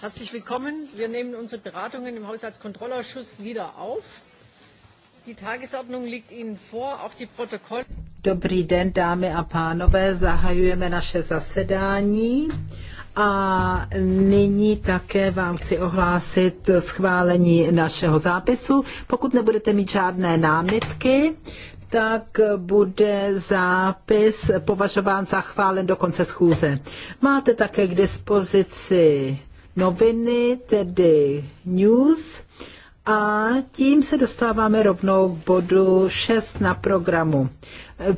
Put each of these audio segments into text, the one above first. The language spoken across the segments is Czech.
Herzlich willkommen. Wir nehmen unsere Beratungen im Haushaltskontrollausschuss wieder auf. Die Tagesordnung liegt Ihnen vor, auch die Protokolle. Dobrý den, dámy a pánové, zahajujeme naše zasedání. A nyní také vám chci ohlásit schválení našeho zápisu. Pokud nebudete mít žádné námitky, tak bude zápis považován za chválen do konce schůze. Máte také k dispozici noviny, tedy news. A tím se dostáváme rovnou k bodu 6 na programu,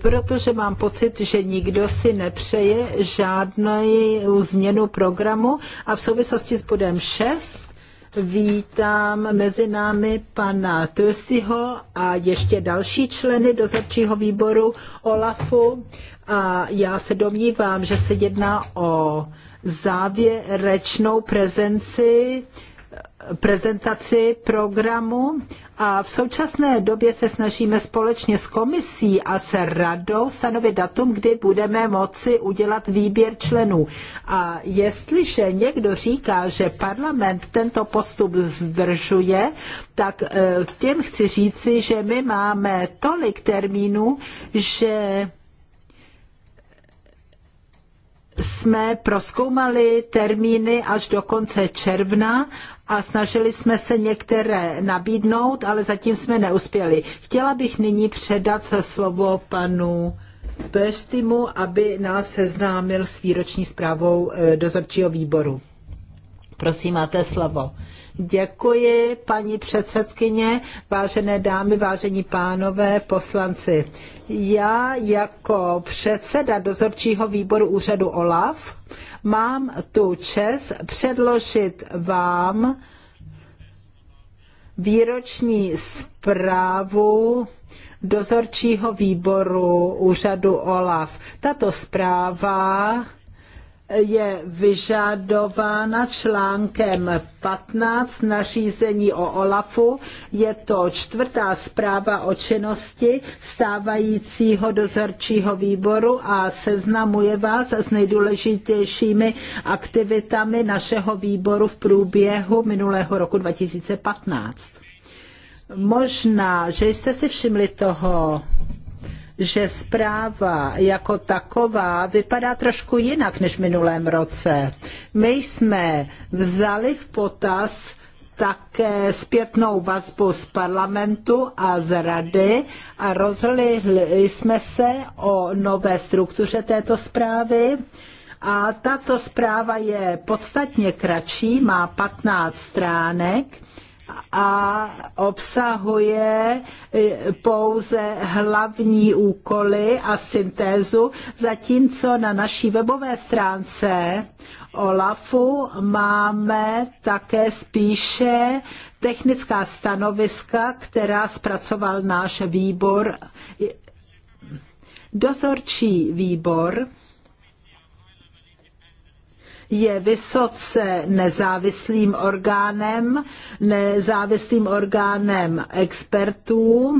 protože mám pocit, že nikdo si nepřeje žádnou změnu programu a v souvislosti s bodem 6 vítám mezi námi pana Tursiho a ještě další členy dozorčího výboru OLAFu a já se domnívám, že se jedná o závěrečnou prezenci, prezentaci programu a v současné době se snažíme společně s komisí a se radou stanovit datum, kdy budeme moci udělat výběr členů. A jestliže někdo říká, že parlament tento postup zdržuje, tak eh, těm chci říci, že my máme tolik termínů, že jsme proskoumali termíny až do konce června a snažili jsme se některé nabídnout, ale zatím jsme neuspěli. Chtěla bych nyní předat slovo panu Peštimu, aby nás seznámil s výroční zprávou eh, dozorčího výboru. Prosím, máte slovo. Děkuji, paní předsedkyně, vážené dámy, vážení pánové, poslanci. Já jako předseda dozorčího výboru úřadu OLAF mám tu čest předložit vám výroční zprávu dozorčího výboru úřadu OLAF. Tato zpráva je vyžadována článkem 15 nařízení o OLAFu. Je to čtvrtá zpráva o činnosti stávajícího dozorčího výboru a seznamuje vás s nejdůležitějšími aktivitami našeho výboru v průběhu minulého roku 2015. Možná, že jste si všimli toho, že zpráva jako taková vypadá trošku jinak než v minulém roce. My jsme vzali v potaz také zpětnou vazbu z parlamentu a z rady a rozhodli jsme se o nové struktuře této zprávy. A tato zpráva je podstatně kratší, má 15 stránek a obsahuje e, pouze hlavní úkoly a syntézu, zatímco na naší webové stránce OLAFu máme také spíše technická stanoviska, která zpracoval náš výbor, dozorčí výbor je vysoce nezávislým orgánem, nezávislým orgánem expertů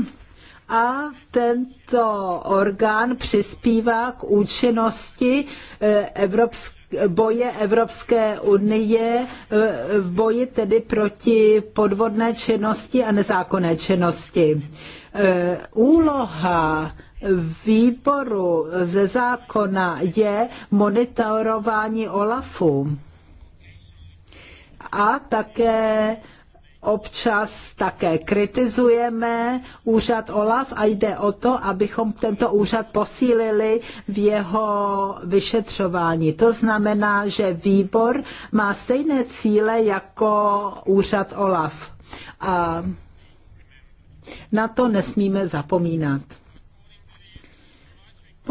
a tento orgán přispívá k účinnosti eh, evropské boje Evropské unie eh, v boji tedy proti podvodné činnosti a nezákonné činnosti. Eh, úloha výboru ze zákona je monitorování OLAFu a také občas také kritizujeme úřad OLAF a jde o to, abychom tento úřad posílili v jeho vyšetřování. To znamená, že výbor má stejné cíle jako úřad OLAF. A na to nesmíme zapomínat.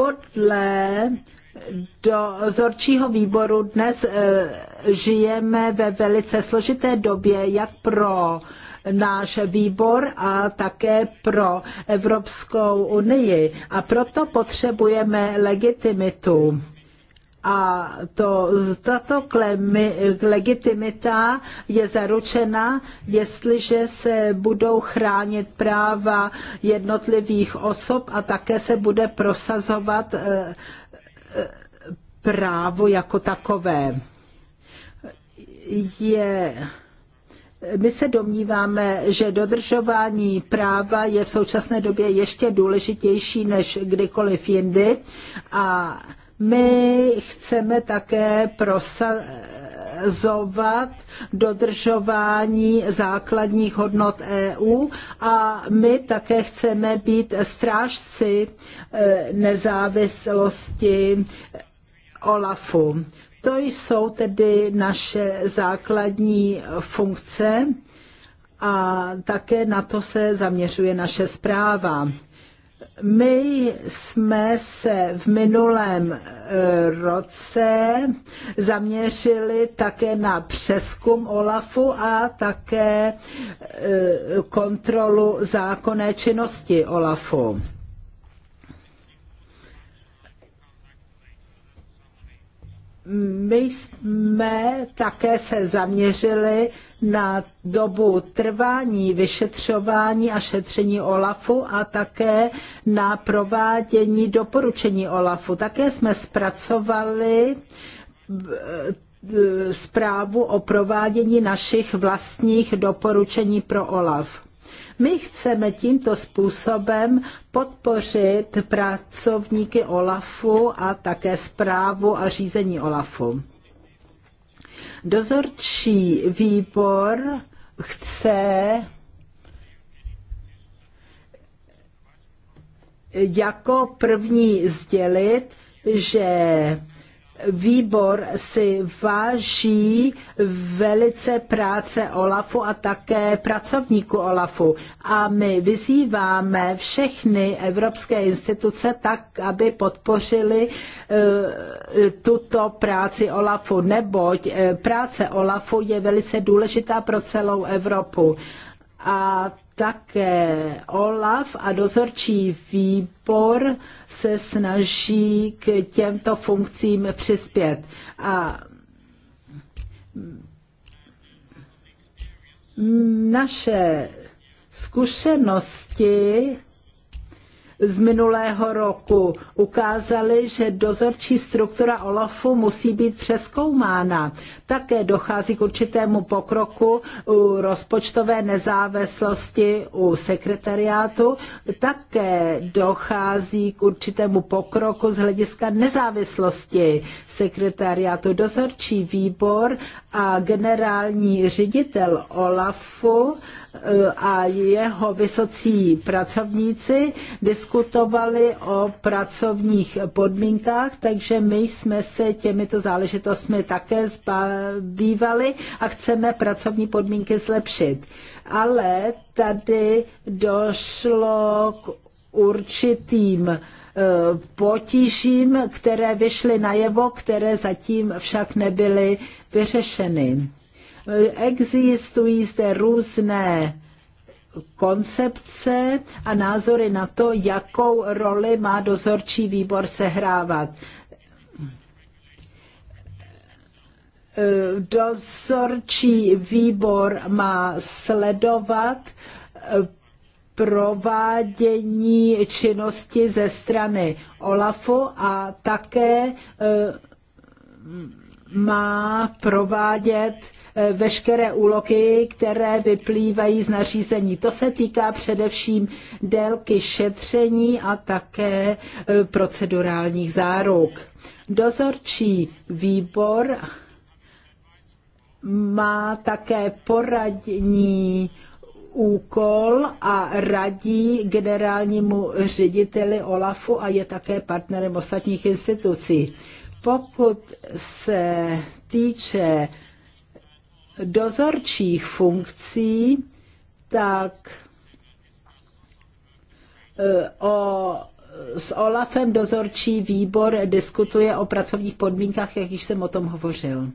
Podle do zorčího výboru dnes eh, žijeme ve velice složité době, jak pro náš výbor a také pro Evropskou unii. A proto potřebujeme legitimitu a to, tato klemi, legitimita je zaručena, jestliže se budou chránit práva jednotlivých osob a také se bude prosazovat eh, eh, právo jako takové. Je my se domníváme, že dodržování práva je v současné době ještě důležitější než kdykoliv jindy a my chceme také prosazovat dodržování základních hodnot EU a my také chceme být strážci e, nezávislosti OLAFu. To jsou tedy naše základní funkce a také na to se zaměřuje naše zpráva. My jsme se v minulém eh, roce zaměřili také na přeskum OLAFu a také eh, kontrolu zákonné činnosti OLAFu. My jsme také se zaměřili na dobu trvání vyšetřování a šetření OLAFu a také na provádění doporučení OLAFu. Také jsme zpracovali eh, zprávu o provádění našich vlastních doporučení pro OLAF. My chceme tímto způsobem podpořit pracovníky OLAFu a také zprávu a řízení OLAFu. Dozorčí výbor chce jako první sdělit, že Výbor si váží velice práce Olafu a také pracovníků Olafu. A my vyzýváme všechny evropské instituce tak, aby podpořili eh, tuto práci Olafu, neboť eh, práce Olafu je velice důležitá pro celou Evropu. A také OLAF a dozorčí výbor se snaží k těmto funkcím přispět. A naše zkušenosti z minulého roku ukázaly, že dozorčí struktura OLAFu musí být přeskoumána. Také dochází k určitému pokroku u rozpočtové nezávislosti u sekretariátu. Také dochází k určitému pokroku z hlediska nezávislosti sekretariátu. Dozorčí výbor a generální ředitel OLAFu Eh, a jeho vysocí pracovníci diskutovali o pracovních podmínkách, takže my jsme se těmito záležitostmi také zbývali a chceme pracovní podmínky zlepšit. Ale tady došlo k určitým eh, potížím, které vyšly najevo, které zatím však nebyly vyřešeny. Existují zde různé koncepce a názory na to, jakou roli má dozorčí výbor sehrávat. Dozorčí výbor má sledovat provádění činnosti ze strany OLAFu a také eh, má provádět Eh, veškeré úloky, které vyplývají z nařízení. To se týká především délky šetření a také eh, procedurálních záruk. Dozorčí výbor má také poradní úkol a radí generálnímu řediteli OLAFu a je také partnerem ostatních institucí. Pokud se týče dozorčích funkcí, tak e, o, s Olafem dozorčí výbor diskutuje o pracovních podmínkách, jak již jsem o tom hovořil.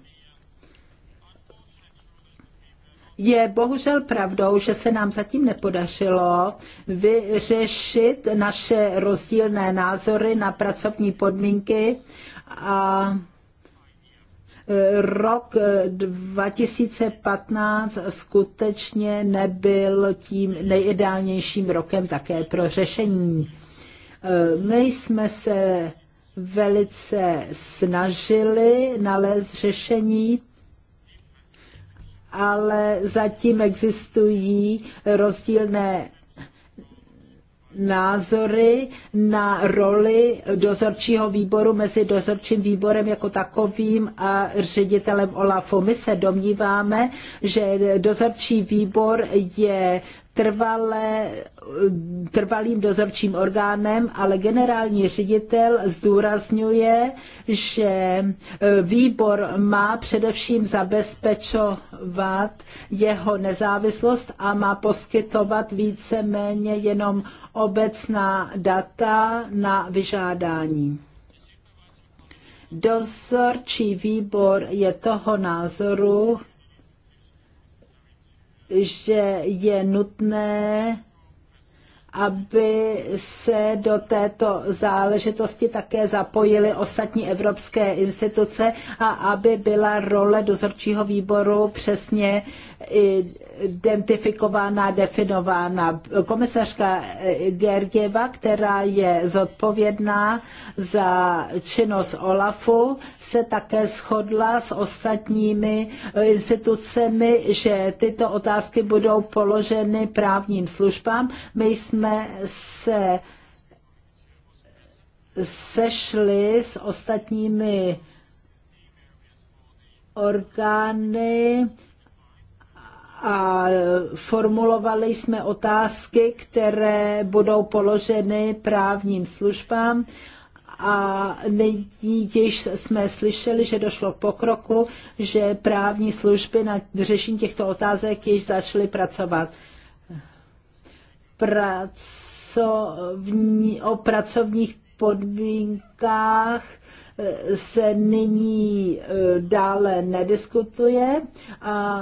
Je bohužel pravdou, že se nám zatím nepodařilo vyřešit naše rozdílné názory na pracovní podmínky a Rok 2015 eh, skutečně nebyl tím nejideálnějším rokem také pro řešení. Eh, my jsme se velice snažili nalézt řešení, ale zatím existují rozdílné názory na roli dozorčího výboru mezi dozorčím výborem jako takovým a ředitelem OLAFu. My se domníváme, že dozorčí výbor je trvalé, trvalým dozorčím orgánem, ale generální ředitel zdůrazňuje, že e, výbor má především zabezpečovat jeho nezávislost a má poskytovat víceméně jenom obecná data na vyžádání. Dozorčí výbor je toho názoru, že je nutné, aby se do této záležitosti také zapojily ostatní evropské instituce a aby byla role dozorčího výboru přesně identifikována, definována. Komisařka Gergieva, která je zodpovědná za činnost OLAFu, se také shodla s ostatními institucemi, že tyto otázky budou položeny právním službám. My jsme se sešli s ostatními orgány a formulovali jsme otázky, které budou položeny právním službám a již jsme slyšeli, že došlo k pokroku, že právní služby na řešení těchto otázek již začaly pracovat. Pracovní, o pracovních podmínkách se nyní eh, dále nediskutuje a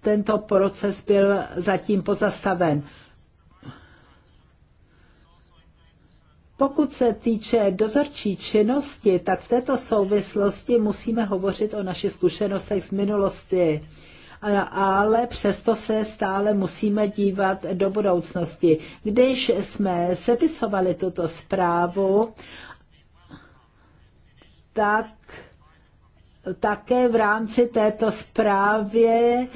tento proces byl zatím pozastaven. Pokud se týče dozorčí činnosti, tak v této souvislosti musíme hovořit o našich zkušenostech z minulosti ale přesto se stále musíme dívat do budoucnosti. Když jsme sepisovali tuto zprávu tak také v rámci této zprávě,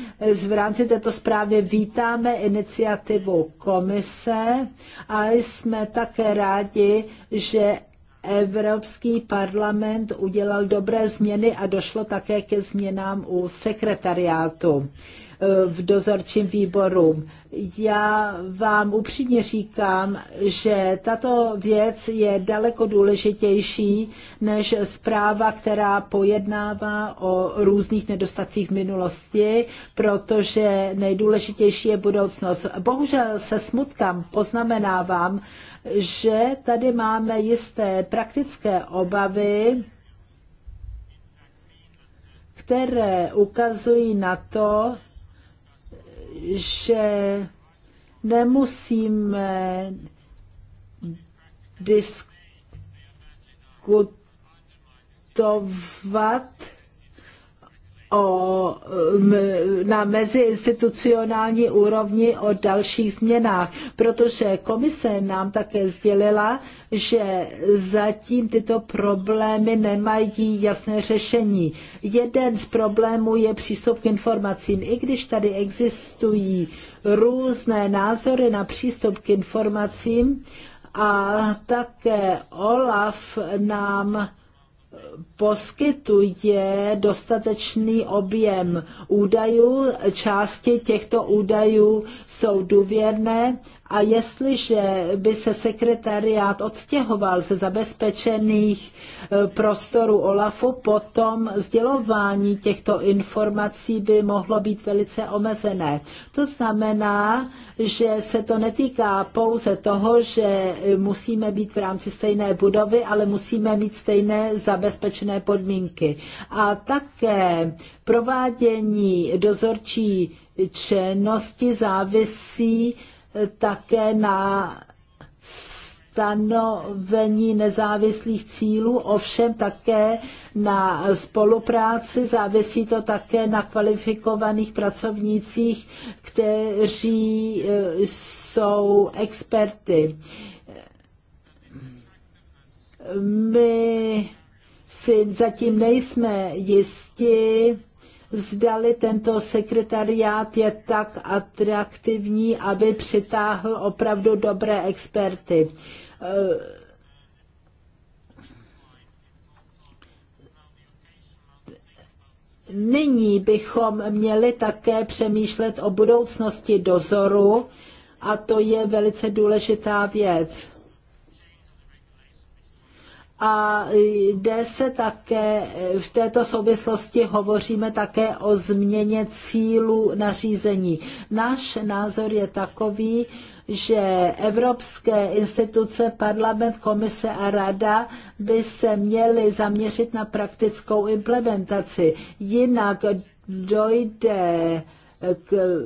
v rámci této zprávě vítáme iniciativu komise a jsme také rádi, že Evropský parlament udělal dobré změny a došlo také ke změnám u sekretariátu. Eh, v dozorčím výboru. Já vám upřímně říkám, že tato věc je daleko důležitější než zpráva, která pojednává o různých nedostacích minulosti, protože nejdůležitější je budoucnost. Bohužel se smutkám poznamenávám, že tady máme jisté praktické obavy, které ukazují na to, že nemusíme diskutovat o, na meziinstitucionální úrovni o dalších změnách, protože komise nám také sdělila, že zatím tyto problémy nemají jasné řešení. Jeden z problémů je přístup k informacím. I když tady existují různé názory na přístup k informacím, a také Olaf nám poskytuje dostatečný objem údajů. Části těchto údajů jsou důvěrné a jestliže by se sekretariát odstěhoval ze zabezpečených e, prostorů OLAFu, potom sdělování těchto informací by mohlo být velice omezené. To znamená, že se to netýká pouze toho, že e, musíme být v rámci stejné budovy, ale musíme mít stejné zabezpečené podmínky. A také provádění dozorčí činnosti závisí také na stanovení nezávislých cílů, ovšem také na spolupráci, závisí to také na kvalifikovaných pracovnících, kteří eh, jsou experty. My si zatím nejsme jistí zdali tento sekretariát je tak atraktivní, aby přitáhl opravdu dobré experty. Eh, nyní bychom měli také přemýšlet o budoucnosti dozoru a to je velice důležitá věc a jde se také, v této souvislosti hovoříme také o změně cílu nařízení. Náš názor je takový, že evropské instituce, parlament, komise a rada by se měly zaměřit na praktickou implementaci. Jinak dojde k,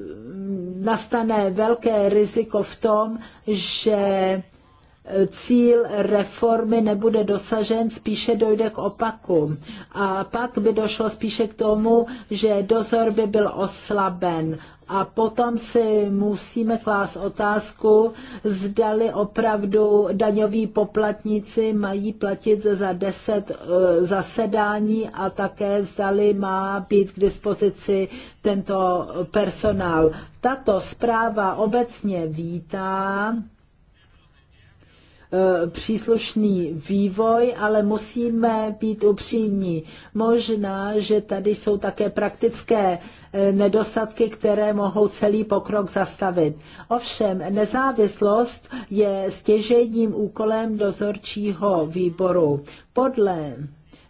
nastane velké riziko v tom, že cíl reformy nebude dosažen, spíše dojde k opaku. A pak by došlo spíše k tomu, že dozor by byl oslaben. A potom si musíme klást otázku, zdali opravdu daňoví poplatníci mají platit za deset eh, zasedání a také zdali má být k dispozici tento personál. Tato zpráva obecně vítá Eh, příslušný vývoj, ale musíme být upřímní. Možná, že tady jsou také praktické eh, nedostatky, které mohou celý pokrok zastavit. Ovšem, nezávislost je stěžejním úkolem dozorčího výboru. Podle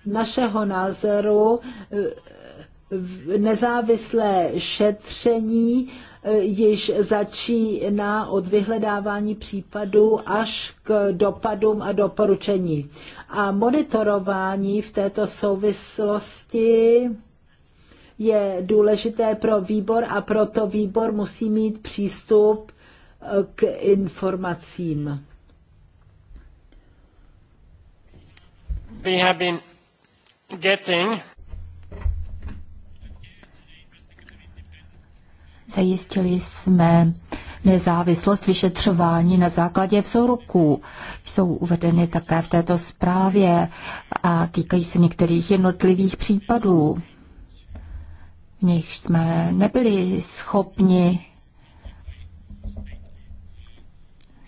našeho názoru eh, nezávislé šetření Eh, již začíná od vyhledávání případů až k dopadům a doporučení. A monitorování v této souvislosti je důležité pro výbor a proto výbor musí mít přístup eh, k informacím. We have been getting Zajistili jsme nezávislost vyšetřování na základě vzorků. Jsou uvedeny také v této zprávě a týkají se některých jednotlivých případů. V nich jsme nebyli schopni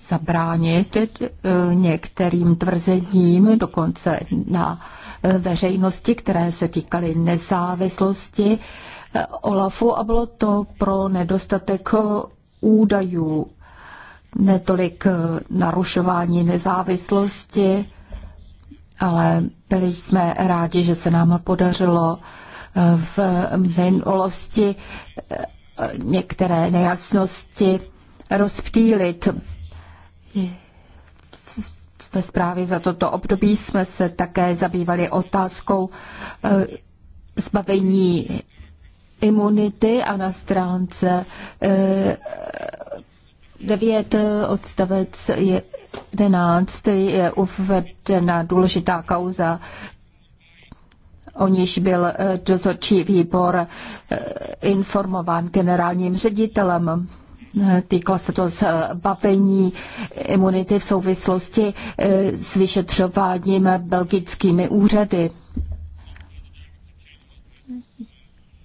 zabránit eh, některým tvrzením, dokonce na eh, veřejnosti, které se týkaly nezávislosti Olafu a bylo to pro nedostatek eh, údajů, netolik eh, narušování nezávislosti, ale byli jsme rádi, že se nám podařilo eh, v minulosti některé nejasnosti rozptýlit. Ve zprávě za toto období jsme se také zabývali otázkou zbavení imunity a na stránce 9 eh, odstavec 11 je uvedena důležitá kauza, o níž byl eh, dozorčí výbor eh, informován generálním ředitelem. Týkla se to zbavení imunity v souvislosti s vyšetřováním belgickými úřady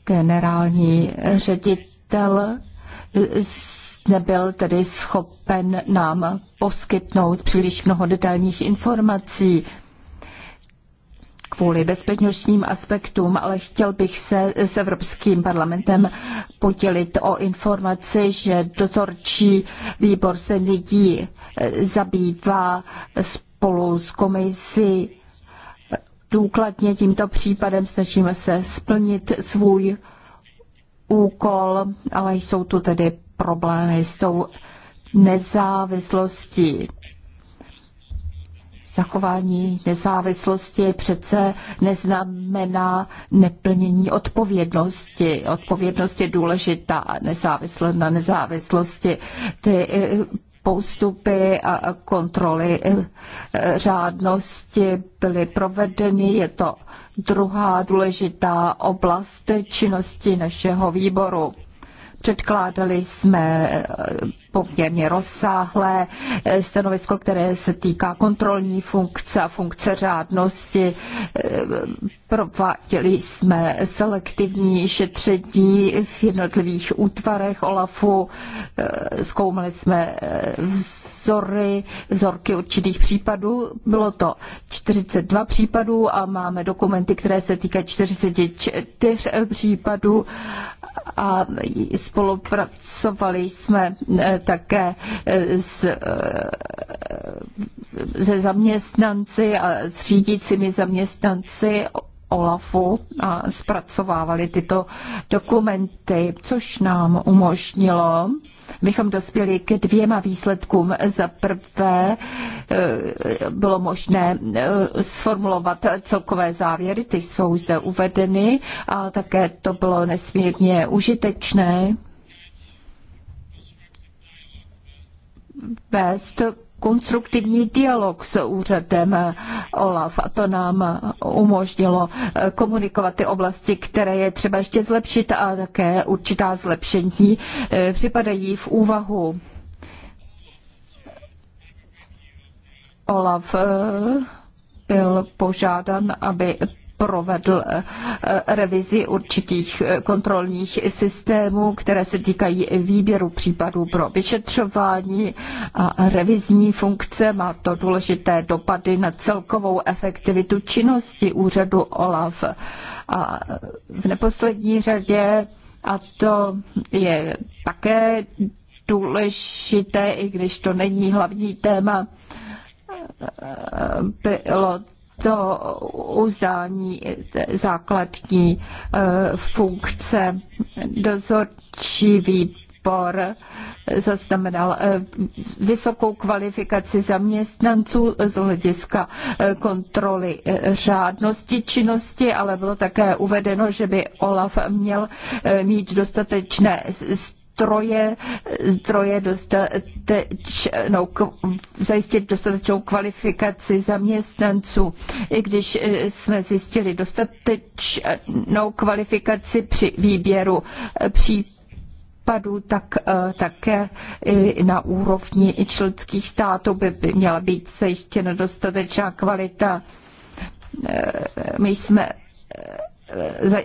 generální ředitel nebyl tedy schopen nám poskytnout příliš mnoho detailních informací kvůli bezpečnostním aspektům, ale chtěl bych se s Evropským parlamentem podělit o informaci, že dozorčí výbor se lidí zabývá spolu s komisí důkladně tímto případem, snažíme se splnit svůj úkol, ale jsou tu tedy problémy s tou nezávislostí. Zachování nezávislosti přece neznamená neplnění odpovědnosti. Odpovědnost je důležitá, nezávisle na nezávislosti. Ty eh, postupy a kontroly e, řádnosti byly provedeny. Je to druhá důležitá oblast činnosti našeho výboru. Předkládali jsme e, poměrně rozsáhlé eh, stanovisko, které se týká kontrolní funkce a funkce řádnosti. Eh, prováděli jsme selektivní šetření v jednotlivých útvarech OLAFu, eh, zkoumali jsme vz vzory, vzorky určitých případů. Bylo to 42 případů a máme dokumenty, které se týkají 44 případů a spolupracovali jsme eh, také eh, s, eh, se zaměstnanci a s řídícími zaměstnanci OLAFu a zpracovávali tyto dokumenty, což nám umožnilo bychom dospěli k dvěma výsledkům. Za prvé eh, bylo možné eh, sformulovat celkové závěry, ty jsou zde uvedeny a také to bylo nesmírně užitečné vést konstruktivní dialog s úřadem eh, OLAF a to nám umožnilo eh, komunikovat ty oblasti, které je třeba ještě zlepšit a také určitá zlepšení eh, připadají v úvahu. OLAF byl požádan, aby provedl eh, eh, revizi určitých eh, kontrolních systémů, které se týkají výběru případů pro vyšetřování a revizní funkce. Má to důležité dopady na celkovou efektivitu činnosti úřadu OLAF. A v neposlední řadě, a to je také důležité, i když to není hlavní téma, bylo to uzdání základní e, funkce dozorčí výbor zaznamenal e, vysokou kvalifikaci zaměstnanců z hlediska e, kontroly řádnosti činnosti, ale bylo také uvedeno, že by OLAF měl mít dostatečné zdroje, zdroje dostatečnou, zajistit dostatečnou kvalifikaci zaměstnanců. I když eh, jsme zjistili dostatečnou kvalifikaci při výběru eh, případů, tak eh, také na úrovni členských států by, by měla být zajištěna dostatečná kvalita. My jsme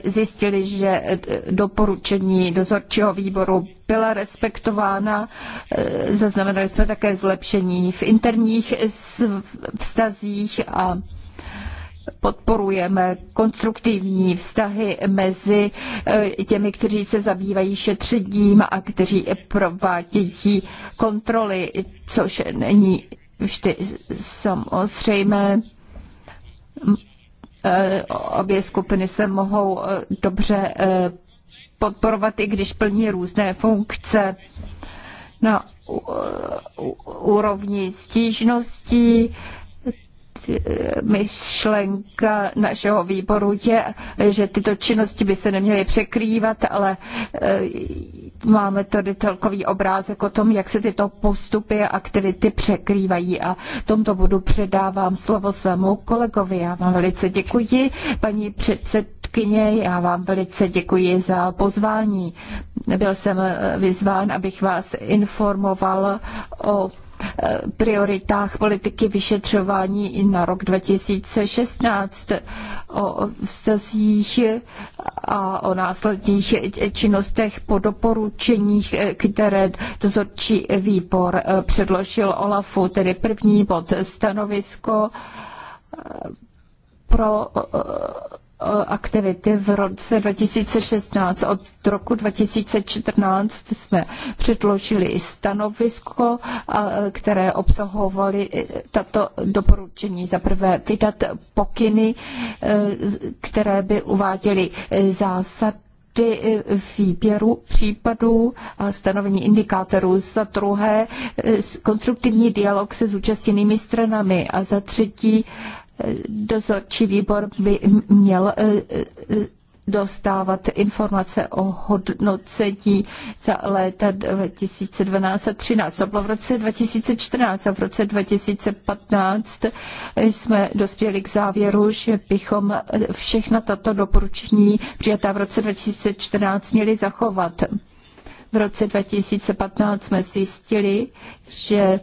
zjistili, že doporučení dozorčího výboru byla respektována. Zaznamenali jsme také zlepšení v interních vztazích a podporujeme konstruktivní vztahy mezi eh, těmi, kteří se zabývají šetřením a kteří provádějí kontroly, což není vždy samozřejmé Eh, obě skupiny se mohou eh, dobře eh, podporovat, i když plní různé funkce. Na úrovni stížností myšlenka našeho výboru je, že tyto činnosti by se neměly překrývat, ale eh, máme tady celkový obrázek o tom, jak se tyto postupy a aktivity překrývají. A tomto bodu předávám slovo svému kolegovi. Já vám velice děkuji, paní předsedkyně předsedkyně, já vám velice děkuji za pozvání. Byl jsem eh, vyzván, abych vás informoval o eh, prioritách politiky vyšetřování i na rok 2016, o vztazích a o následných činnostech po doporučeních, eh, které dozorčí výbor předložil OLAFu, tedy první bod stanovisko pro Eh, aktivity v roce 2016. Od roku 2014 jsme předložili i stanovisko, které obsahovaly tato doporučení. Za prvé vydat pokyny, eh, které by uváděly eh, zásad výběru případů a stanovení indikátorů, za druhé konstruktivní dialog se zúčastněnými stranami a za třetí dozorčí výbor by měl eh, eh, dostávat informace o hodnocení za léta 2012 a 2013. To bylo v roce 2014 a v roce 2015 jsme dospěli k závěru, že bychom eh, všechna tato doporučení přijatá v roce 2014 měli zachovat. V roce 2015 jsme zjistili, že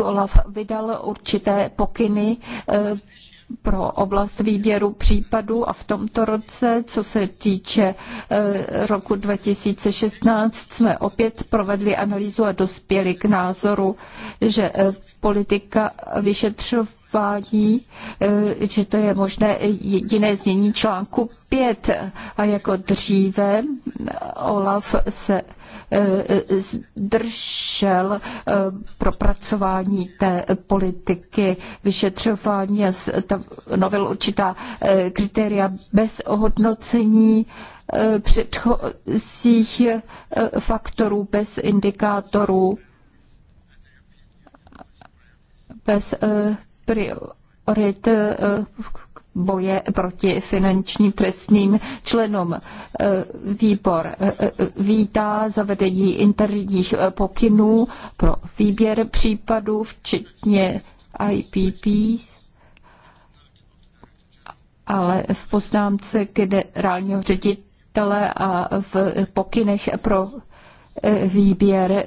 Olaf vydal určité pokyny eh, pro oblast výběru případů a v tomto roce, co se týče eh, roku 2016, jsme opět provedli analýzu a dospěli k názoru, že eh, politika vyšetřování uvádí, eh, že to je možné jediné změní článku 5 a jako dříve Olaf se eh, zdržel eh, propracování té politiky vyšetřování a stanovil určitá kritéria bez ohodnocení předchozích faktorů, bez indikátorů, bez priorit eh, boje proti finančním trestným členům. Eh, výbor eh, vítá zavedení interních pokynů pro výběr případů, včetně IPP, ale v poznámce generálního ředitele a v pokynech pro výběr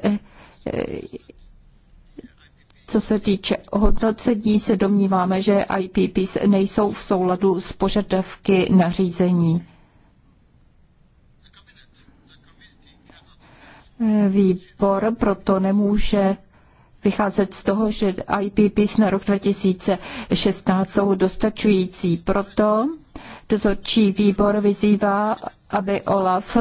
co se týče hodnocení, se domníváme, že IPPs nejsou v souladu s požadavky nařízení. Výbor proto nemůže vycházet z toho, že IPPs na rok 2016 jsou dostačující. Proto dozorčí výbor vyzývá aby OLAF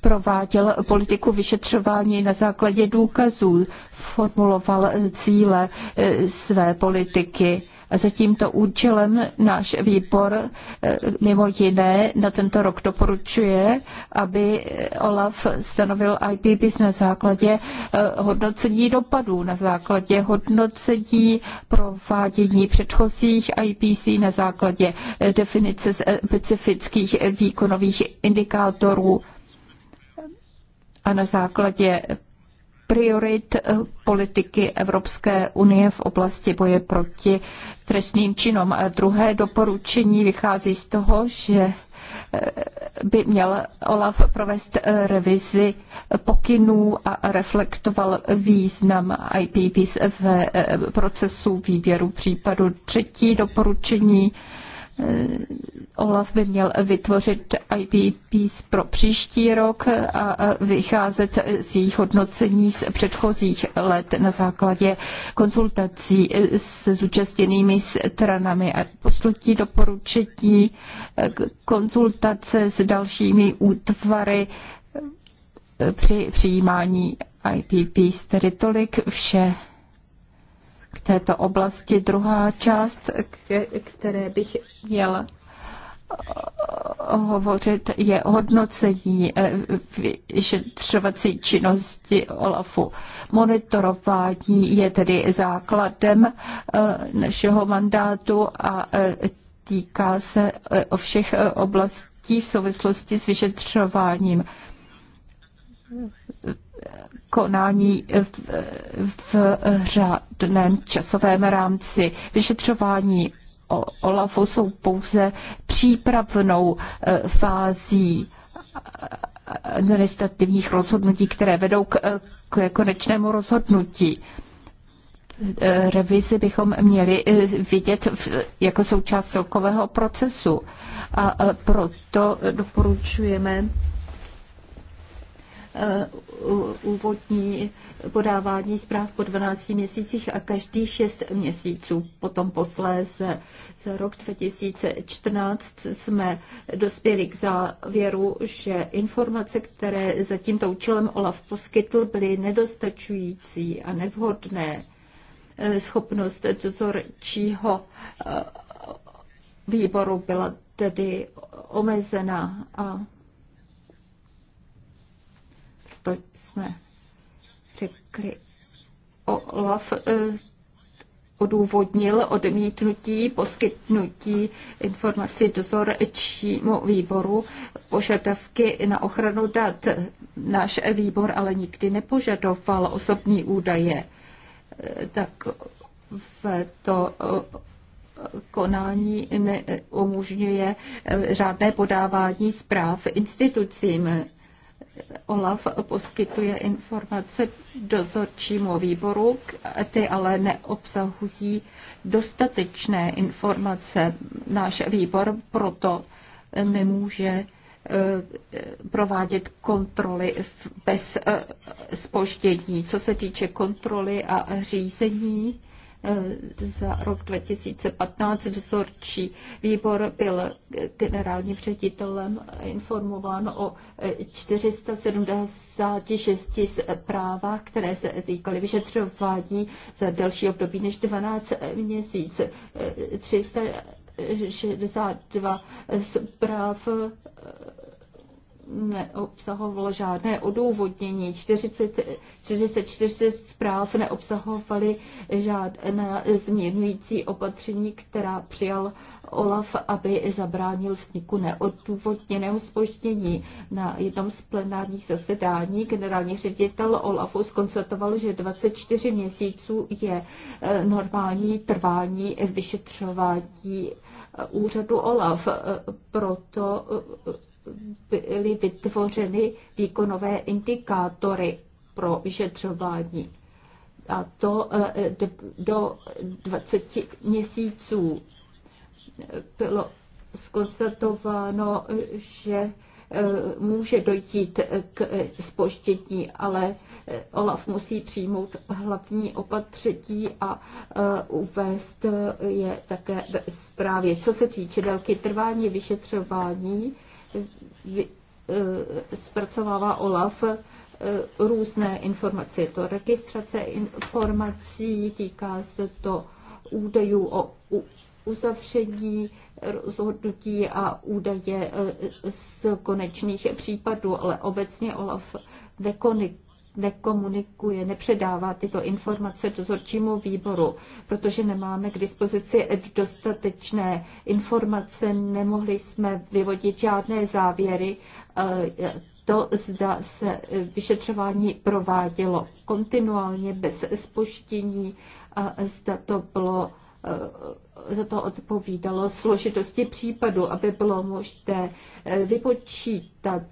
prováděl politiku vyšetřování na základě důkazů, formuloval cíle eh, své politiky za tímto účelem náš výbor eh, mimo jiné na tento rok doporučuje, aby OLAF stanovil IPBIS na základě eh, hodnocení dopadů, na základě hodnocení provádění předchozích IPC, na základě eh, definice specifických výkonových indikátorů a na základě priorit eh, politiky Evropské unie v oblasti boje proti trestným činům. A druhé doporučení vychází z toho, že eh, by měl Olaf provést eh, revizi pokynů a reflektoval význam IPPs v procesu výběru případu. Třetí doporučení Eh, Olaf by měl vytvořit IPPs pro příští rok a vycházet z jejich hodnocení z předchozích let na základě konzultací eh, se zúčastněnými stranami a poslední doporučení eh, konzultace s dalšími útvary při přijímání IPPs. Tedy tolik vše k této oblasti. Druhá část, které bych měl eh, hovořit, je hodnocení eh, vyšetřovací činnosti OLAFu. Monitorování je tedy základem eh, našeho mandátu a týká se o všech oblastí v souvislosti s vyšetřováním konání v, v řádném časovém rámci. Vyšetřování o OLAFu jsou pouze přípravnou eh, fází administrativních rozhodnutí, které vedou k, eh, k konečnému rozhodnutí. Eh, revizi bychom měli vidět jako součást celkového procesu a proto doporučujeme Eh, úvodní podávání zpráv po 12 měsících a každý 6 měsíců. Potom posléze za rok 2014 jsme dospěli k závěru, že informace, které za tímto účelem OLAF poskytl, byly nedostačující a nevhodné. Eh, schopnost dozorčího eh, výboru byla tedy omezena a to jsme řekli. Olaf eh, odůvodnil odmítnutí poskytnutí informací dozorčímu výboru požadavky na ochranu dat. Náš výbor ale nikdy nepožadoval osobní údaje. Eh, tak v to eh, konání neumožňuje řádné podávání zpráv institucím. OLAF poskytuje informace dozorčímu výboru, ty ale neobsahují dostatečné informace. Náš výbor proto nemůže eh, provádět kontroly bez spoždění. Eh, Co se týče kontroly a řízení, Eh, za rok 2015 dozorčí výbor byl generálním ředitelem informován o 476 eh, zprávách, které se týkaly vyšetřování za delší období než 12 měsíc. 362 eh, zpráv neobsahovalo žádné odůvodnění. 40, 44 zpráv neobsahovaly žádné změnující opatření, která přijal Olaf, aby zabránil vzniku neodůvodněného spoždění. Na jednom z plenárních zasedání generální ředitel Olafu skonstatoval, že 24 měsíců je eh, normální trvání vyšetřování eh, úřadu Olaf. Eh, proto byly vytvořeny výkonové indikátory pro vyšetřování. A to eh, do 20 měsíců bylo skonstatováno, že eh, může dojít k spoštění, ale eh, Olaf musí přijmout hlavní opatření a uvést je také ve zprávě. Co se týče délky trvání vyšetřování, E, zpracovává OLAF e, různé informace. Je to registrace informací, týká se to údajů o uzavření rozhodnutí a údaje e, z konečných případů, ale obecně OLAF nekonik nekomunikuje, nepředává tyto informace dozorčímu výboru, protože nemáme k dispozici dostatečné informace, nemohli jsme vyvodit žádné závěry, eh, to zda se vyšetřování provádělo kontinuálně, bez spuštění, a zda to bylo eh, za to odpovídalo složitosti případu, aby bylo možné eh, vypočítat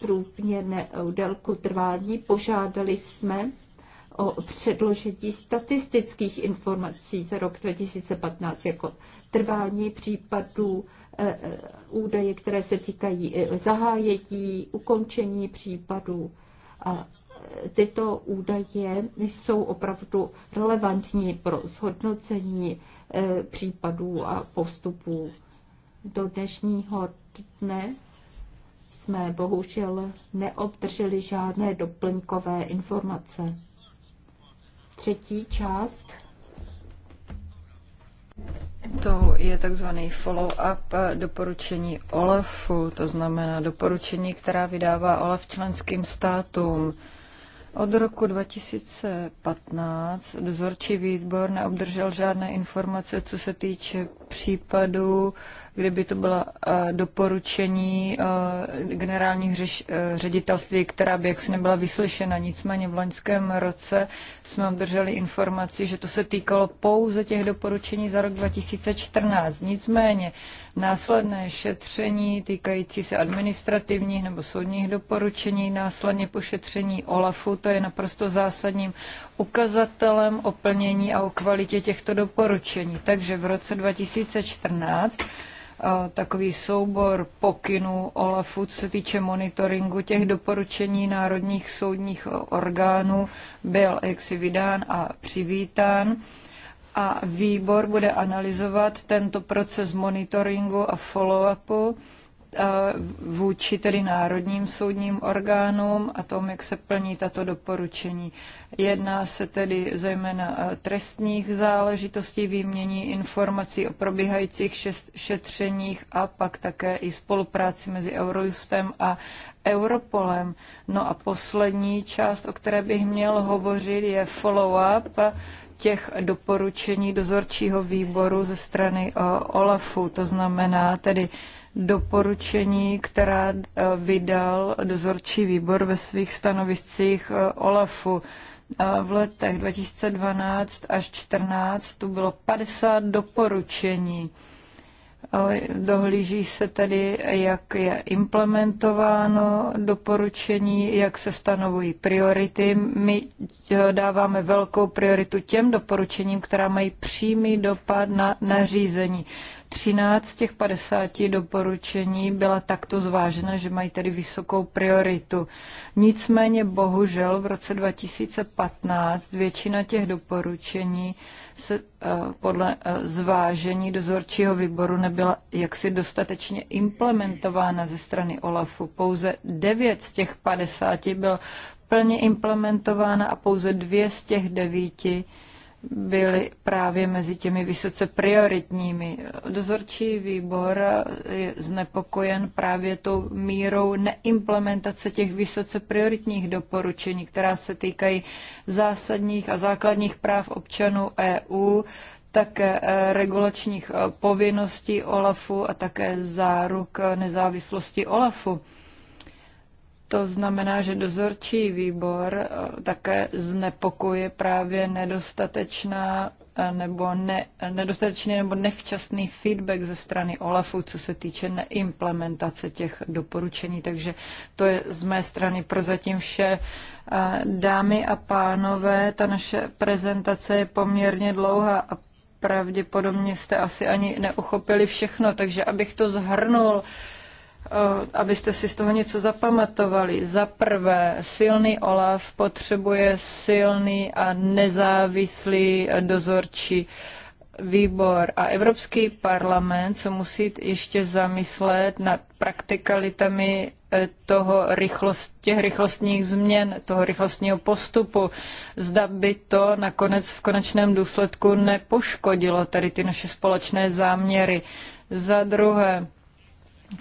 průměrné délku trvání. Požádali jsme o předložení statistických informací za rok 2015 jako trvání případů, eh, eh, údaje, které se týkají eh, zahájení, ukončení případů. A tyto údaje jsou opravdu relevantní pro zhodnocení případů a postupů do dnešního dne jsme bohužel neobdrželi žádné doplňkové informace. Třetí část. To je takzvaný follow-up doporučení OLAFu, to znamená doporučení, která vydává OLAF členským státům. Od roku 2015 dozorčí výbor neobdržel žádné informace, co se týče případů, kdyby to byla eh, doporučení eh, generálních řeš, eh, ředitelství, která by jaksi nebyla vyslyšena. Nicméně v loňském roce jsme obdrželi informaci, že to se týkalo pouze těch doporučení za rok 2014. Nicméně následné šetření týkající se administrativních nebo soudních doporučení, následně pošetření OLAFu, to je naprosto zásadním ukazatelem o plnění a o kvalitě těchto doporučení. Takže v roce 2014 eh, takový soubor pokynů OLAFu, co se týče monitoringu těch doporučení národních soudních orgánů, byl jaksi vydán a přivítán. A výbor bude analyzovat tento proces monitoringu a follow-upu vůči tedy národním soudním orgánům a tom, jak se plní tato doporučení. Jedná se tedy zejména trestních záležitostí, výmění informací o probíhajících šetřeních a pak také i spolupráci mezi Eurojustem a Europolem. No a poslední část, o které bych měl hovořit, je follow-up těch doporučení dozorčího výboru ze strany eh, OLAFu, to znamená tedy doporučení, která eh, vydal dozorčí výbor ve svých stanoviscích eh, OLAFu. Eh, v letech 2012 až 2014 tu bylo 50 doporučení. Dohlíží se tedy, jak je implementováno doporučení, jak se stanovují priority. My dáváme velkou prioritu těm doporučením, která mají přímý dopad na nařízení. 13 z těch 50 doporučení byla takto zvážena, že mají tedy vysokou prioritu. Nicméně bohužel v roce 2015 většina těch doporučení se eh, podle eh, zvážení dozorčího výboru nebyla jaksi dostatečně implementována ze strany OLAFu. Pouze 9 z těch 50 byl plně implementována a pouze dvě z těch devíti byly právě mezi těmi vysoce prioritními. Dozorčí výbor je znepokojen právě tou mírou neimplementace těch vysoce prioritních doporučení, která se týkají zásadních a základních práv občanů EU, také eh, regulačních eh, povinností OLAFu a také záruk eh, nezávislosti OLAFu. To znamená, že dozorčí výbor eh, také znepokuje právě nedostatečná eh, nebo ne, eh, nedostatečný nebo nevčasný feedback ze strany OLAFu, co se týče neimplementace těch doporučení. Takže to je z mé strany prozatím vše. Dámy a pánové, ta naše prezentace je poměrně dlouhá a pravděpodobně jste asi ani neuchopili všechno, takže abych to zhrnul, Eh, abyste si z toho něco zapamatovali. Za prvé, silný OLAF potřebuje silný a nezávislý eh, dozorčí výbor a Evropský parlament se musí ještě zamyslet nad praktikalitami eh, toho rychlost, těch rychlostních změn, toho rychlostního postupu. Zda by to nakonec v konečném důsledku nepoškodilo tady ty naše společné záměry. Za druhé,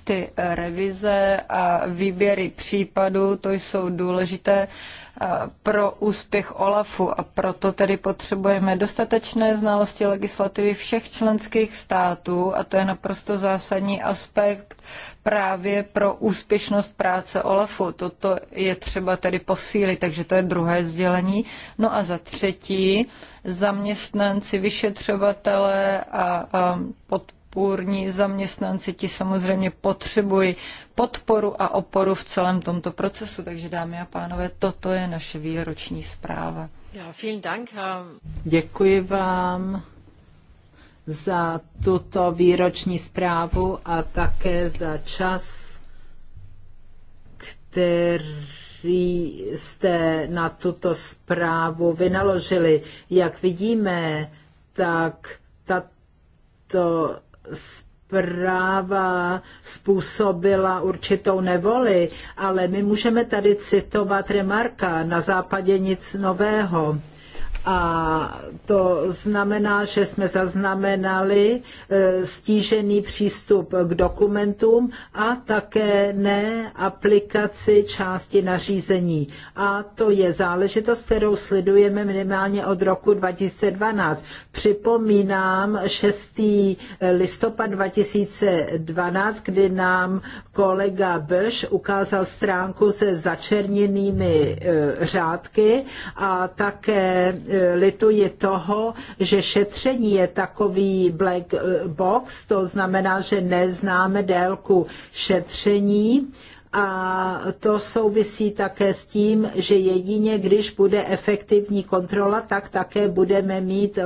ty eh, revize a výběry případů, to jsou důležité eh, pro úspěch OLAFu a proto tedy potřebujeme dostatečné znalosti legislativy všech členských států a to je naprosto zásadní aspekt právě pro úspěšnost práce OLAFu. Toto je třeba tedy posílit, takže to je druhé sdělení. No a za třetí, zaměstnanci, vyšetřovatele a, a pod podpůrní zaměstnanci, ti samozřejmě potřebují podporu a oporu v celém tomto procesu. Takže dámy a pánové, toto je naše výroční zpráva. Děkuji vám za tuto výroční zprávu a také za čas, který jste na tuto zprávu vynaložili. Jak vidíme, tak tato zpráva způsobila určitou nevoli, ale my můžeme tady citovat Remarka, na západě nic nového. A to znamená, že jsme zaznamenali e, stížený přístup k dokumentům a také ne aplikaci části nařízení. A to je záležitost, kterou sledujeme minimálně od roku 2012. Připomínám 6. listopad 2012, kdy nám kolega Bš ukázal stránku se začerněnými e, řádky a také lituji toho, že šetření je takový black box, to znamená, že neznáme délku šetření. A to souvisí také s tím, že jedině když bude efektivní kontrola, tak také budeme mít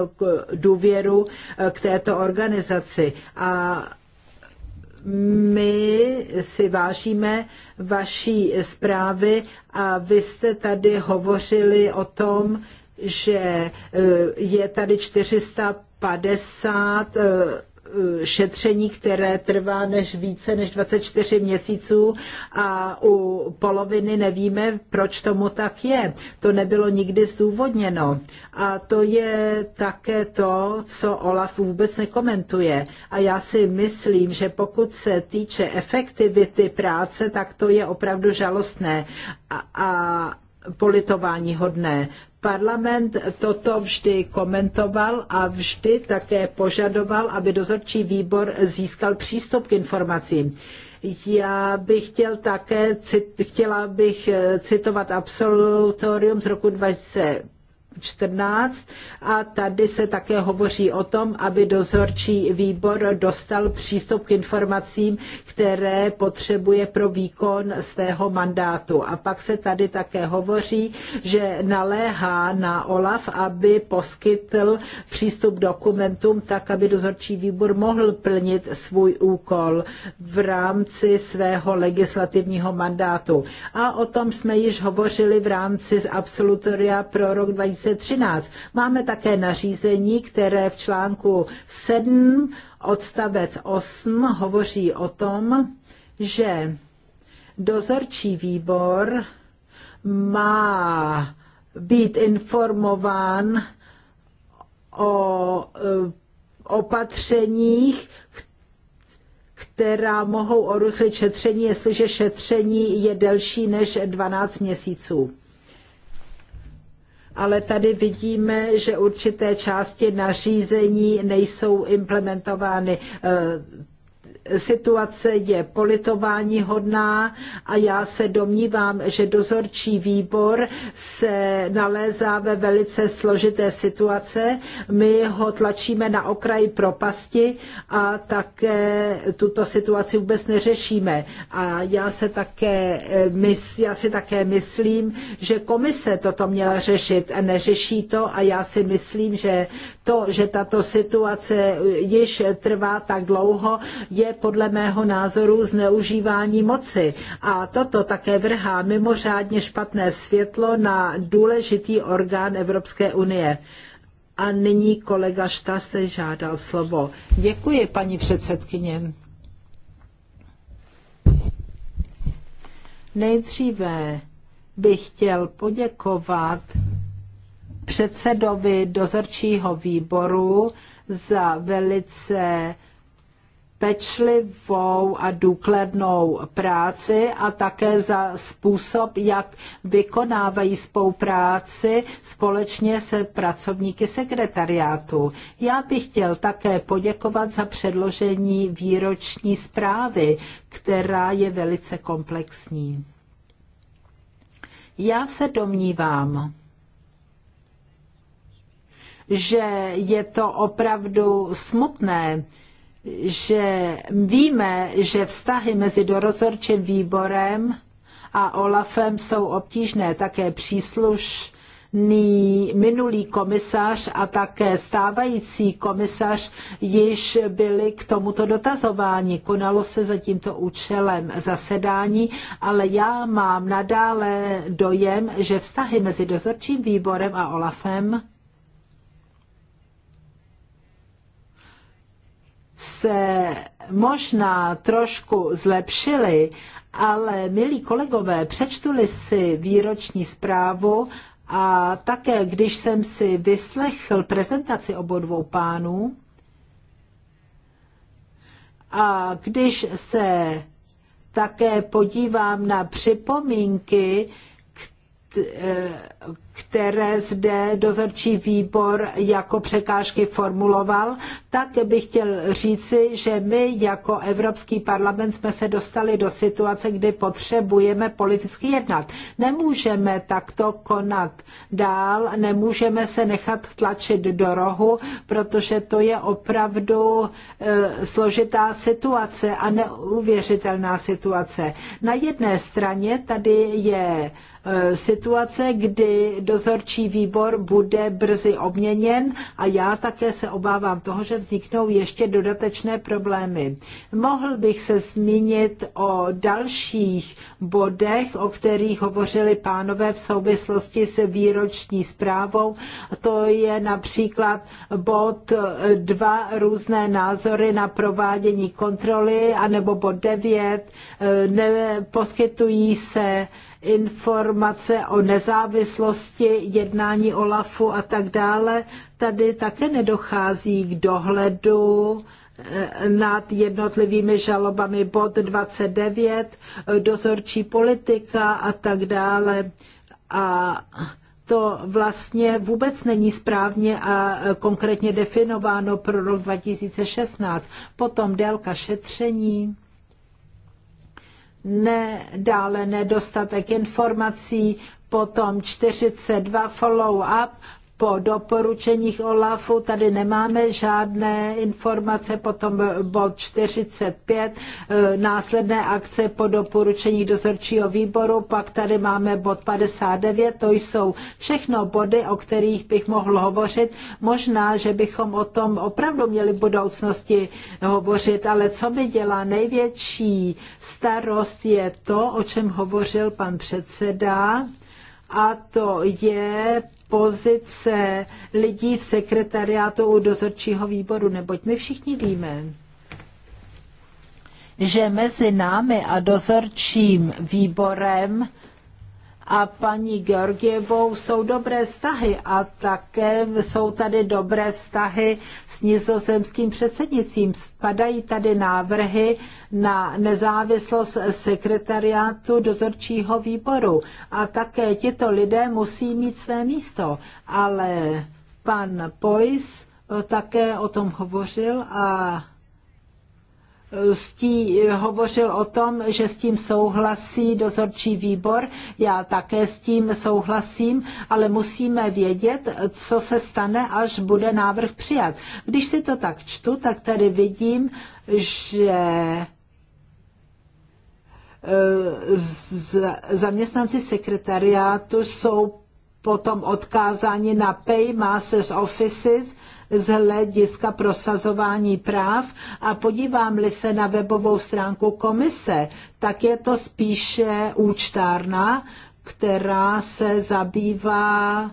důvěru eh, k této organizaci. A my si vážíme vaší zprávy a vy jste tady hovořili o tom, že eh, je tady 450 eh, šetření, které trvá než více než 24 měsíců a u poloviny nevíme, proč tomu tak je. To nebylo nikdy zdůvodněno. A to je také to, co Olaf vůbec nekomentuje. A já si myslím, že pokud se týče efektivity práce, tak to je opravdu žalostné. A, a politování hodné. Parlament toto vždy komentoval a vždy také požadoval, aby dozorčí výbor získal přístup k informacím. Já bych chtěl také, chtěla bych eh, citovat absolutorium z roku 2015, 14 a tady se také hovoří o tom, aby dozorčí výbor dostal přístup k informacím, které potřebuje pro výkon svého mandátu. A pak se tady také hovoří, že naléhá na OLAF, aby poskytl přístup dokumentům tak, aby dozorčí výbor mohl plnit svůj úkol v rámci svého legislativního mandátu. A o tom jsme již hovořili v rámci absolutoria pro rok 2020 2013. Máme také nařízení, které v článku 7 odstavec 8 hovoří o tom, že dozorčí výbor má být informován o eh, opatřeních, která mohou urychlit šetření, jestliže šetření je delší než 12 měsíců ale tady vidíme, že určité části nařízení nejsou implementovány eh, situace je politování hodná a já se domnívám, že dozorčí výbor se nalézá ve velice složité situace. My ho tlačíme na okraj propasti a také tuto situaci vůbec neřešíme. A já, se také, eh, já si také myslím, že komise toto měla řešit a neřeší to a já si myslím, že to, že tato situace již trvá tak dlouho, je podle mého názoru zneužívání moci a toto také vrhá mimořádně špatné světlo na důležitý orgán Evropské unie. A nyní kolega Štase žádal slovo. Děkuji, paní předsedkyně. Nejdříve bych chtěl poděkovat předsedovi dozorčího výboru za velice pečlivou a důkladnou práci a také za způsob, jak vykonávají svou práci společně se pracovníky sekretariátu. Já bych chtěl také poděkovat za předložení výroční zprávy, která je velice komplexní. Já se domnívám, že je to opravdu smutné, že víme, že vztahy mezi dorozorčím výborem a Olafem jsou obtížné. Také příslušný minulý komisař a také stávající komisař již byli k tomuto dotazování Konalo se za tímto účelem zasedání, ale já mám nadále dojem, že vztahy mezi dozorčím výborem a Olafem se možná trošku zlepšily, ale milí kolegové, přečtuli si výroční zprávu a také, když jsem si vyslechl prezentaci obou dvou pánů, a když se také podívám na připomínky, které zde dozorčí výbor jako překážky formuloval, tak bych chtěl říci, že my jako Evropský parlament jsme se dostali do situace, kdy potřebujeme politicky jednat. Nemůžeme takto konat dál, nemůžeme se nechat tlačit do rohu, protože to je opravdu e, složitá situace a neuvěřitelná situace. Na jedné straně tady je Eh, situace, kdy dozorčí výbor bude brzy obměněn a já také se obávám toho, že vzniknou ještě dodatečné problémy. Mohl bych se zmínit o dalších bodech, o kterých hovořili pánové v souvislosti s výroční zprávou. To je například bod dva různé názory na provádění kontroly, anebo bod devět, eh, neposkytují se informace o nezávislosti jednání OLAFu a tak dále. Tady také nedochází k dohledu eh, nad jednotlivými žalobami bod 29, dozorčí politika a tak dále. A to vlastně vůbec není správně a konkrétně definováno pro rok 2016. Potom délka šetření ne, dále nedostatek informací, potom 42 follow-up, po doporučeních OLAFu tady nemáme žádné informace, potom bod 45, eh, následné akce po doporučení dozorčího výboru, pak tady máme bod 59, to jsou všechno body, o kterých bych mohl hovořit. Možná, že bychom o tom opravdu měli v budoucnosti hovořit, ale co by dělá největší starost je to, o čem hovořil pan předseda, a to je pozice lidí v sekretariátu u dozorčího výboru, neboť my všichni víme, že mezi námi a dozorčím výborem a paní Georgievou jsou dobré vztahy a také jsou tady dobré vztahy s nizozemským předsednicím. Spadají tady návrhy na nezávislost sekretariátu dozorčího výboru a také tito lidé musí mít své místo, ale pan Pois eh, také o tom hovořil a Stí hovořil o tom, že s tím souhlasí dozorčí výbor. Já také s tím souhlasím, ale musíme vědět, co se stane, až bude návrh přijat. Když si to tak čtu, tak tady vidím, že e, zaměstnanci sekretariátu jsou potom odkázáni na Paymasters Offices, z hlediska prosazování práv a podívám-li se na webovou stránku komise, tak je to spíše účtárna, která se zabývá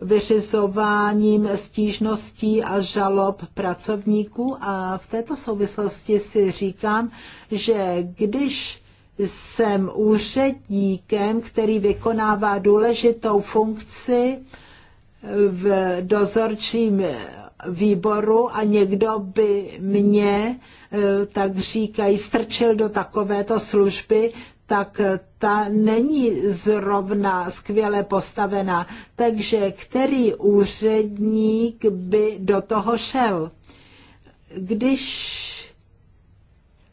vyřizováním stížností a žalob pracovníků a v této souvislosti si říkám, že když jsem úředníkem, který vykonává důležitou funkci v dozorčím výboru a někdo by mě, eh, tak říkají, strčil do takovéto služby, tak ta není zrovna skvěle postavená. Takže který úředník by do toho šel? Když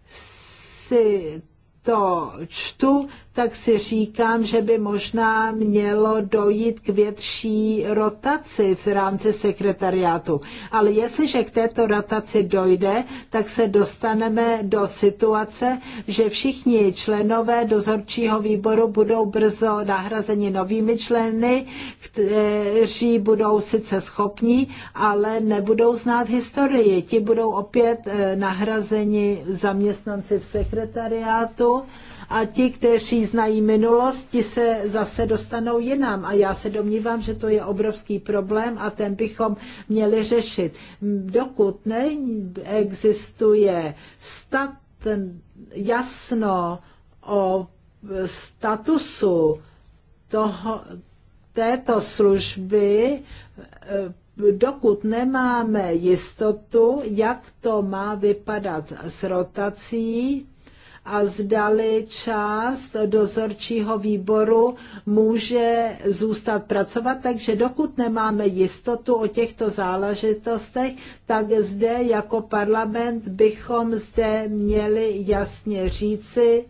si to čtu, tak si říkám, že by možná mělo dojít k větší rotaci v rámci sekretariátu. Ale jestliže k této rotaci dojde, tak se dostaneme do situace, že všichni členové dozorčího výboru budou brzo nahrazeni novými členy, kteří budou sice schopní, ale nebudou znát historii. Ti budou opět eh, nahrazeni zaměstnanci v sekretariátu a ti, kteří znají minulost, ti se zase dostanou jinam. A já se domnívám, že to je obrovský problém a ten bychom měli řešit. Dokud neexistuje stat, jasno o statusu toho, této služby, dokud nemáme jistotu, jak to má vypadat s rotací, a zdali část dozorčího výboru může zůstat pracovat, takže dokud nemáme jistotu o těchto záležitostech, tak zde jako parlament bychom zde měli jasně říci,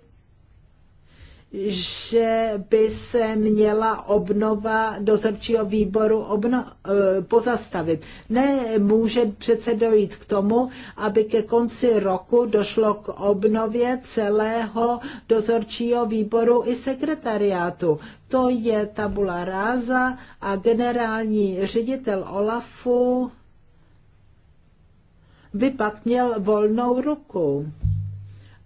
že by se měla obnova dozorčího výboru obno, eh, pozastavit. Ne, může přece dojít k tomu, aby ke konci roku došlo k obnově celého dozorčího výboru i sekretariátu. To je tabula ráza a generální ředitel Olafu by pak měl volnou ruku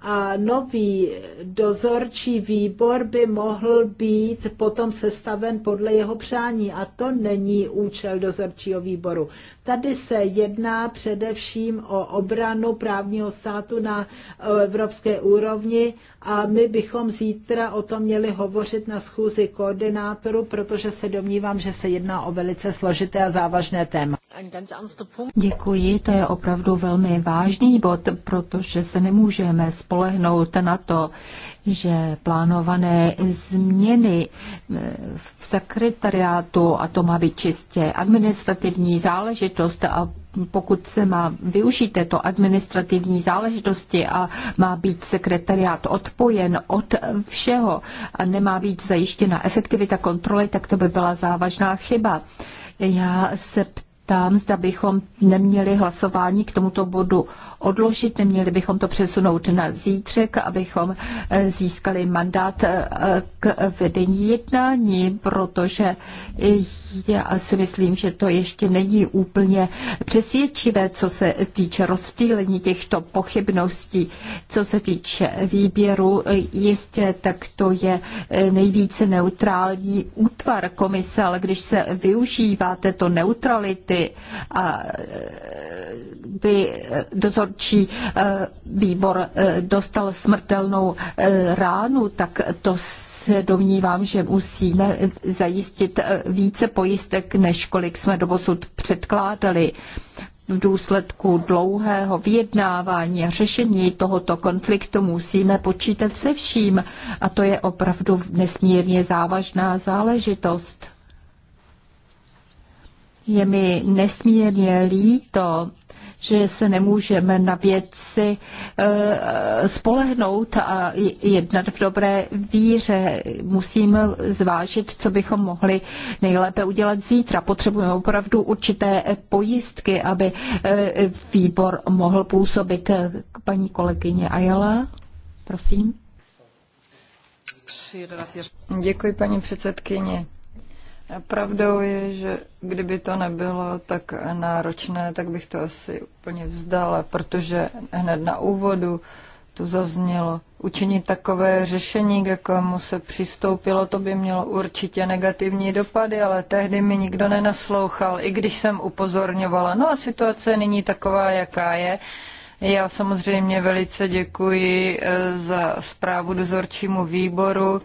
a nový dozorčí výbor by mohl být potom sestaven podle jeho přání a to není účel dozorčího výboru. Tady se jedná především o obranu právního státu na evropské úrovni a my bychom zítra o tom měli hovořit na schůzi koordinátoru, protože se domnívám, že se jedná o velice složité a závažné téma. Děkuji, to je opravdu velmi vážný bod, protože se nemůžeme spolehnout na to, že plánované změny eh, v sekretariátu, a to má být čistě administrativní záležitost a pokud se má využít této administrativní záležitosti a má být sekretariát odpojen od všeho a nemá být zajištěna efektivita kontroly, tak to by byla závažná chyba. Já se ptám, ptám, zda bychom neměli hlasování k tomuto bodu odložit, neměli bychom to přesunout na zítřek, abychom eh, získali mandát eh, k vedení jednání, protože já si myslím, že to ještě není úplně přesvědčivé, co se týče rozdílení těchto pochybností. Co se týče výběru, jistě tak to je eh, nejvíce neutrální útvar komise, ale když se využívá této neutrality, a by e, dozorčí e, výbor e, dostal smrtelnou ránu, tak to se domnívám, že musíme zajistit více pojistek, než kolik jsme doposud předkládali v důsledku dlouhého vyjednávání a řešení tohoto konfliktu musíme počítat se vším a to je opravdu nesmírně závažná záležitost. Je mi nesmírně líto, že se nemůžeme na věci eh, spolehnout a jednat v dobré víře. Musíme zvážit, co bychom mohli nejlépe udělat zítra. Potřebujeme opravdu určité pojistky, aby eh, výbor mohl působit. Paní kolegyně Ajala, prosím. Děkuji, paní předsedkyně. Pravdou je, že kdyby to nebylo tak náročné, tak bych to asi úplně vzdala, protože hned na úvodu tu zaznělo. Učinit takové řešení, k jakému se přistoupilo, to by mělo určitě negativní dopady, ale tehdy mi nikdo nenaslouchal, i když jsem upozorňovala. No a situace nyní taková, jaká je. Já samozřejmě velice děkuji eh, za zprávu dozorčímu výboru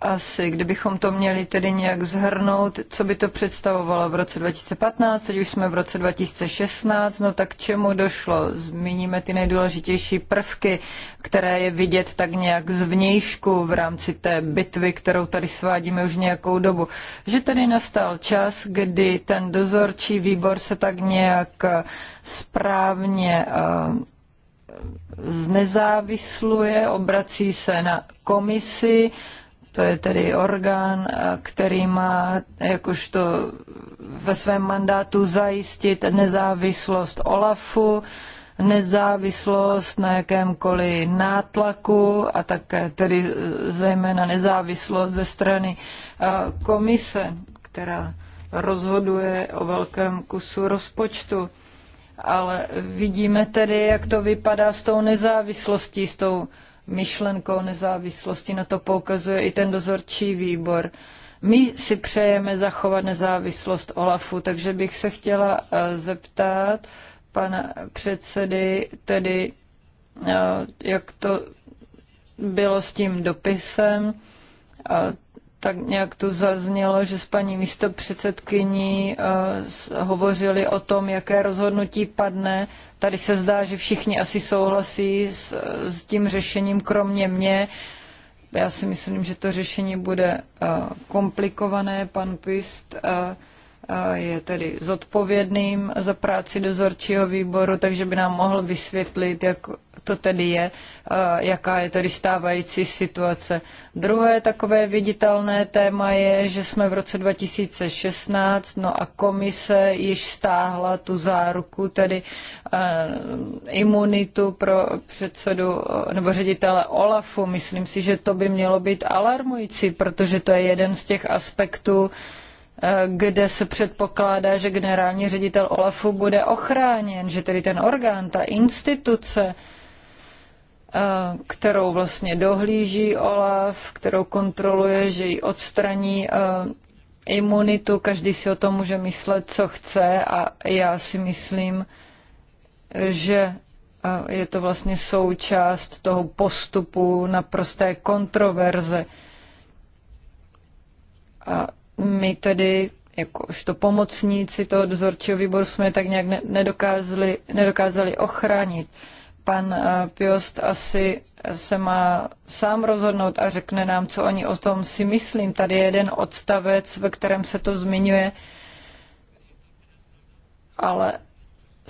asi, kdybychom to měli tedy nějak zhrnout, co by to představovalo v roce 2015, teď už jsme v roce 2016, no tak čemu došlo? Zmíníme ty nejdůležitější prvky, které je vidět tak nějak zvnějšku v rámci té bitvy, kterou tady svádíme už nějakou dobu. Že tedy nastal čas, kdy ten dozorčí výbor se tak nějak eh, správně eh, znezávisluje, obrací se na komisi, to je tedy orgán, který má jakožto ve svém mandátu zajistit nezávislost OLAFu, nezávislost na jakémkoliv nátlaku a také tedy zejména nezávislost ze strany eh, komise, která rozhoduje o velkém kusu rozpočtu. Ale vidíme tedy, jak to vypadá s tou nezávislostí, s tou myšlenkou nezávislosti. Na to poukazuje i ten dozorčí výbor. My si přejeme zachovat nezávislost OLAFu, takže bych se chtěla eh, zeptat pana předsedy, tedy eh, jak to bylo s tím dopisem, tak nějak tu zaznělo, že s paní předsedkyní uh, eh, hovořili o tom, jaké rozhodnutí padne. Tady se zdá, že všichni asi souhlasí s, s tím řešením, kromě mě. Já si myslím, že to řešení bude uh, komplikované. Pan Pist uh, je tedy zodpovědným za práci dozorčího výboru, takže by nám mohl vysvětlit, jak to tedy je, jaká je tedy stávající situace. Druhé takové viditelné téma je, že jsme v roce 2016, no a komise již stáhla tu záruku, tedy imunitu pro předsedu nebo ředitele OLAFu. Myslím si, že to by mělo být alarmující, protože to je jeden z těch aspektů, kde se předpokládá, že generální ředitel OLAFu bude ochráněn, že tedy ten orgán, ta instituce, eh, kterou vlastně dohlíží OLAF, kterou kontroluje, že ji odstraní eh, imunitu, každý si o tom může myslet, co chce a já si myslím, že eh, je to vlastně součást toho postupu naprosté kontroverze. A my tedy jakožto pomocníci toho dozorčího výboru jsme tak nějak nedokázali, nedokázali ochránit. Pan eh, Piost asi se má sám rozhodnout a řekne nám, co oni o tom si myslím. Tady je jeden odstavec, ve kterém se to zmiňuje, ale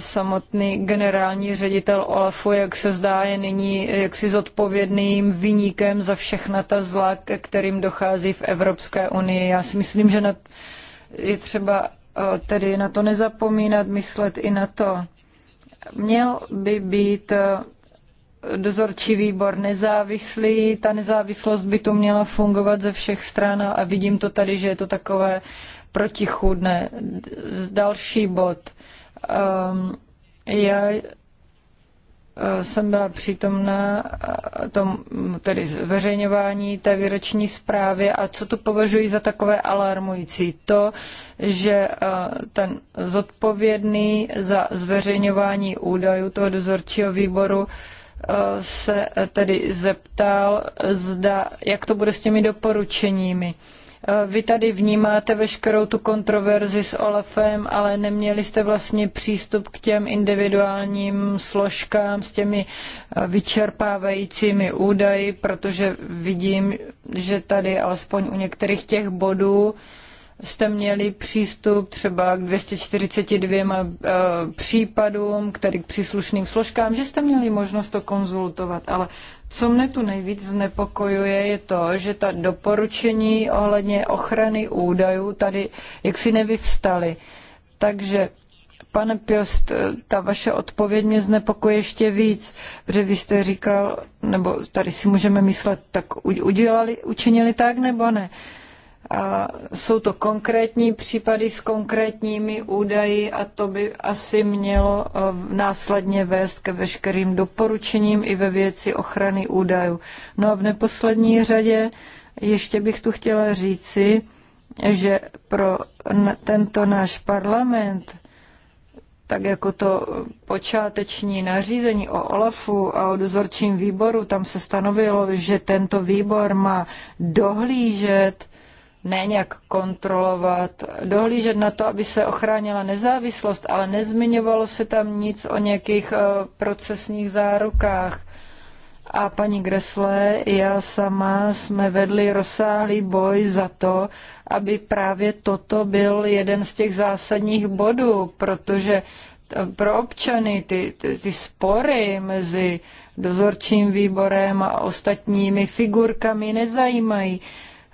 samotný generální ředitel Olafu, jak se zdá, je nyní jaksi zodpovědným vyníkem za všechna ta zla, ke kterým dochází v Evropské unii. Já si myslím, že na, je třeba eh, tedy na to nezapomínat, myslet i na to. Měl by být eh, dozorčí výbor nezávislý, ta nezávislost by tu měla fungovat ze všech stran a vidím to tady, že je to takové protichůdné. Další bod Ehm, já eh, jsem byla přítomna eh, tom, tedy zveřejňování té výroční zprávy a co tu považuji za takové alarmující, to, že eh, ten zodpovědný za zveřejňování údajů toho dozorčího výboru se tedy zeptal, zda, jak to bude s těmi doporučeními. Eh, vy tady vnímáte veškerou tu kontroverzi s Olafem, ale neměli jste vlastně přístup k těm individuálním složkám s těmi eh, vyčerpávajícími údaji, protože vidím, že tady alespoň u některých těch bodů jste měli přístup třeba k 242 eh, případům, který k příslušným složkám, že jste měli možnost to konzultovat, ale co mne tu nejvíc znepokojuje, je to, že ta doporučení ohledně ochrany údajů tady jaksi nevyvstaly. Takže pane Piost, ta vaše odpověď mě znepokojuje ještě víc, protože vy jste říkal, nebo tady si můžeme myslet, tak udělali, učinili tak nebo ne. A jsou to konkrétní případy s konkrétními údaji a to by asi mělo eh, následně vést ke veškerým doporučením i ve věci ochrany údajů. No a v neposlední řadě ještě bych tu chtěla říci, že pro tento náš parlament, tak jako to počáteční nařízení o OLAFu a o dozorčím výboru, tam se stanovilo, že tento výbor má dohlížet ne nějak kontrolovat, dohlížet na to, aby se ochránila nezávislost, ale nezmiňovalo se tam nic o nějakých eh, procesních zárukách. A paní Gresle, já sama jsme vedli rozsáhlý boj za to, aby právě toto byl jeden z těch zásadních bodů, protože eh, pro občany ty, ty, ty spory mezi dozorčím výborem a ostatními figurkami nezajímají.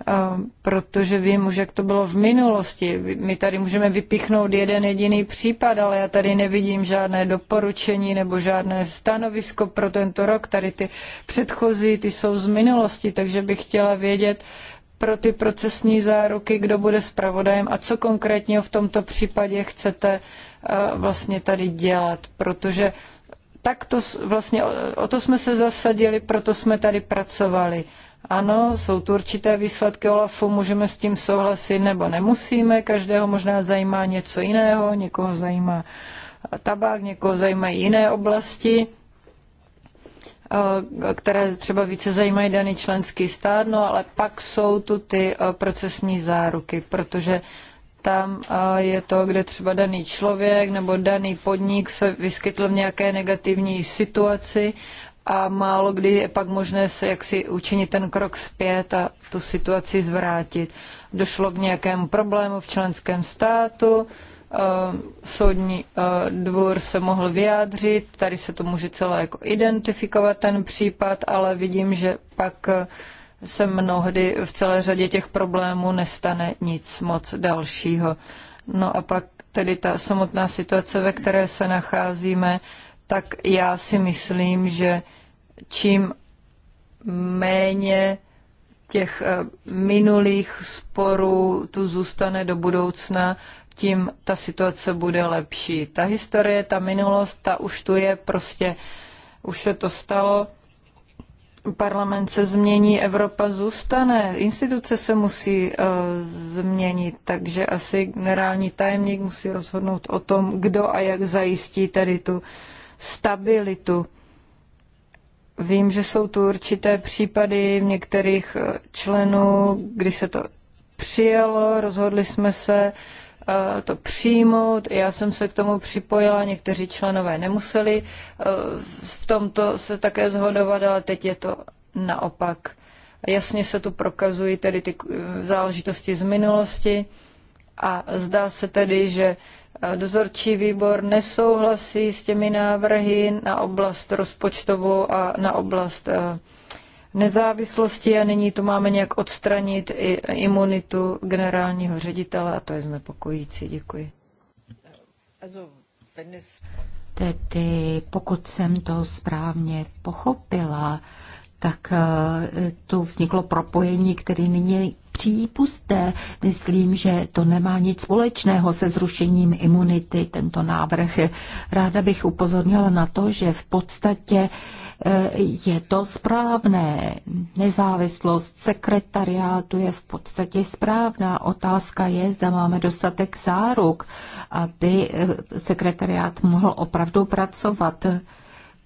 Ehm, protože vím už, jak to bylo v minulosti. My tady můžeme vypichnout jeden jediný případ, ale já tady nevidím žádné doporučení nebo žádné stanovisko pro tento rok. Tady ty předchozí, ty jsou z minulosti, takže bych chtěla vědět pro ty procesní záruky, kdo bude zpravodajem a co konkrétně v tomto případě chcete eh, vlastně tady dělat, protože tak to vlastně o to jsme se zasadili, proto jsme tady pracovali. Ano, jsou tu určité výsledky OLAFu, můžeme s tím souhlasit nebo nemusíme, každého možná zajímá něco jiného, někoho zajímá tabák, někoho zajímají jiné oblasti, eh, které třeba více zajímají daný členský stát, no ale pak jsou tu ty eh, procesní záruky, protože tam eh, je to, kde třeba daný člověk nebo daný podnik se vyskytl v nějaké negativní situaci a málo kdy je pak možné se jaksi učinit ten krok zpět a tu situaci zvrátit. Došlo k nějakému problému v členském státu, eh, soudní eh, dvůr se mohl vyjádřit, tady se to může celé jako identifikovat ten případ, ale vidím, že pak eh, se mnohdy v celé řadě těch problémů nestane nic moc dalšího. No a pak tedy ta samotná situace, ve které se nacházíme, tak já si myslím, že čím méně těch eh, minulých sporů tu zůstane do budoucna, tím ta situace bude lepší. Ta historie, ta minulost, ta už tu je, prostě už se to stalo. Parlament se změní, Evropa zůstane, instituce se musí uh, změnit, takže asi generální tajemník musí rozhodnout o tom, kdo a jak zajistí tady tu uh, stabilitu. Vím, že jsou tu určité případy některých eh, členů, kdy se to přijelo, rozhodli jsme se eh, to přijmout. Já jsem se k tomu připojila, někteří členové nemuseli eh, v tomto se také zhodovat, ale teď je to naopak. Jasně se tu prokazují tedy ty záležitosti z minulosti a zdá se tedy, že Dozorčí výbor nesouhlasí s těmi návrhy na oblast rozpočtovou a na oblast eh, nezávislosti a nyní tu máme nějak odstranit i imunitu generálního ředitele a to je znepokojící. Děkuji. Tedy pokud jsem to správně pochopila, tak eh, tu vzniklo propojení, které nyní přípusté. Myslím, že to nemá nic společného se zrušením imunity, tento návrh. Ráda bych upozornila na to, že v podstatě eh, je to správné. Nezávislost sekretariátu je v podstatě správná. Otázka je, zda máme dostatek záruk, aby eh, sekretariát mohl opravdu pracovat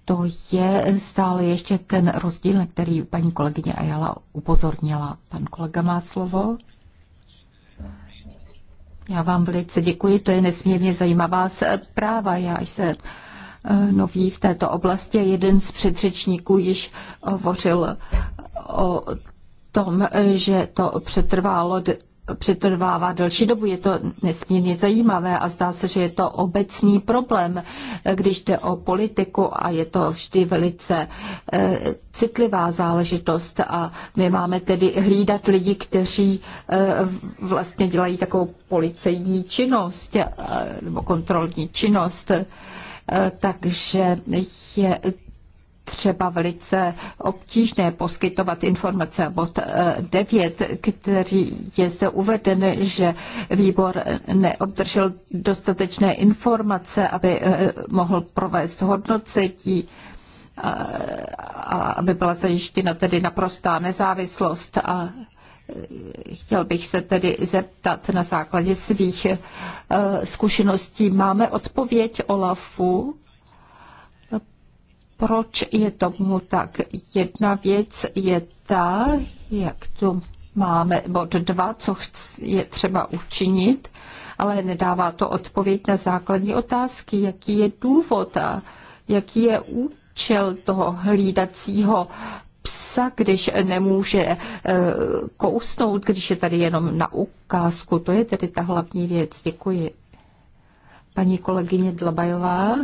to je stále ještě ten rozdíl, na který paní kolegyně Ajala upozornila. Pan kolega má slovo. Já vám velice děkuji, to je nesmírně zajímavá zpráva. Eh, Já jsem eh, nový v této oblasti. Jeden z předřečníků již hovořil eh, o tom, že to přetrvalo přetrvává delší dobu. Je to nesmírně zajímavé a zdá se, že je to obecný problém, když jde o politiku a je to vždy velice eh, citlivá záležitost a my máme tedy hlídat lidi, kteří eh, vlastně dělají takovou policejní činnost eh, nebo kontrolní činnost takže je třeba velice obtížné poskytovat informace. Bod 9, eh, který je zde uveden, že výbor neobdržel dostatečné informace, aby eh, mohl provést hodnocení eh, a aby byla zajištěna tedy naprostá nezávislost a Chtěl bych se tedy zeptat na základě svých zkušeností. Máme odpověď Olafu proč je tomu tak. Jedna věc je ta, jak tu máme bod dva, co je třeba učinit, ale nedává to odpověď na základní otázky, jaký je důvod a jaký je účel toho hlídacího psa, když nemůže e, kousnout, když je tady jenom na ukázku. To je tedy ta hlavní věc. Děkuji. Paní kolegyně Dlabajová.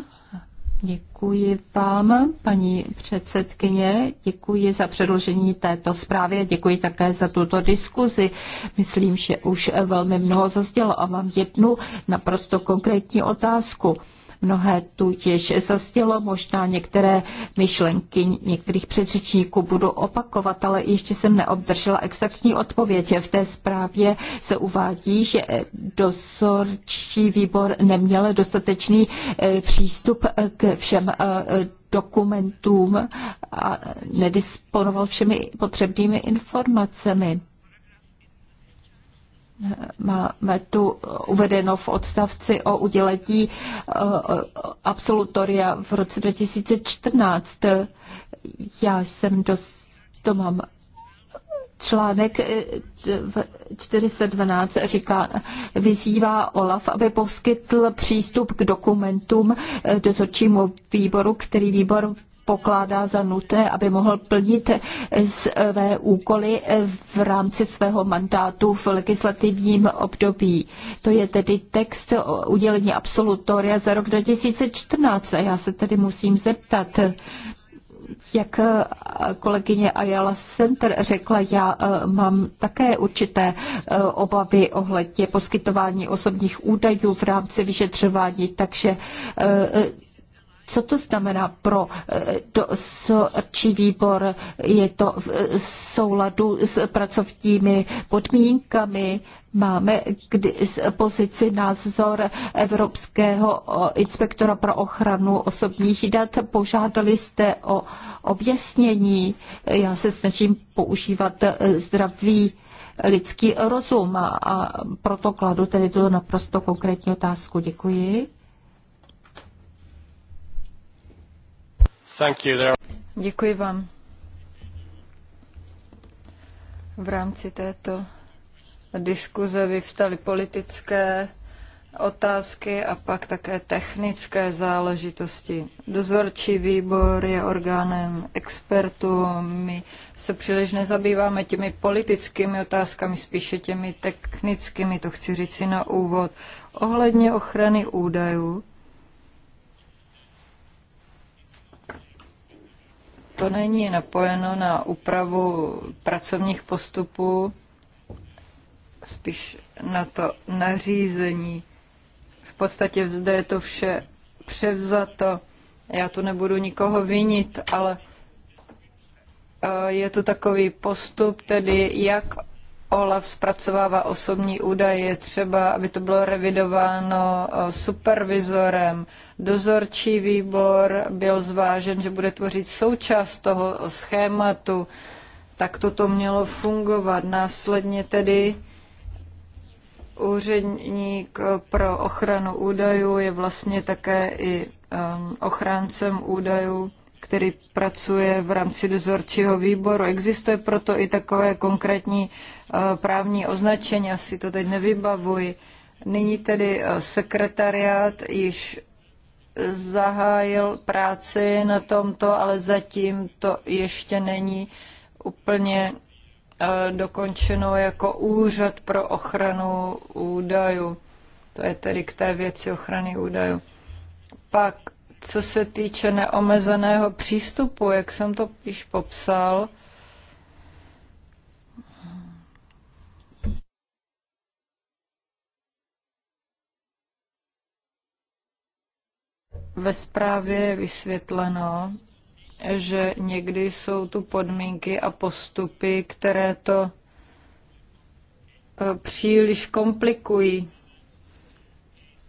Děkuji vám, paní předsedkyně, děkuji za předložení této zprávy a děkuji také za tuto diskuzi. Myslím, že už velmi mnoho zazdělo a mám jednu naprosto konkrétní otázku. Mnohé tutěž zastělo, možná některé myšlenky některých předřečníků budu opakovat, ale ještě jsem neobdržela exaktní odpověď. V té zprávě se uvádí, že dozorčí výbor neměl dostatečný eh, přístup eh, k všem eh, dokumentům a nedisponoval všemi potřebnými informacemi. Máme tu uvedeno v odstavci o udělení eh, absolutoria v roce 2014. Já jsem dost, to mám článek 412 eh, říká, vyzývá OLAF, aby poskytl přístup k dokumentům eh, dozorčímu výboru, který výbor pokládá za nutné, aby mohl plnit své úkoly v rámci svého mandátu v legislativním období. To je tedy text o udělení absolutoria za rok 2014 a já se tedy musím zeptat, jak kolegyně Ayala Center řekla, já eh, mám také určité eh, obavy ohledně poskytování osobních údajů v rámci vyšetřování, takže eh, co to znamená pro eh, dozorčí výbor? Je to v eh, souladu s pracovními podmínkami? Máme k dispozici názor Evropského inspektora pro ochranu osobních dat. Požádali jste o objasnění. Já se snažím používat eh, zdravý lidský rozum a proto kladu tedy tuto naprosto konkrétní otázku. Děkuji. Děkuji vám. V rámci této diskuze vyvstaly politické otázky a pak také technické záležitosti. Dozorčí výbor je orgánem expertů. My se příliš nezabýváme těmi politickými otázkami, spíše těmi technickými, to chci říct si na úvod. Ohledně ochrany údajů, to není napojeno na úpravu pracovních postupů, spíš na to nařízení. V podstatě zde je to vše převzato. Já tu nebudu nikoho vinit, ale eh, je to takový postup, tedy jak OLAF zpracovává osobní údaje, je třeba, aby to bylo revidováno eh, supervizorem. Dozorčí výbor byl zvážen, že bude tvořit součást toho schématu. Tak toto mělo fungovat. Následně tedy úředník pro ochranu údajů je vlastně také i ehm, ochráncem údajů který pracuje v rámci dozorčího výboru. Existuje proto i takové konkrétní Eh, právní označení, asi to teď nevybavuji. Nyní tedy eh, sekretariát již zahájil práci na tomto, ale zatím to ještě není úplně eh, dokončeno jako úřad pro ochranu údajů. To je tedy k té věci ochrany údajů. Pak, co se týče neomezeného přístupu, jak jsem to již popsal, Ve zprávě je vysvětleno, že někdy jsou tu podmínky a postupy, které to e, příliš komplikují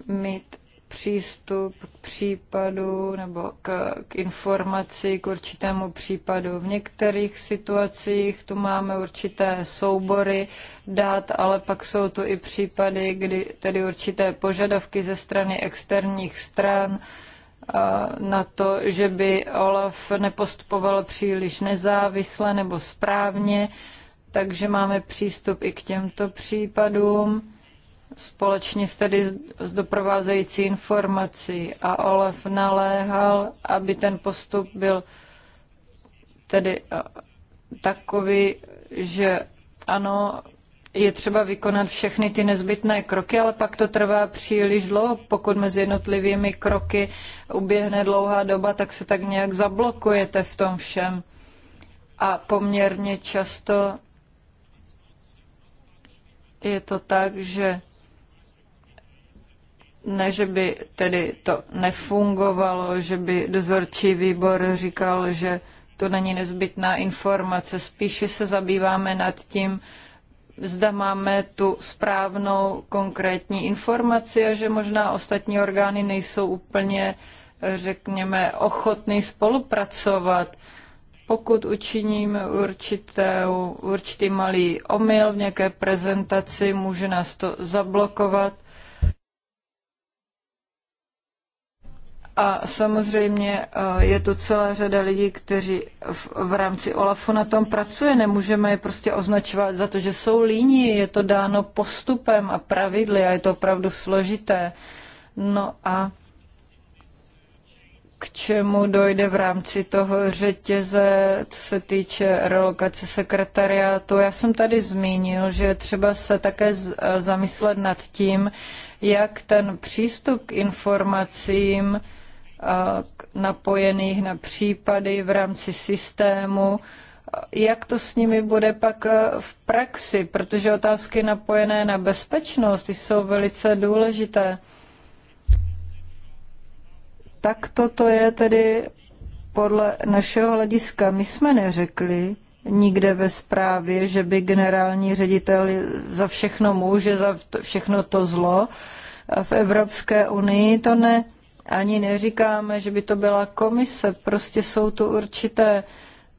mít přístup k případu nebo k, k informaci k určitému případu. V některých situacích tu máme určité soubory dat, ale pak jsou tu i případy, kdy tedy určité požadavky ze strany externích stran uh, na to, že by Olaf nepostupoval příliš nezávisle nebo správně, takže máme přístup i k těmto případům společně s tedy s doprovázející informací a Olaf naléhal, aby ten postup byl tedy takový, že ano, je třeba vykonat všechny ty nezbytné kroky, ale pak to trvá příliš dlouho. Pokud mezi jednotlivými kroky uběhne dlouhá doba, tak se tak nějak zablokujete v tom všem. A poměrně často je to tak, že ne, že by tedy to nefungovalo, že by dozorčí výbor říkal, že to není nezbytná informace. Spíše se zabýváme nad tím, zda máme tu správnou konkrétní informaci a že možná ostatní orgány nejsou úplně, řekněme, ochotný spolupracovat. Pokud učiníme určitou, určitý malý omyl v nějaké prezentaci, může nás to zablokovat – A samozřejmě eh, je to celá řada lidí, kteří v, v rámci OLAFu na tom pracuje. Nemůžeme je prostě označovat za to, že jsou líní. Je to dáno postupem a pravidly a je to opravdu složité. No a k čemu dojde v rámci toho řetěze, co se týče relokace sekretariátu. Já jsem tady zmínil, že třeba se také eh, zamyslet nad tím, jak ten přístup k informacím napojených na případy v rámci systému, jak to s nimi bude pak v praxi, protože otázky napojené na bezpečnost jsou velice důležité. Tak toto je tedy podle našeho hlediska. My jsme neřekli nikde ve zprávě, že by generální ředitel za všechno může, za všechno to zlo. V Evropské unii to ne, ani neříkáme, že by to byla komise, prostě jsou tu určité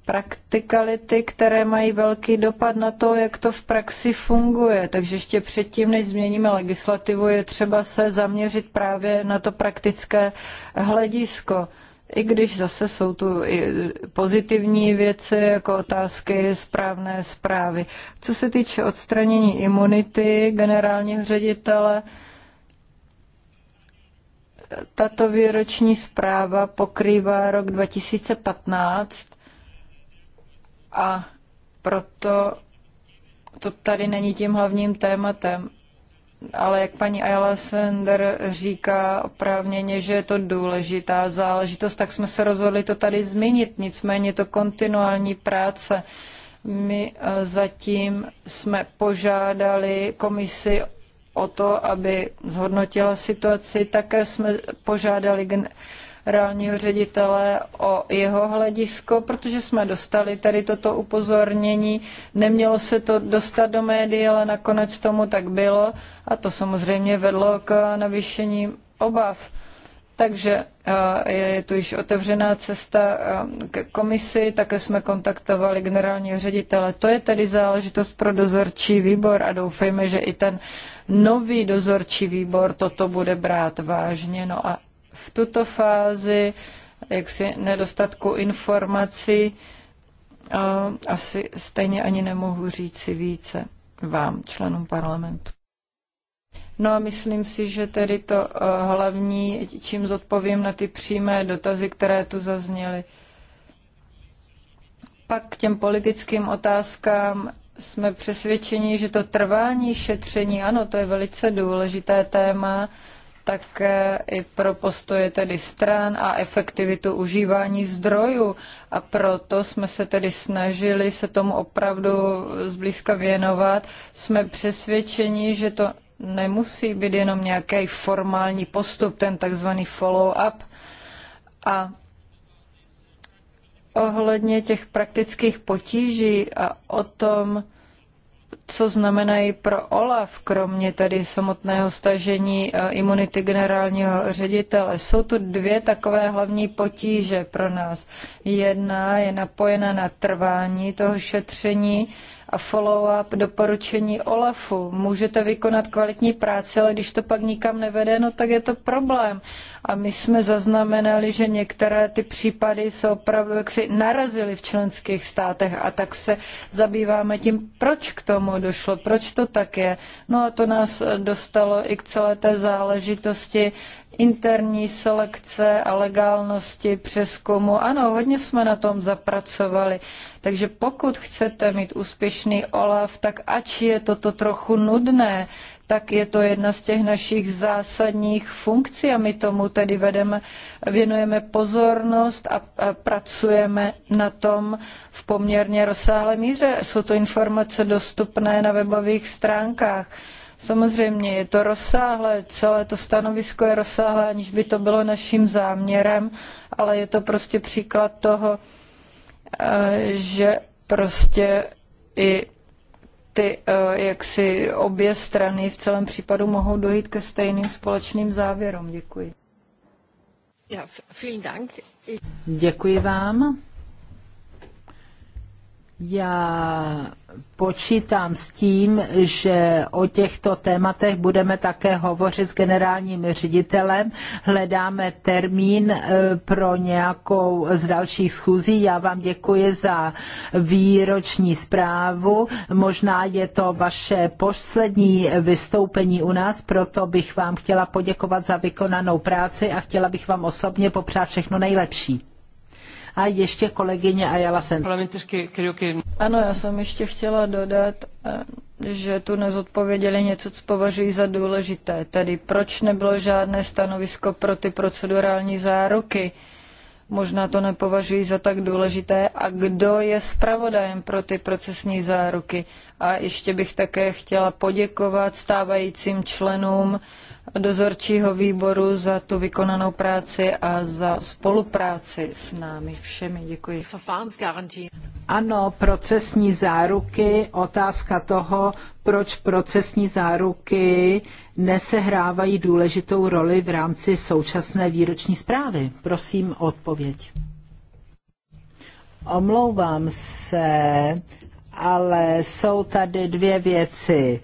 praktikality, které mají velký dopad na to, jak to v praxi funguje. Takže ještě předtím, než změníme legislativu, je třeba se zaměřit právě na to praktické hledisko. I když zase jsou tu i pozitivní věci, jako otázky správné zprávy. Co se týče odstranění imunity generálního ředitele, tato výroční zpráva pokrývá rok 2015 a proto to tady není tím hlavním tématem. Ale jak paní Ayala Sender říká oprávněně, že je to důležitá záležitost, tak jsme se rozhodli to tady zmínit. Nicméně to kontinuální práce. My eh, zatím jsme požádali komisi o to, aby zhodnotila situaci. Také jsme požádali reálního ředitele o jeho hledisko, protože jsme dostali tady toto upozornění. Nemělo se to dostat do médií, ale nakonec tomu tak bylo a to samozřejmě vedlo k navýšení obav. Takže eh, je tu již otevřená cesta eh, k komisi, také jsme kontaktovali generálního ředitele. To je tedy záležitost pro dozorčí výbor a doufejme, že i ten nový dozorčí výbor toto bude brát vážně. No a v tuto fázi jaksi nedostatku informací eh, asi stejně ani nemohu říci více vám, členům parlamentu. No a myslím si, že tedy to eh, hlavní, čím zodpovím na ty přímé dotazy, které tu zazněly. Pak k těm politickým otázkám jsme přesvědčeni, že to trvání šetření, ano, to je velice důležité téma, tak eh, i pro postoje tedy stran a efektivitu užívání zdrojů. A proto jsme se tedy snažili se tomu opravdu zblízka věnovat. Jsme přesvědčeni, že to nemusí být jenom nějaký formální postup, ten takzvaný follow-up. A ohledně těch praktických potíží a o tom, co znamenají pro OLAF, kromě tedy samotného stažení eh, imunity generálního ředitele. Jsou tu dvě takové hlavní potíže pro nás. Jedna je napojena na trvání toho šetření a follow-up doporučení OLAFu. Můžete vykonat kvalitní práci, ale když to pak nikam nevede, no tak je to problém. A my jsme zaznamenali, že některé ty případy se opravdu jaksi narazily v členských státech a tak se zabýváme tím, proč k tomu došlo, proč to tak je. No a to nás eh, dostalo i k celé té záležitosti interní selekce a legálnosti přeskumu. Ano, hodně jsme na tom zapracovali. Takže pokud chcete mít úspěšný OLAF, tak ač je toto trochu nudné, tak je to jedna z těch našich zásadních funkcí a my tomu tedy vedeme, věnujeme pozornost a pracujeme na tom v poměrně rozsáhlé míře. Jsou to informace dostupné na webových stránkách. Samozřejmě je to rozsáhlé, celé to stanovisko je rozsáhlé, aniž by to bylo naším záměrem, ale je to prostě příklad toho, eh, že prostě i ty eh, jak si obě strany v celém případu mohou dojít ke stejným společným závěrům. Děkuji. Děkuji vám. Já počítám s tím, že o těchto tématech budeme také hovořit s generálním ředitelem. Hledáme termín eh, pro nějakou z dalších schůzí. Já vám děkuji za výroční zprávu. Možná je to vaše poslední vystoupení u nás, proto bych vám chtěla poděkovat za vykonanou práci a chtěla bych vám osobně popřát všechno nejlepší. A ještě kolegyně Ayala Ano, já jsem ještě chtěla dodat, eh, že tu nezodpověděli něco, co považuji za důležité. Tedy proč nebylo žádné stanovisko pro ty procedurální záruky? Možná to nepovažují za tak důležité. A kdo je zpravodajem pro ty procesní záruky? A ještě bych také chtěla poděkovat stávajícím členům dozorčího výboru za tu vykonanou práci a za spolupráci s námi všemi. Děkuji. Ano, procesní záruky, otázka toho, proč procesní záruky nesehrávají důležitou roli v rámci současné výroční zprávy. Prosím o odpověď. Omlouvám se, ale jsou tady dvě věci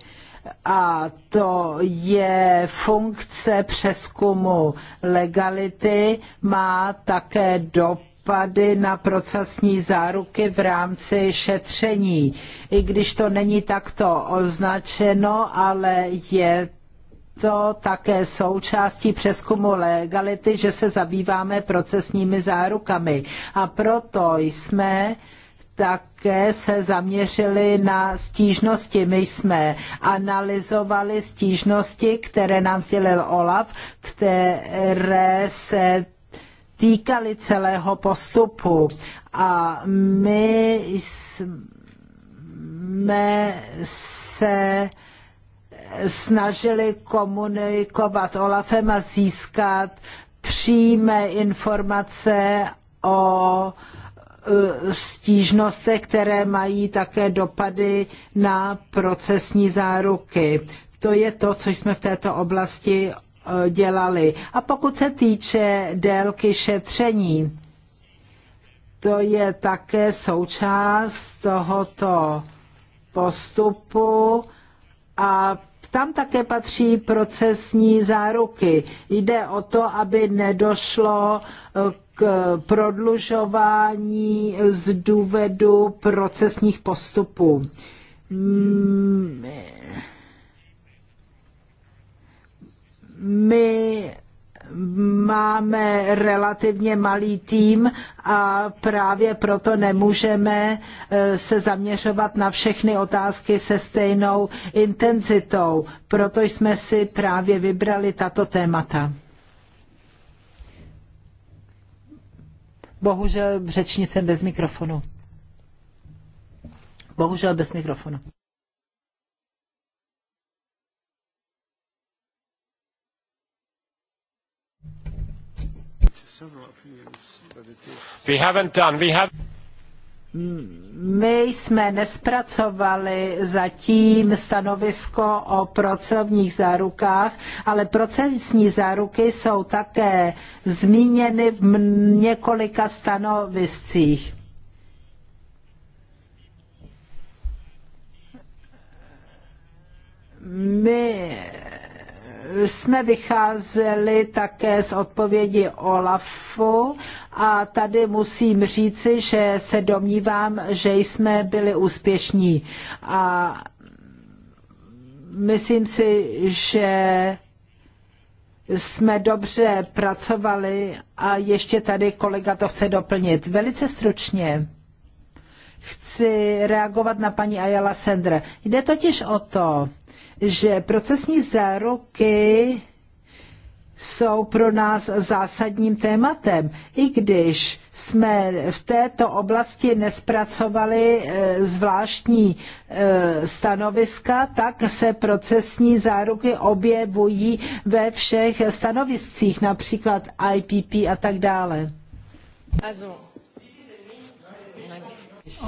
a to je funkce přeskumu legality, má také dopady na procesní záruky v rámci šetření. I když to není takto označeno, ale je to také součástí přeskumu legality, že se zabýváme procesními zárukami. A proto jsme uh, také se zaměřili na stížnosti. My jsme analyzovali stížnosti, které nám sdělil OLAF, které se týkaly celého postupu. A my jsme se snažili komunikovat s OLAFem a získat přímé informace o Eh, stížnostech, které mají také dopady na procesní záruky. To je to, co jsme v této oblasti eh, dělali. A pokud se týče délky šetření, to je také součást tohoto postupu a tam také patří procesní záruky. Jde o to, aby nedošlo eh, k prodlužování z důvodu procesních postupů. My máme relativně malý tým a právě proto nemůžeme eh, se zaměřovat na všechny otázky se stejnou intenzitou. Proto jsme si právě vybrali tato témata. Bohužel řečnice bez mikrofonu. Bohužel bez mikrofonu. We haven't done. We have my jsme nespracovali zatím stanovisko o procesních zárukách, ale procesní záruky jsou také zmíněny v několika stanoviscích. My jsme vycházeli také z odpovědi Olafu a tady musím říci, že se domnívám, že jsme byli úspěšní a myslím si, že jsme dobře pracovali a ještě tady kolega to chce doplnit. Velice stručně chci reagovat na paní Ayala Sender. Jde totiž o to, že procesní záruky jsou pro nás zásadním tématem, i když jsme v této oblasti nespracovali eh, zvláštní eh, stanoviska, tak se procesní záruky objevují ve všech stanoviscích, například IPP a tak dále.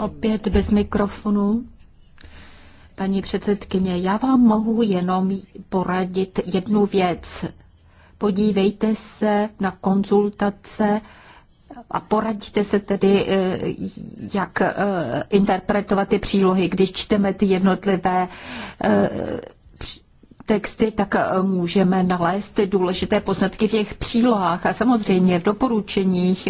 Opět bez mikrofonu. Paní předsedkyně, já vám mohu jenom poradit jednu věc. Podívejte se na konzultace a poradíte se tedy, eh, jak eh, interpretovat ty přílohy. Když čteme ty jednotlivé eh, texty, tak můžeme nalézt důležité poznatky v těch přílohách a samozřejmě v doporučeních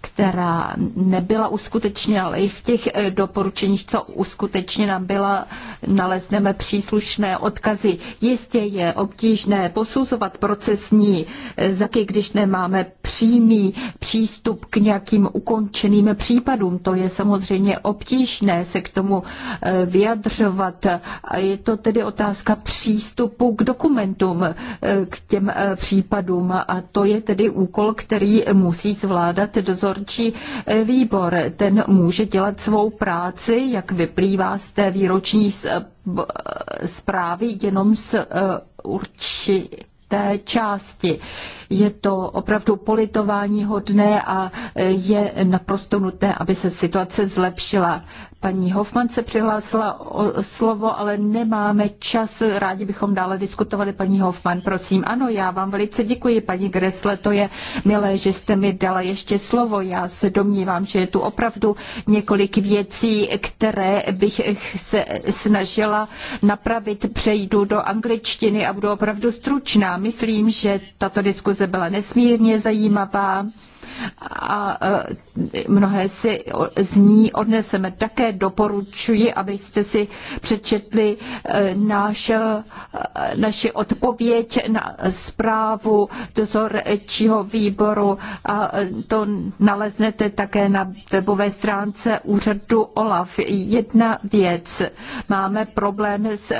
která nebyla uskutečněna, ale i v těch eh, doporučeních, co uskutečněna byla, nalezneme příslušné odkazy. Jistě je obtížné posuzovat procesní eh, zaky, když nemáme přímý přístup k nějakým ukončeným případům. To je samozřejmě obtížné se k tomu eh, vyjadřovat. A je to tedy otázka přístupu k dokumentům, k těm případům. A to je tedy úkol, který musí zvládat dozorčí eh, výbor. Ten může dělat svou práci, jak vyplývá z té výroční eh, eh, zprávy, jenom s určitým té části. Je to opravdu politování hodné a e, je naprosto nutné, aby se situace zlepšila. Paní Hoffman se přihlásila o slovo, ale nemáme čas. Rádi bychom dále diskutovali. Paní Hoffman, prosím. Ano, já vám velice děkuji, paní Gresle. To je milé, že jste mi dala ještě slovo. Já se domnívám, že je tu opravdu několik věcí, které bych se snažila napravit. Přejdu do angličtiny a budu opravdu stručná myslím, že tato diskuze byla nesmírně zajímavá a e, mnohé si z ní odneseme. Také doporučuji, abyste si přečetli e, náš, e, naši odpověď na zprávu dozorčího výboru a to naleznete také na webové stránce úřadu OLAF. Jedna věc. Máme problém s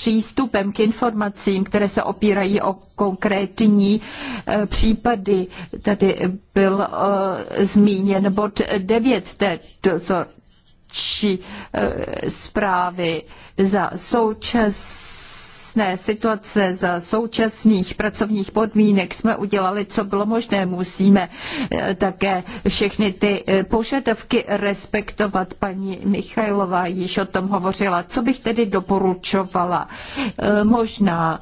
přístupem k informacím, které se opírají o konkrétní e, případy. Tady byl e, zmíněn bod 9 té dozorčí e, zprávy za součas současné situace, za současných pracovních podmínek jsme udělali, co bylo možné. Musíme eh, také všechny ty eh, požadavky respektovat. Paní Michajlová již o tom hovořila. Co bych tedy doporučovala? Eh, možná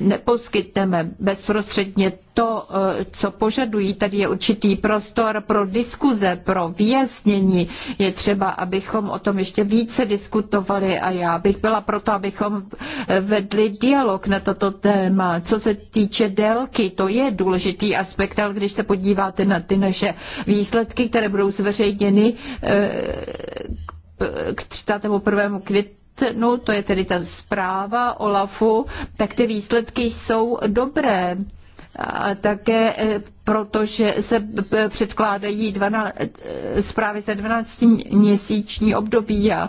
neposkytneme bezprostředně to, eh, co požadují. Tady je určitý prostor pro diskuze, pro vyjasnění. Je třeba, abychom o tom ještě více diskutovali a já bych byla proto, abychom eh, vedli dialog na toto téma. Co se týče délky, to je důležitý aspekt, ale když se podíváte na ty naše výsledky, které budou zveřejněny eh, k 31. květnu, no to je tedy ta zpráva Olafu, tak ty výsledky jsou dobré a také e, protože se e, předkládají 12, e, zprávy za 12-měsíční období a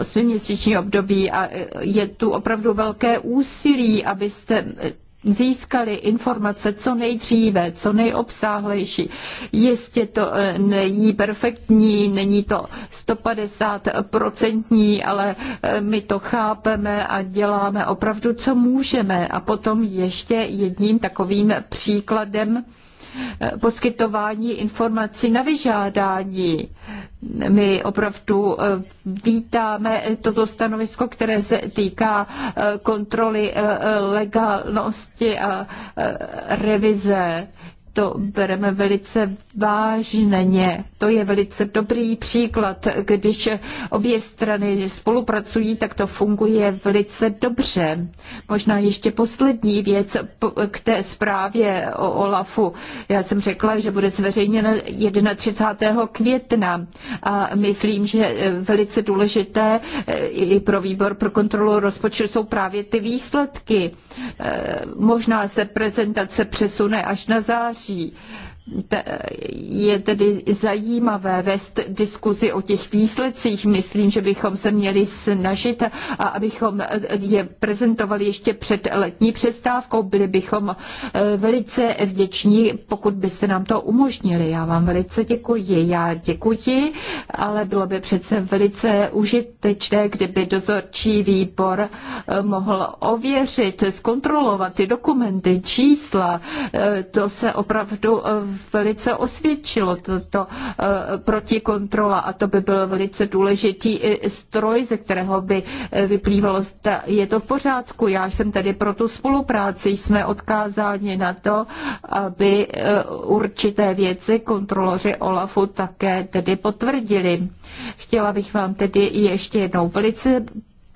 8-měsíční období a je tu opravdu velké úsilí, abyste získali informace co nejdříve, co nejobsáhlejší. Jistě to eh, není perfektní, není to 150% ale eh, my to chápeme a děláme opravdu, co můžeme. A potom ještě jedním takovým příkladem Eh, poskytování informací na vyžádání. My opravdu eh, vítáme toto stanovisko, které se týká eh, kontroly legálnosti a revize to bereme velice vážně. To je velice dobrý příklad. Když obě strany spolupracují, tak to funguje velice dobře. Možná ještě poslední věc k té zprávě o OLAFu. Já jsem řekla, že bude zveřejněna 31. května a myslím, že eh, velice důležité eh, i pro výbor pro kontrolu rozpočtu jsou právě ty výsledky. Eh, možná se prezentace přesune až na září, lepší je tedy zajímavé vést diskuzi o těch výsledcích. Myslím, že bychom se měli snažit a abychom je prezentovali ještě před letní přestávkou. Byli bychom eh, velice vděční, pokud byste nám to umožnili. Já vám velice děkuji. Já děkuji, ale bylo by přece velice užitečné, kdyby dozorčí výbor eh, mohl ověřit, zkontrolovat ty dokumenty, čísla. Eh, to se opravdu velice osvědčilo, tato eh, protikontrola a to by byl velice důležitý eh, stroj, ze kterého by eh, vyplývalo, je to v pořádku. Já jsem tady pro tu spolupráci, jsme odkázáni na to, aby určité věci kontroloři OLAFu také tedy potvrdili. Chtěla bych vám tedy ještě jednou velice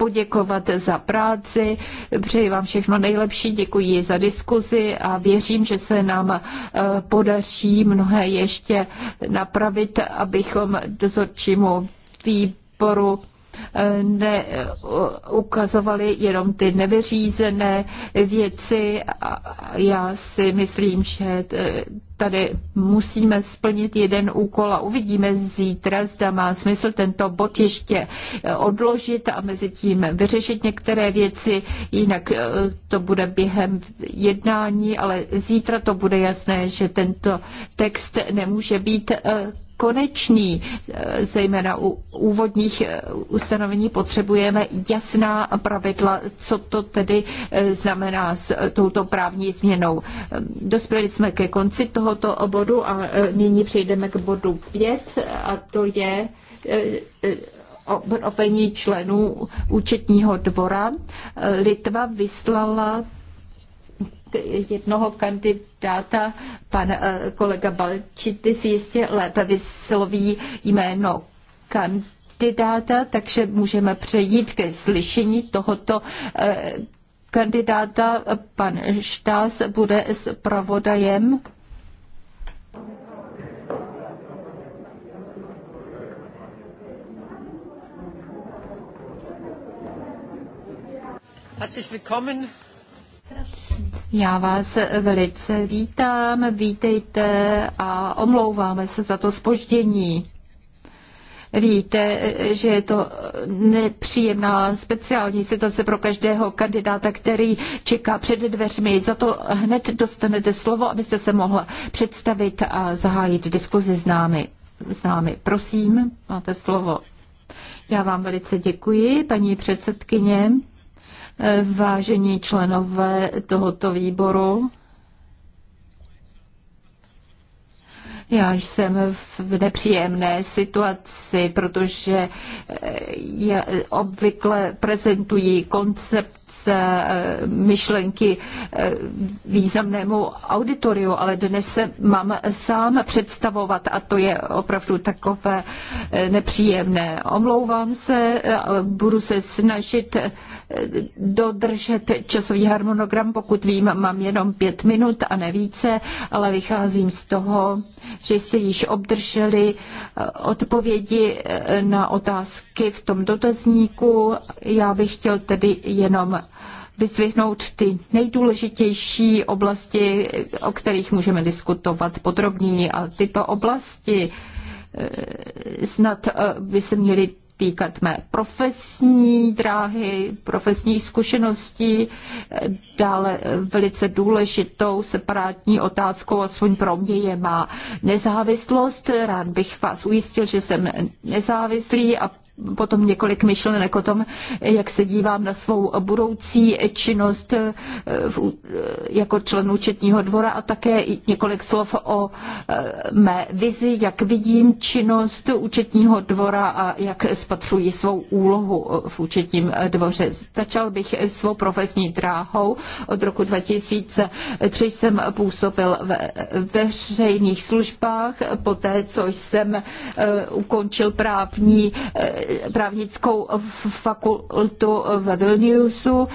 poděkovat za práci. Přeji vám všechno nejlepší, děkuji za diskuzi a věřím, že se nám eh, podaří mnohé ještě napravit, abychom dozorčímu výboru neukazovali eh, jenom ty nevyřízené věci. Já si myslím, že eh, tady musíme splnit jeden úkol a uvidíme zítra, zda má smysl tento bod ještě eh, odložit a mezi tím vyřešit některé věci, jinak to bude během jednání, ale zítra to bude jasné, že tento text nemůže být konečný. Eh, zejména u úvodních eh, ustanovení potřebujeme jasná pravidla, co to tedy eh, znamená s touto právní změnou. Ehm, dospěli jsme ke konci tohoto bodu a nyní přejdeme k bodu 5 a to je obnovení členů účetního dvora. Litva vyslala jednoho kandidáta, pan eh, kolega si jistě lépe vysloví jméno kandidáta, takže můžeme přejít ke slyšení tohoto eh, kandidáta. Pan Štás bude s pravodajem. Herzlich willkommen. Já vás velice vítám, vítejte a omlouváme se za to spoždění. Víte, že je to nepříjemná speciální situace pro každého kandidáta, který čeká před dveřmi. Za to hned dostanete slovo, abyste se mohla představit a zahájit diskuzi s námi. S námi. Prosím, máte slovo. Já vám velice děkuji, paní předsedkyně vážení členové tohoto výboru. Já jsem v nepříjemné situaci, protože obvykle prezentují koncept z eh, myšlenky eh, významnému auditoriu, ale dnes se mám sám představovat a to je opravdu takové eh, nepříjemné. Omlouvám se, budu se snažit dodržet časový harmonogram, pokud vím, mám jenom pět minut a nevíce, ale vycházím z toho, že jste již obdrželi odpovědi na otázky v tom dotazníku. Já bych chtěl tedy jenom měl vyzvihnout ty nejdůležitější oblasti, o kterých můžeme diskutovat podrobněji. A tyto oblasti eh, snad eh, by se měly týkat mé profesní dráhy, profesní zkušeností, dále eh, velice důležitou separátní otázkou, aspoň pro mě je má nezávislost. Rád bych vás ujistil, že jsem nezávislý a potom několik myšlenek o tom, jak se dívám na svou budoucí činnost eh, eh, jako člen účetního dvora a také několik slov o eh, mé vizi, jak vidím činnost účetního dvora a jak spatřuji svou úlohu v účetním dvoře. Začal bych svou profesní dráhou. Od roku 2003 jsem působil ve veřejných službách, poté co jsem ukončil právní právnickou fakultu v Vilniusu.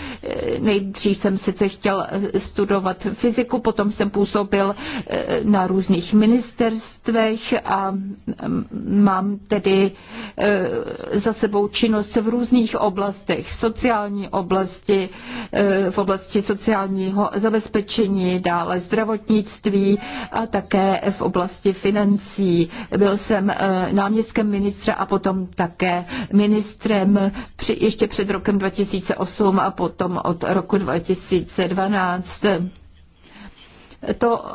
Nejdřív jsem sice chtěl studovat fyziku, potom jsem působil eh, na různých ministerstvech a mm, mám tedy eh, za sebou činnost v různých oblastech, v sociální oblasti, eh, v oblasti sociálního zabezpečení, dále zdravotnictví a také v oblasti financí. Byl jsem náměstkem ministra a potom také ministrem při, ještě před rokem 2008 a potom od roku 2012. To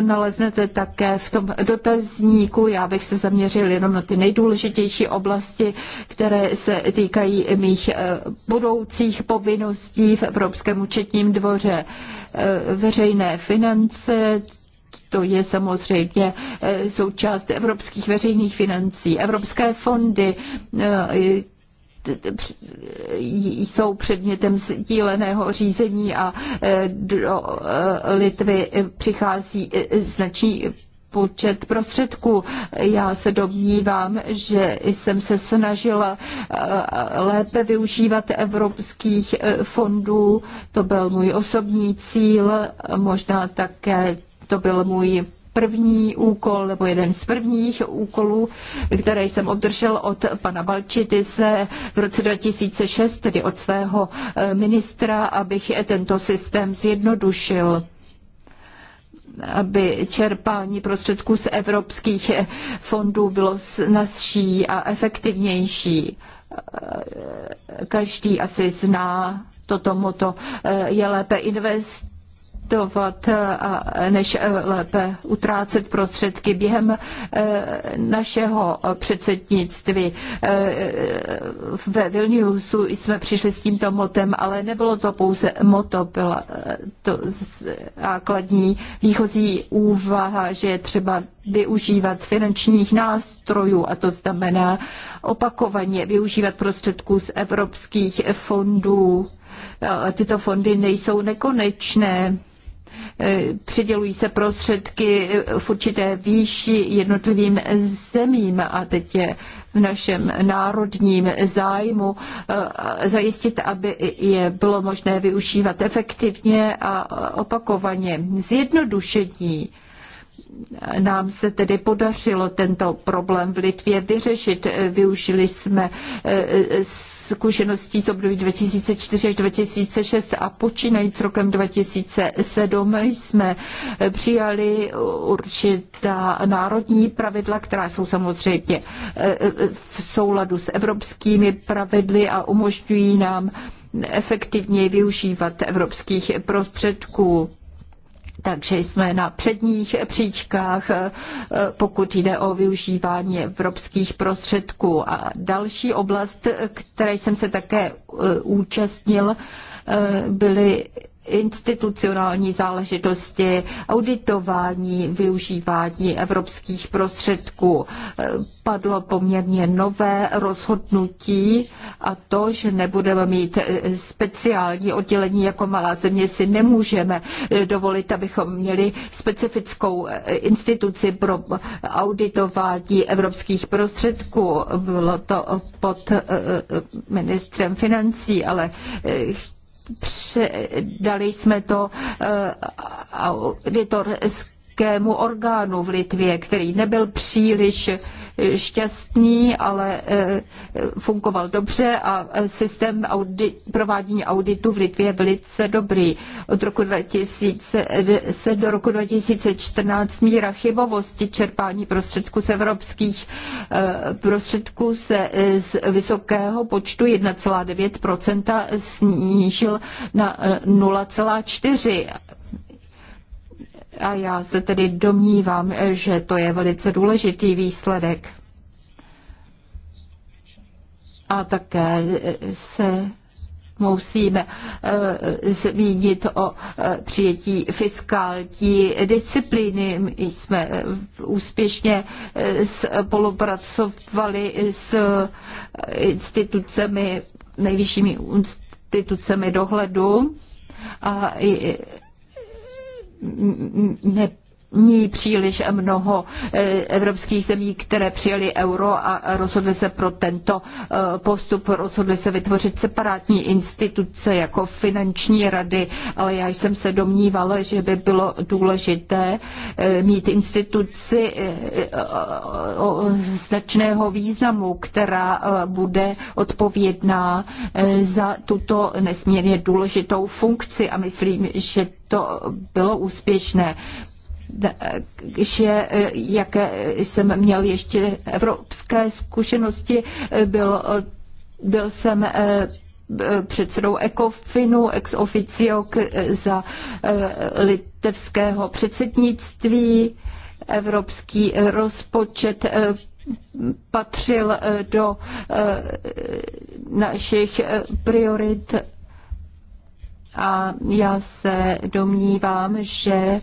naleznete také v tom dotazníku. Já bych se zaměřil jenom na ty nejdůležitější oblasti, které se týkají mých eh, budoucích povinností v Evropském účetním dvoře. Eh, veřejné finance, to je samozřejmě eh, součást evropských veřejných financí, evropské fondy, eh, jsou předmětem sdíleného řízení a eh, do Litvy přichází značný počet prostředků. Já se domnívám, že jsem se snažila lépe využívat evropských fondů. To byl můj osobní cíl, možná také to byl můj první úkol, nebo jeden z prvních úkolů, které jsem obdržel od pana se v roce 2006, tedy od svého eh, ministra, abych tento systém zjednodušil aby čerpání prostředků z evropských eh, fondů bylo snazší a efektivnější. Eh, každý asi zná toto moto, je lépe investovat investovat, než e, lépe utrácet prostředky. Během e, našeho předsednictví e, ve Vilniusu jsme přišli s tímto motem, ale nebylo to pouze moto, byla to základní výchozí úvaha, že je třeba využívat finančních nástrojů, a to znamená opakovaně využívat prostředků z evropských fondů. Tyto fondy nejsou nekonečné. Eh, přidělují se prostředky eh, v určité výši jednotlivým zemím a teď je v našem národním zájmu eh, zajistit, aby je bylo možné využívat efektivně a opakovaně. Zjednodušení nám se tedy podařilo tento problém v Litvě vyřešit. Využili jsme zkušeností z období 2004 až 2006 a počínajíc rokem 2007 jsme přijali určitá národní pravidla, která jsou samozřejmě eh, v souladu s evropskými pravidly a umožňují nám efektivněji využívat evropských prostředků takže jsme na předních příčkách, eh, pokud jde o využívání evropských prostředků. A další oblast, které jsem se také eh, účastnil, eh, byly institucionální záležitosti, auditování, využívání evropských prostředků. Padlo poměrně nové rozhodnutí a to, že nebudeme mít speciální oddělení jako malá země, si nemůžeme dovolit, abychom měli specifickou instituci pro auditování evropských prostředků. Bylo to pod ministrem financí, ale Předali jsme to eh, auditorské politickému orgánu v Litvě, který nebyl příliš eh, šťastný, ale eh, fungoval dobře a eh, systém audit, provádění auditu v Litvě je velice dobrý. Od roku 2010 do roku 2014 míra chybovosti čerpání prostředků z evropských prostředků se z vysokého počtu 1,9% snížil na 0,4% a já se tedy domnívám, že to je velice důležitý výsledek. A také se musíme eh, zmínit o eh, přijetí fiskální disciplíny. My jsme eh, úspěšně spolupracovali s institucemi, nejvyššími institucemi dohledu a ne, není příliš mnoho eh, evropských zemí, které přijali euro a rozhodly se pro tento eh, postup, rozhodly se vytvořit separátní instituce jako finanční rady, ale já jsem se domnívala, že by bylo důležité eh, mít instituci značného významu, která bude odpovědná za tuto nesmírně důležitou funkci a myslím, že to bylo úspěšné že e, jaké jsem měl ještě evropské zkušenosti, e, byl, e, byl jsem předsedou ECOFINu ex officio za litevského předsednictví. Evropský rozpočet patřil do našich priorit a já se domnívám, že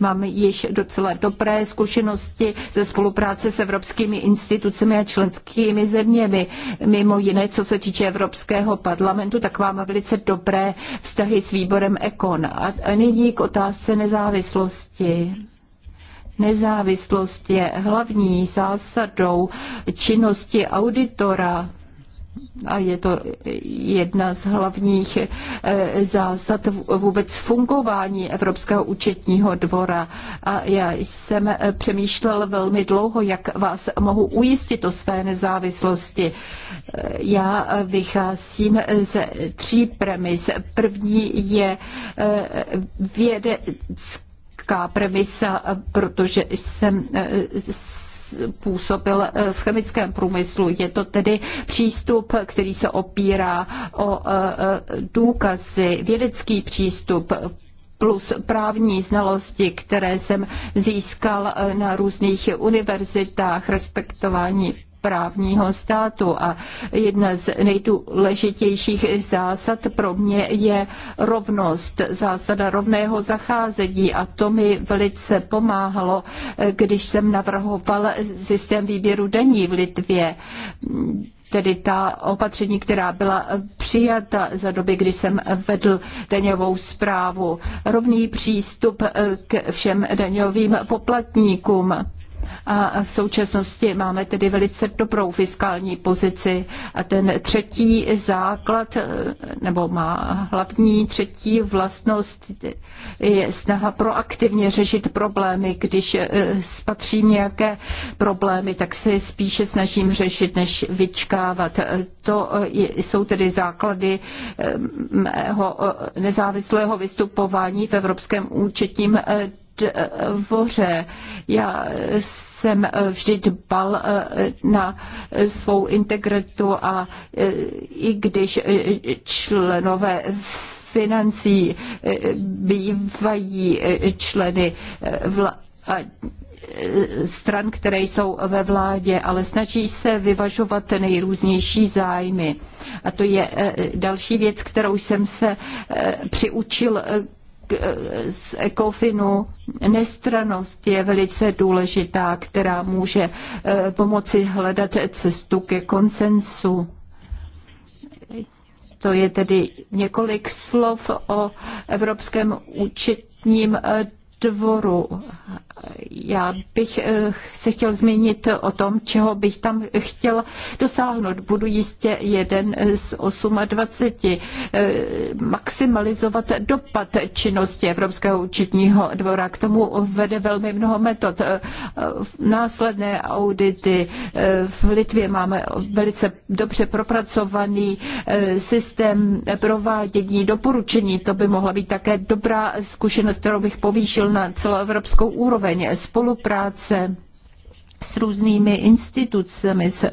Mám již docela dobré zkušenosti ze spolupráce s evropskými institucemi a členskými zeměmi. Mimo jiné, co se týče Evropského parlamentu, tak mám velice dobré vztahy s výborem Ekon. A nyní k otázce nezávislosti. Nezávislost je hlavní zásadou činnosti auditora a je to jedna z hlavních eh, zásad vůbec fungování Evropského účetního dvora. A já jsem eh, přemýšlel velmi dlouho, jak vás mohu ujistit o své nezávislosti. Eh, já vycházím ze tří premis. První je vědecká premisa, protože jsem působil eh, v chemickém průmyslu. Je to tedy přístup, který se opírá o eh, eh, důkazy, vědecký přístup, plus právní znalosti, které jsem získal na různých univerzitách, respektování právního státu. A jedna z nejdůležitějších zásad pro mě je rovnost, zásada rovného zacházení a to mi velice pomáhalo, když jsem navrhoval systém výběru daní v Litvě tedy ta opatření, která byla přijata za doby, kdy jsem vedl daňovou zprávu. Rovný přístup k všem daňovým poplatníkům a v současnosti máme tedy velice dobrou fiskální pozici. A ten třetí základ, eh, nebo má hlavní třetí vlastnost, je snaha proaktivně řešit problémy. Když eh, spatřím nějaké problémy, tak se spíše snažím řešit, než vyčkávat. Eh, to jsou tedy základy mého nezávislého vystupování v Evropském účetním dvoře. Já jsem vždy dbal eh, na svou integritu a eh, i když eh, členové financí bývají členy vla- stran, které jsou ve vládě, ale snaží se vyvažovat nejrůznější zájmy. A to je další věc, kterou jsem se přiučil Eh, z ECOFINu nestranost je velice důležitá, která může eh, pomoci hledat cestu ke konsensu. To je tedy několik slov o Evropském účetním eh, dvoru. Já bych eh, se chtěl zmínit o tom, čeho bych tam chtěl dosáhnout. Budu jistě jeden z 28. Eh, maximalizovat dopad činnosti Evropského účetního dvora. K tomu vede velmi mnoho metod. Eh, následné audity. V Litvě máme velice dobře propracovaný systém provádění doporučení. To by mohla být také dobrá zkušenost, kterou bych povýšil vrátil na celoevropskou úroveň spolupráce s různými institucemi, s eh,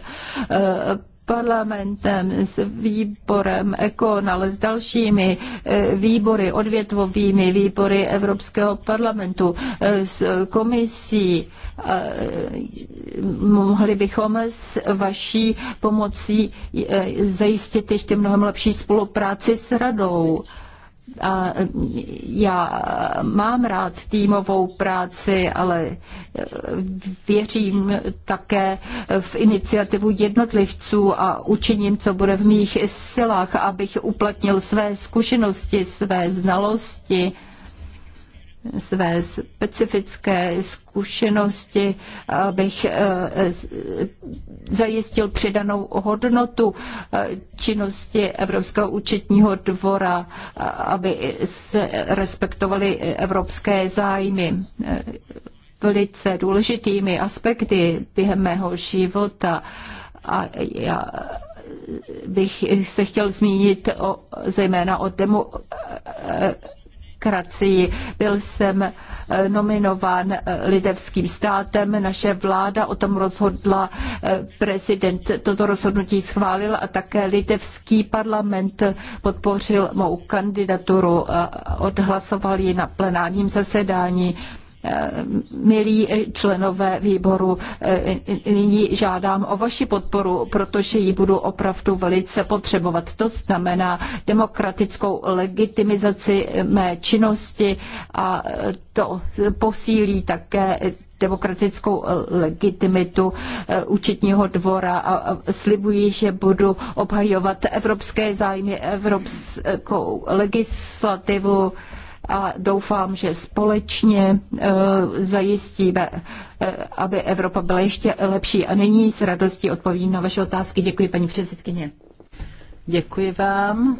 parlamentem, s výborem ECON, ale s dalšími eh, výbory, odvětvovými výbory Evropského parlamentu, eh, s komisí. Mohli bychom s vaší pomocí zajistit ještě mnohem lepší spolupráci s radou. A já mám rád týmovou práci, ale věřím také v iniciativu jednotlivců a učiním, co bude v mých silách, abych uplatnil své zkušenosti, své znalosti své specifické zkušenosti, abych eh, zajistil přidanou hodnotu eh, činnosti Evropského účetního dvora, eh, aby se respektovaly evropské zájmy. Velice důležitými aspekty během mého života a já bych se chtěl zmínit o, zejména o demo, demokracii. Byl jsem eh, nominován eh, lidevským státem, naše vláda o tom rozhodla, eh, prezident toto rozhodnutí schválil a také litevský parlament podpořil mou kandidaturu, odhlasoval ji na plenárním zasedání. Eh, milí členové výboru, eh, nyní žádám o vaši podporu, protože ji budu opravdu velice potřebovat. To znamená demokratickou legitimizaci mé činnosti a eh, to posílí také demokratickou legitimitu účetního dvora a slibuji, že budu obhajovat evropské zájmy, evropskou legislativu a doufám, že společně eh, zajistíme, eh, aby Evropa byla ještě lepší. A nyní s radostí odpovím na vaše otázky. Děkuji, paní předsedkyně. Děkuji vám.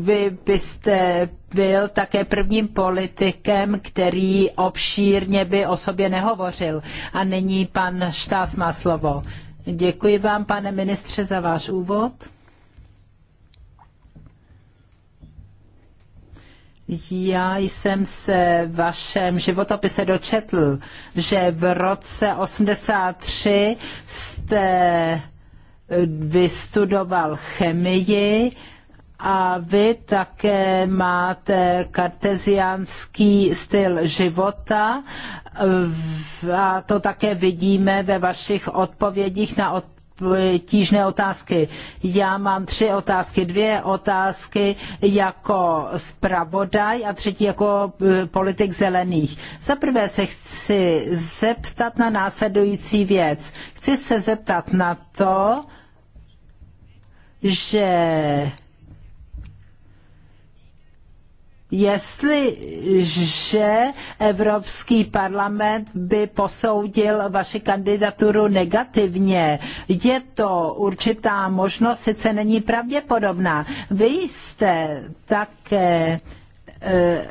Vy byste byl také prvním politikem, který obšírně by o sobě nehovořil. A nyní pan Štás má slovo. Děkuji vám, pane ministře, za váš úvod. Já jsem se v vašem životopise dočetl, že v roce 83 jste eh, vystudoval chemii a vy také máte karteziánský styl života eh, a to také vidíme ve vašich odpovědích na, obtížné otázky. Já mám tři otázky, dvě otázky jako zpravodaj a třetí jako e, politik zelených. Za prvé se chci zeptat na následující věc. Chci se zeptat na to, že Jestliže Evropský parlament by posoudil vaši kandidaturu negativně, je to určitá možnost, sice není pravděpodobná. Vy jste také eh,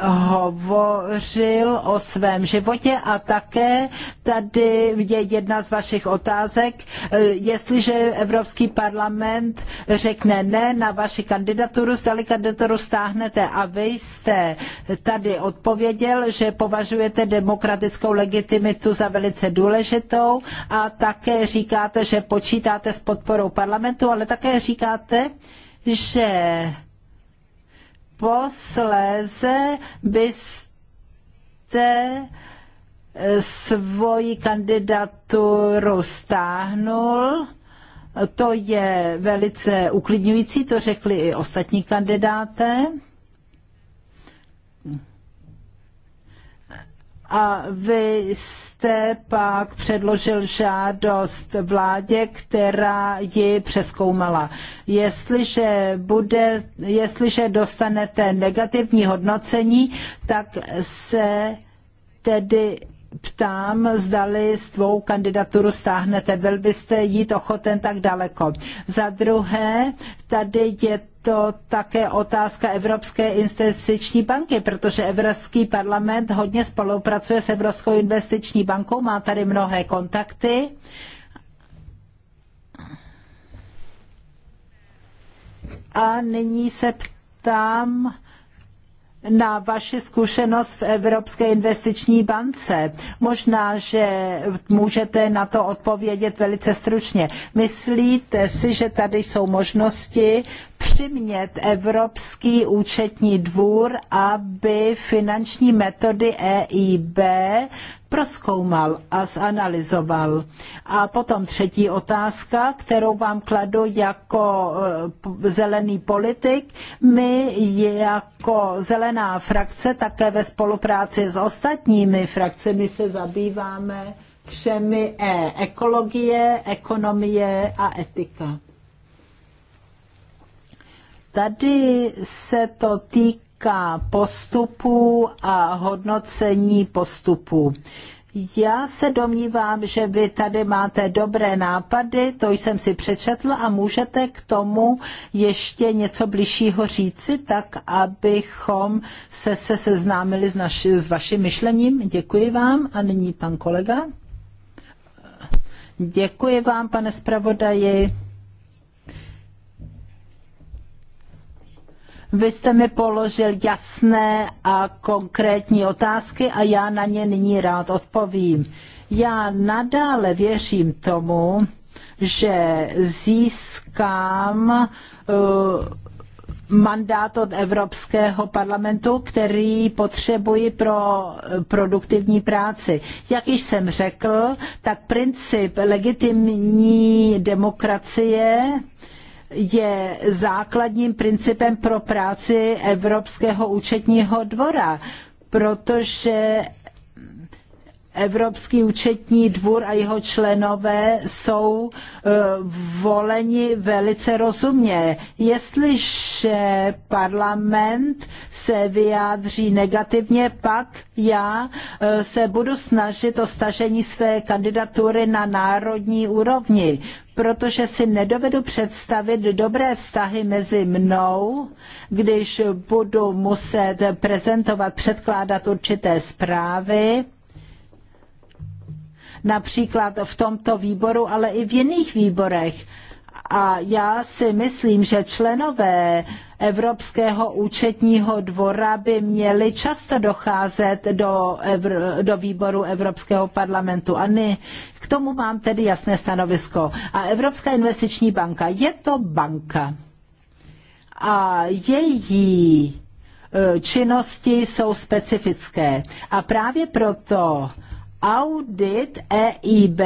hovořil o svém životě a také tady je jedna z vašich otázek, eh, jestliže Evropský parlament řekne ne na vaši kandidaturu, zdali kandidaturu stáhnete a vy jste tady odpověděl, že považujete demokratickou legitimitu za velice důležitou a také říkáte, že počítáte s podporou parlamentu, ale také říkáte, že posléze byste eh, svoji kandidaturu stáhnul. To je velice uklidňující, to řekli i ostatní kandidáté. a vy jste pak předložil žádost vládě, která ji přeskoumala. Jestliže, bude, jestliže dostanete negativní hodnocení, tak se tedy ptám, zdali svou kandidaturu stáhnete. Byl byste jít ochoten tak daleko. Za druhé, tady je to také otázka Evropské investiční banky, protože Evropský parlament hodně spolupracuje s Evropskou investiční bankou, má tady mnohé kontakty. A nyní se ptám, na vaši zkušenost v Evropské investiční bance. Možná, že můžete na to odpovědět velice stručně. Myslíte si, že tady jsou možnosti přimět Evropský účetní dvůr, aby finanční metody EIB proskoumal a zanalizoval. A potom třetí otázka, kterou vám kladu jako eh, zelený politik. My jako zelená frakce také ve spolupráci s ostatními frakcemi se zabýváme třemi E. Ekologie, ekonomie a etika. Tady se to týká týká postupu a hodnocení postupu. Já se domnívám, že vy tady máte dobré nápady, to jsem si přečetl a můžete k tomu ještě něco bližšího říci, tak abychom se, se seznámili s, naši, s vaším myšlením. Děkuji vám a nyní pan kolega. Děkuji vám, pane zpravodaji. Vy jste mi položil jasné a konkrétní otázky a já na ně nyní rád odpovím. Já nadále věřím tomu, že získám eh, mandát od Evropského parlamentu, který potřebuji pro produktivní práci. Jak již jsem řekl, tak princip legitimní demokracie je základním principem pro práci Evropského účetního dvora, protože Evropský účetní dvůr a jeho členové jsou eh, voleni velice rozumně. Jestliže parlament se vyjádří negativně, pak já eh, se budu snažit o stažení své kandidatury na národní úrovni, protože si nedovedu představit dobré vztahy mezi mnou, když budu muset prezentovat, předkládat určité zprávy, například v tomto výboru, ale i v jiných výborech. A já si myslím, že členové Evropského účetního dvora by měli často docházet do, Evr- do výboru Evropského parlamentu. A my k tomu mám tedy jasné stanovisko. A Evropská investiční banka, je to banka. A její e, činnosti jsou specifické. A právě proto Audit EIB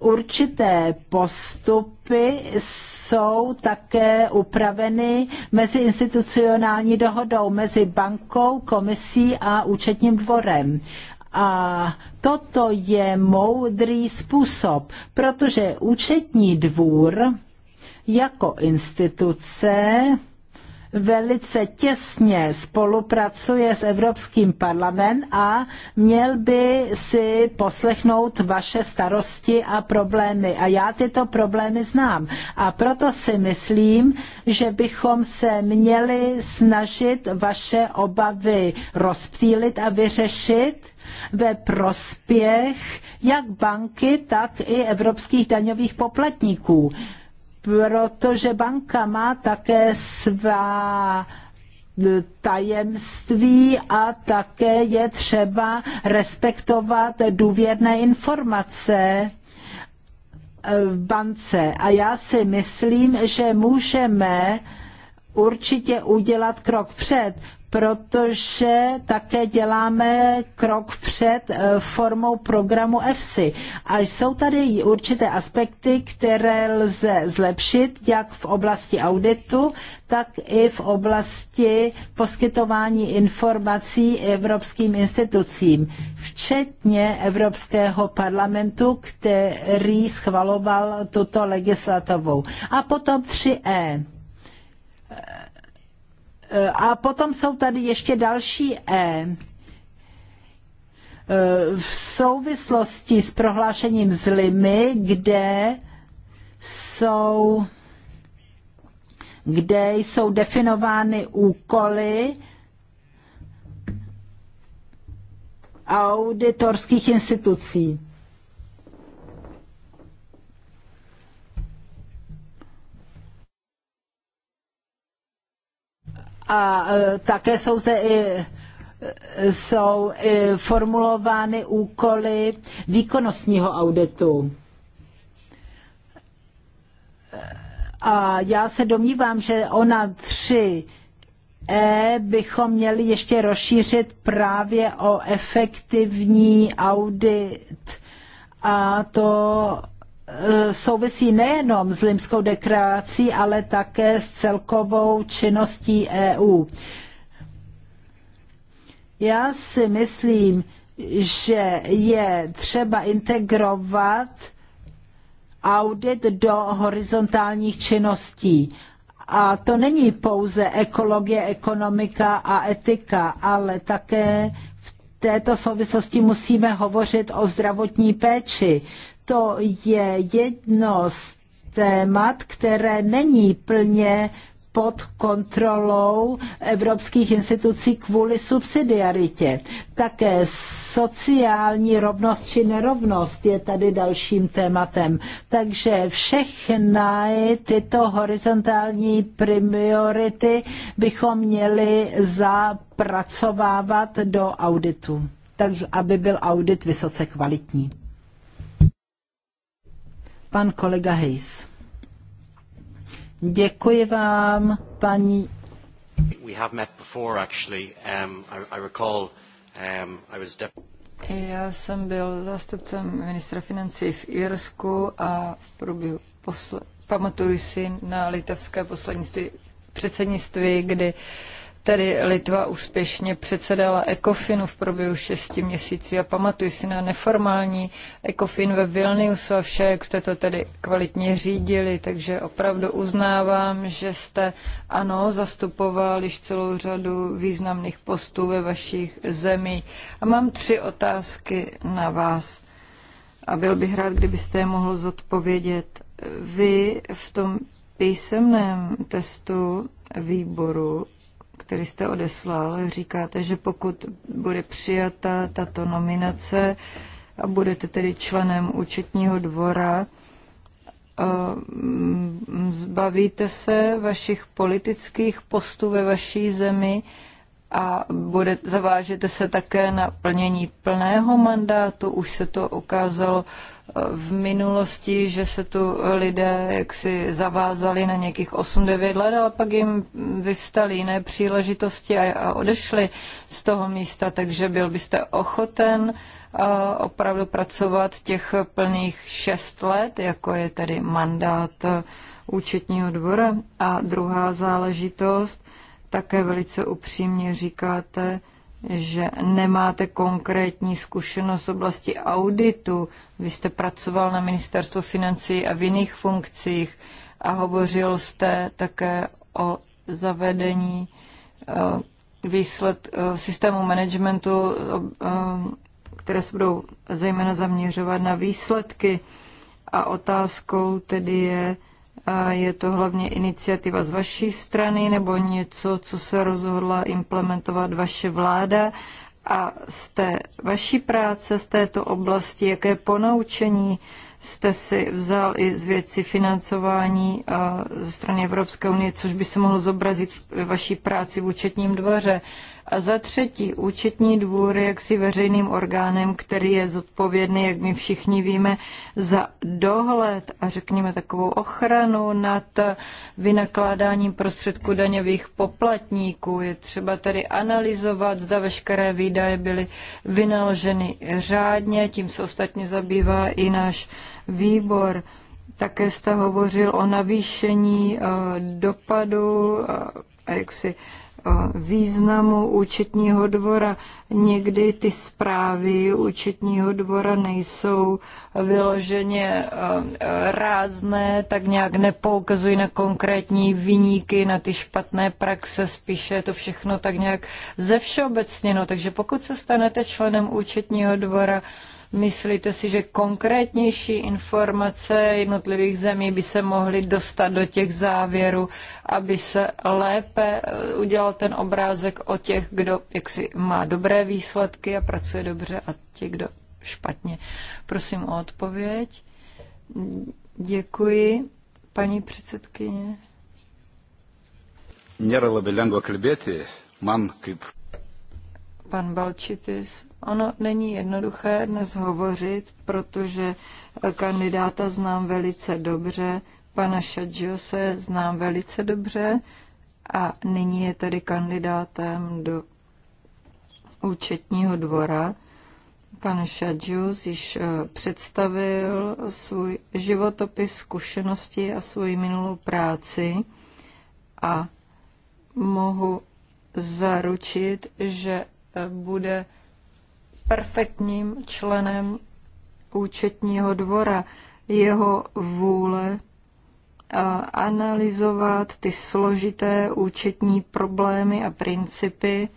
určité postupy jsou také upraveny mezi institucionální dohodou mezi bankou, komisí a účetním dvorem. A toto je moudrý způsob, protože účetní dvůr jako instituce velice těsně spolupracuje s Evropským parlamentem a měl by si poslechnout vaše starosti a problémy. A já tyto problémy znám. A proto si myslím, že bychom se měli snažit vaše obavy rozptýlit a vyřešit ve prospěch jak banky, tak i evropských daňových poplatníků protože banka má také svá e, tajemství a také je třeba respektovat důvěrné informace e, v bance. A já si myslím, že můžeme určitě udělat krok před, protože také děláme krok před eh, formou programu EFSI. A jsou tady určité aspekty, které lze zlepšit, jak v oblasti auditu, tak i v oblasti poskytování informací evropským institucím, včetně Evropského parlamentu, který schvaloval tuto legislativu. A potom 3E Eh, a potom jsou tady ještě další E. Eh, v souvislosti s prohlášením z Limy, kde jsou, kde jsou definovány úkoly auditorských institucí. a e, také jsou zde i e, jsou formulovány úkoly výkonnostního auditu. E, a já se domnívám, že ona tři E bychom měli ještě rozšířit právě o efektivní audit a to Eh, souvisí nejenom s limskou deklarací, ale také s celkovou činností EU. Já si myslím, že je třeba integrovat audit do horizontálních činností. A to není pouze ekologie, ekonomika a etika, ale také v této souvislosti musíme hovořit o zdravotní péči. To je jedno z témat, které není plně pod kontrolou evropských institucí kvůli subsidiaritě. Také sociální rovnost či nerovnost je tady dalším tématem. Takže všechny tyto horizontální priority bychom měli zapracovávat do auditu, tak aby byl audit vysoce kvalitní. Pan kolega Děkuji vám, paní. We have met before actually. Um, I, I recall um, I was já jsem byl zástupcem ministra financí v Irsku a v průběhu posle- pamatuju si na litevské poslednictví předsednictví, kdy uh, Tedy Litva úspěšně předsedala ECOFINu v průběhu šesti měsíců a pamatuji si na neformální ECOFIN ve Vilniusu a vše, jak jste to tedy kvalitně řídili, takže opravdu uznávám, že jste ano, zastupoval již celou řadu významných postů ve vašich zemích. A mám tři otázky na vás a byl bych rád, kdybyste je mohl zodpovědět. Vy v tom písemném testu výboru který jste odeslal, říkáte, že pokud bude přijata tato nominace a budete tedy členem účetního dvora, mm, zbavíte se vašich politických postů ve vaší zemi a bude, zavážete se také na plnění plného mandátu. Už se to ukázalo v minulosti, že se tu lidé jaksi zavázali na nějakých 8-9 let, ale pak jim vyvstaly jiné příležitosti a, a odešli z toho místa, takže byl byste ochoten opravdu pracovat těch plných 6 let, jako je tedy mandát účetního dvora. A druhá záležitost, také velice upřímně říkáte, že nemáte konkrétní zkušenost z oblasti auditu. Vy jste pracoval na ministerstvu financí a v jiných funkcích a hovořil jste také o zavedení eh, výsled eh, systému managementu, eh, které se budou zejména zaměřovat na výsledky. A otázkou tedy je, a je to hlavně iniciativa z vaší strany nebo něco, co se rozhodla implementovat vaše vláda? A z té vaší práce, z této oblasti, jaké ponaučení jste si vzal i z věci financování ze strany Evropské unie, což by se mohlo zobrazit v vaší práci v účetním dvoře? A za třetí, účetní dvůr je jaksi veřejným orgánem, který je zodpovědný, jak my všichni víme, za dohled a řekněme takovou ochranu nad vynakládáním prostředků daňových poplatníků. Je třeba tady analyzovat, zda veškeré výdaje byly vynaloženy řádně, tím se ostatně zabývá i náš výbor. Také jste hovořil o navýšení eh, dopadu eh, a jaksi významu účetního dvora. Někdy ty zprávy účetního dvora nejsou vyloženě eh, rázné, tak nějak nepoukazují na konkrétní vyníky, na ty špatné praxe, spíše to všechno tak nějak ze všeobecněno. Takže pokud se stanete členem účetního dvora, Myslíte si, že konkrétnější informace jednotlivých zemí by se mohly dostat do těch závěrů, aby se lépe eh, udělal ten obrázek o těch, kdo jaksi má dobré výsledky a pracuje dobře a těch, kdo špatně? Prosím o odpověď. Děkuji, paní předsedkyně. Nėra by lengva kalbėti, man kaip. Pan Balčitis. Ono není jednoduché dnes hovořit, protože kandidáta znám velice dobře, pana Šadžio se znám velice dobře a nyní je tedy kandidátem do účetního dvora. Pan Šadžus již eh, představil svůj životopis zkušenosti a svoji minulou práci a mohu zaručit, že eh, bude perfektním členem účetního dvora. Jeho vůle eh, analyzovat ty složité účetní problémy a principy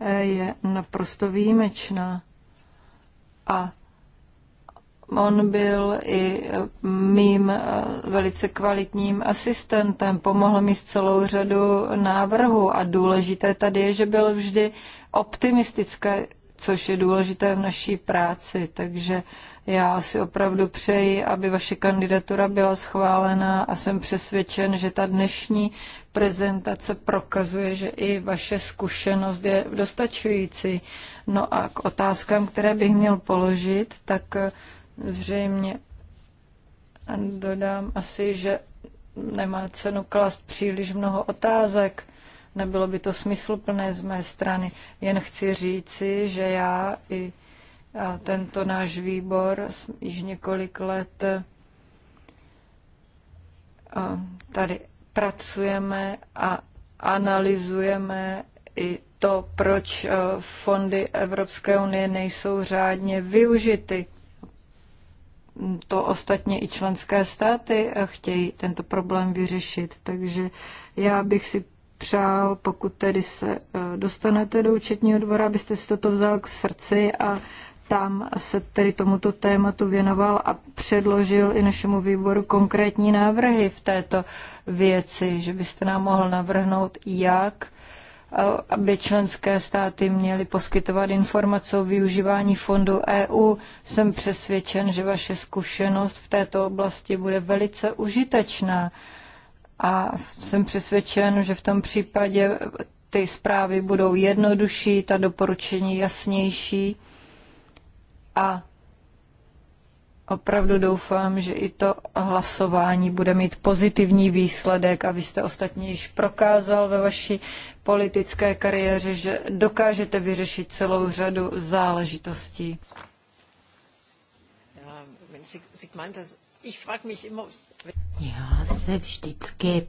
eh, je naprosto výjimečná. A on byl i eh, mým velice kvalitním asistentem, pomohl mi s celou řadu návrhů a důležité tady je, že byl vždy optimistické, což je důležité v naší práci. Takže já si opravdu přeji, aby vaše kandidatura byla schválena a jsem přesvědčen, že ta dnešní prezentace prokazuje, že i vaše zkušenost je dostačující. No a k otázkám, které bych měl položit, tak eh, zřejmě dodám asi, že nemá cenu klást příliš mnoho otázek Nebylo by to smysluplné z mé strany. Jen chci říci, že já i tento náš výbor již několik let tady pracujeme a analyzujeme i to, proč fondy Evropské unie nejsou řádně využity. To ostatně i členské státy chtějí tento problém vyřešit, takže já bych si přál, pokud tedy se eh, dostanete do účetního dvora, abyste si toto vzal k srdci a tam se tedy tomuto tématu věnoval a předložil i našemu výboru konkrétní návrhy v této věci, že byste nám mohl navrhnout, jak eh, aby členské státy měly poskytovat informace o využívání fondu EU. Jsem přesvědčen, že vaše zkušenost v této oblasti bude velice užitečná a jsem přesvědčen, že v tom případě ty zprávy budou jednodušší, ta doporučení jasnější a opravdu doufám, že i to hlasování bude mít pozitivní výsledek a vy jste ostatně již prokázal ve vaší politické kariéře, že dokážete vyřešit celou řadu záležitostí. Já se vždycky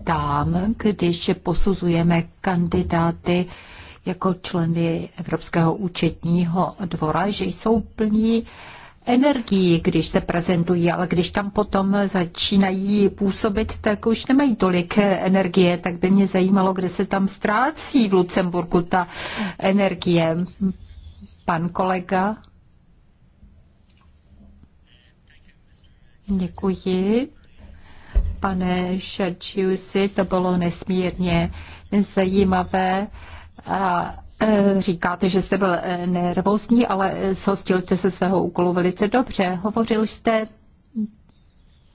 ptám, když posuzujeme kandidáty jako členy Evropského účetního dvora, že jsou plní energii, když se prezentují, ale když tam potom začínají působit, tak už nemají tolik energie, tak by mě zajímalo, kde se tam ztrácí v Lucemburku ta energie. Pan kolega? Děkuji. Pane Šerčiusi, to bylo nesmírně zajímavé. A e, Říkáte, že jste byl e, nervózní, ale zhostil jste se svého úkolu velice dobře. Hovořil jste...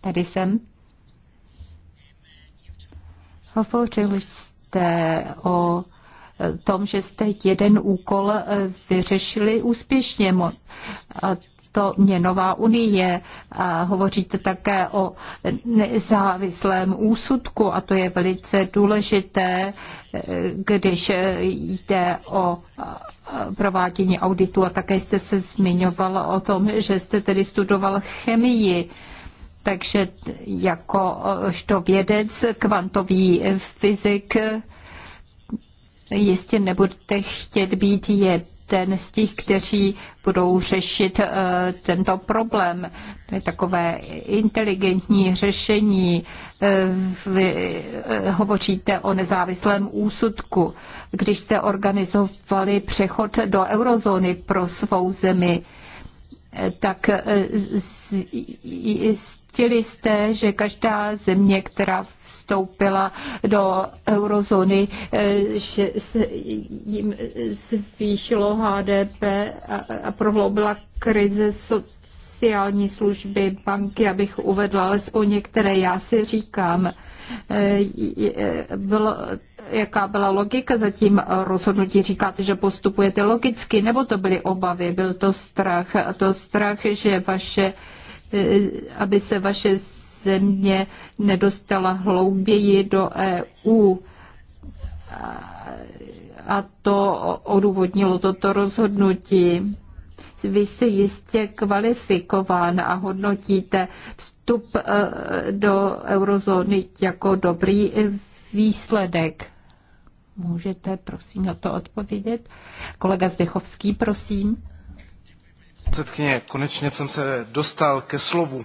Tady jsem. Hovořil jste o tom, že jste jeden úkol e, vyřešili úspěšně. A to měnová unie. A hovoříte také o nezávislém úsudku a to je velice důležité, když jde o provádění auditu a také jste se zmiňovala o tom, že jste tedy studoval chemii takže jako to vědec, kvantový fyzik, jistě nebudete chtět být ten, z těch, kteří budou řešit eh, tento problém. To je takové inteligentní řešení. Eh, vy eh, hovoříte o nezávislém úsudku. Když jste organizovali přechod do eurozóny pro svou zemi, tak zjistili jste, že každá země, která vstoupila do eurozóny, eh, že se jim zvýšilo HDP a prohloubila krize sociální služby, banky, abych uvedla alespoň některé, já si říkám, eh, bylo, jaká byla logika za tím rozhodnutí. Říkáte, že postupujete logicky, nebo to byly obavy, byl to strach, a to strach, že vaše, eh, aby se vaše země nedostala hlouběji do EU. A to odůvodnilo toto rozhodnutí. Vy jste jistě kvalifikován a hodnotíte vstup e, do eurozóny jako dobrý výsledek. Můžete, prosím, na to odpovědět? Kolega Zdechovský, prosím. Předsedkyně, konečně jsem se dostal ke slovu.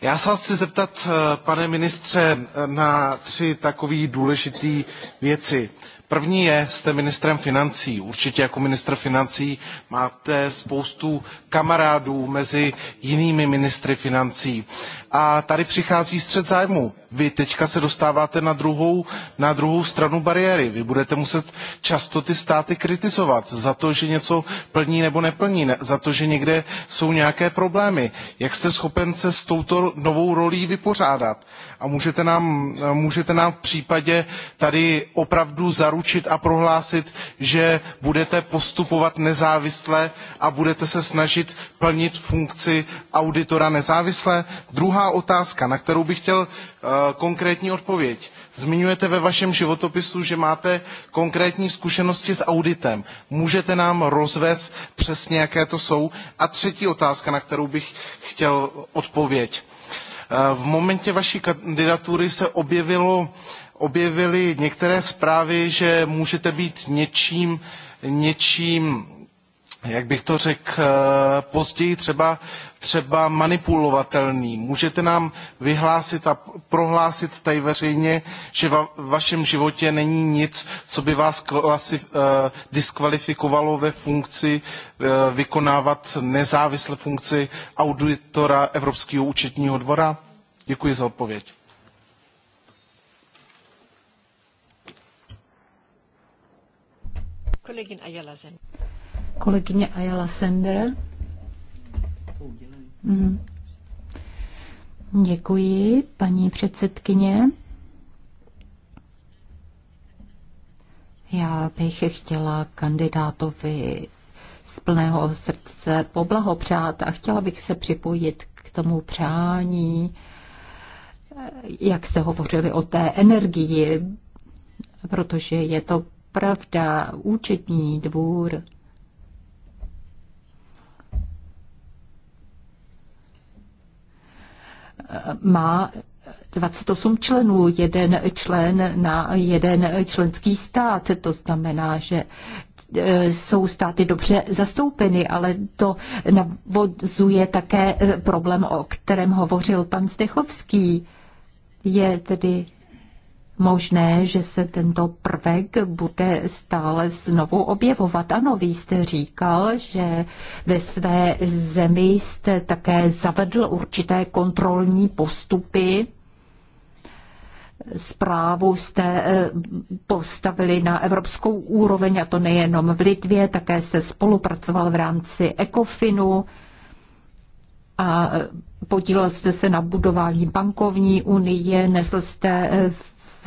Já se vás chci zeptat, eh, pane ministře, eh, na tři takové důležité věci. První je, jste ministrem financí. Určitě jako ministr financí máte spoustu kamarádů mezi jinými ministry financí. A tady přichází střed zájmu. Vy teďka se dostáváte na druhou, na druhou stranu bariéry. Vy budete muset často ty státy kritizovat za to, že něco plní nebo neplní, ne, za to, že někde jsou nějaké problémy. Jak jste schopen se s touto novou rolí vypořádat? A můžete nám, můžete nám v případě tady opravdu zaručit, zaručit a prohlásit, že budete postupovat nezávisle a budete se snažit plnit funkci auditora nezávisle? Druhá otázka, na kterou bych chtěl eh, konkrétní odpověď. Zmiňujete ve vašem životopisu, že máte konkrétní zkušenosti s auditem. Můžete nám rozvést přesně, jaké to jsou? A třetí otázka, na kterou bych chtěl odpověď. Eh, v momentě vaší kandidatury se objevilo objevily některé zprávy, že můžete být něčím, něčím jak bych to řekl, eh, později třeba, třeba manipulovatelný. Můžete nám vyhlásit a prohlásit tady veřejně, že va, v vašem životě není nic, co by vás klasif, eh, diskvalifikovalo ve funkci eh, vykonávat nezávisle funkci auditora Evropského účetního dvora? Děkuji za odpověď. Kolegyně Ayala Sender. Kolegyně Ayala Sender. Mm. Děkuji, paní předsedkyně. Já bych chtěla kandidátovi z plného srdce poblahopřát a chtěla bych se připojit k tomu přání, jak se hovořili o té energii, protože je to pravda, účetní dvůr. Má 28 členů, jeden člen na jeden členský stát. To znamená, že eh, jsou státy dobře zastoupeny, ale to navodzuje také eh, problém, o kterém hovořil pan Stechovský. Je tedy možné, že se tento prvek bude stále znovu objevovat. Ano, vy jste říkal, že ve své zemi jste také zavedl určité kontrolní postupy. Zprávu jste eh, postavili na evropskou úroveň, a to nejenom v Litvě, také jste spolupracoval v rámci ECOFINu a podílel jste se na budování bankovní unie, nesl jste eh,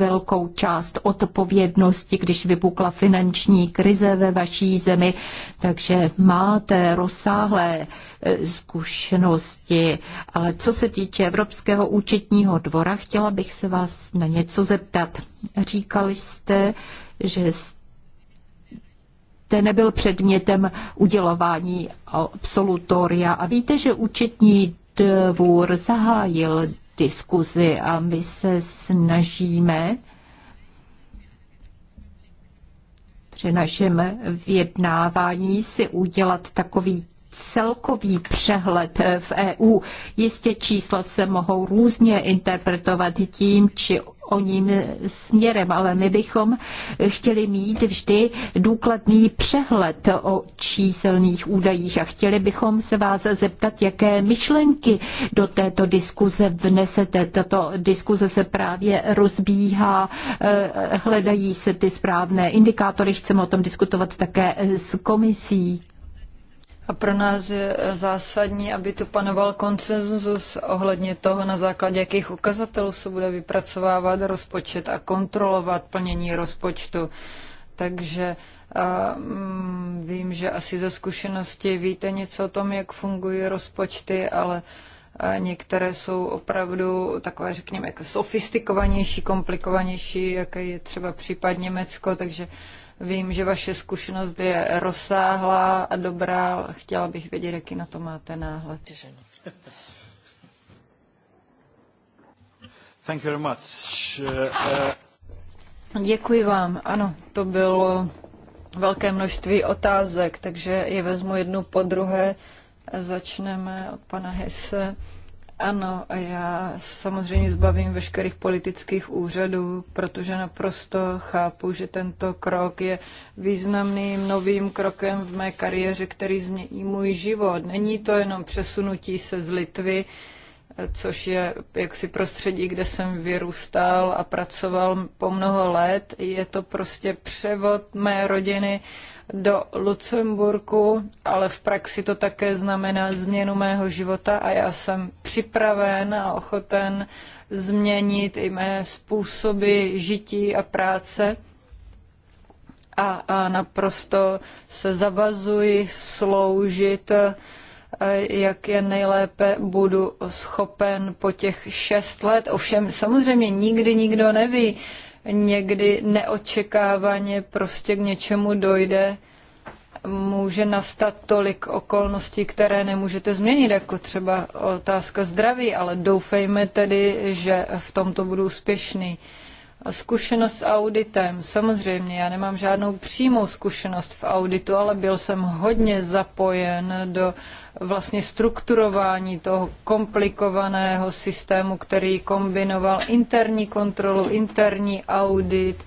velkou část odpovědnosti, když vypukla finanční krize ve vaší zemi, takže máte rozsáhlé e, zkušenosti. Ale co se týče Evropského účetního dvora, chtěla bych se vás na něco zeptat. Říkali jste, že jste nebyl předmětem udělování absolutoria a víte, že účetní dvůr zahájil diskuzi a my se snažíme při našem vyjednávání si udělat takový celkový přehled eh, v EU. Jistě čísla se mohou různě interpretovat tím či o ním směrem, ale my bychom chtěli mít vždy důkladný přehled o číselných údajích a chtěli bychom se vás zeptat, jaké myšlenky do této diskuze vnesete. Tato diskuze se právě rozbíhá, eh, hledají se ty správné indikátory, chceme o tom diskutovat také s komisí. A pro nás je zásadní, aby tu panoval konsenzus ohledně toho, na základě jakých ukazatelů se bude vypracovávat rozpočet a kontrolovat plnění rozpočtu. Takže a, mm, vím, že asi ze zkušenosti víte něco o tom, jak fungují rozpočty, ale a některé jsou opravdu takové, řekněme, jako sofistikovanější, komplikovanější, jaké je třeba případ Německo, takže Vím, že vaše zkušenost je rozsáhlá a dobrá. Chtěla bych vědět, jaký na to máte náhled. Thank you very much. Uh, uh, Děkuji vám. Ano, to bylo velké množství otázek, takže je vezmu jednu po druhé. Začneme od pana Hesse. Ano, já samozřejmě zbavím veškerých politických úřadů, protože naprosto chápu, že tento krok je významným novým krokem v mé kariéře, který změní můj život. Není to jenom přesunutí se z Litvy, což je jaksi prostředí, kde jsem vyrůstal a pracoval po mnoho let. Je to prostě převod mé rodiny do Lucemburku, ale v praxi to také znamená změnu mého života a já jsem připraven a ochoten změnit i mé způsoby žití a práce. A, a naprosto se zavazuji sloužit jak je nejlépe budu schopen po těch šest let. Ovšem samozřejmě nikdy nikdo neví, někdy neočekávaně prostě k něčemu dojde, může nastat tolik okolností, které nemůžete změnit, jako třeba otázka zdraví, ale doufejme tedy, že v tomto budu úspěšný. Zkušenost s auditem. Samozřejmě, já nemám žádnou přímou zkušenost v auditu, ale byl jsem hodně zapojen do vlastně strukturování toho komplikovaného systému, který kombinoval interní kontrolu, interní audit,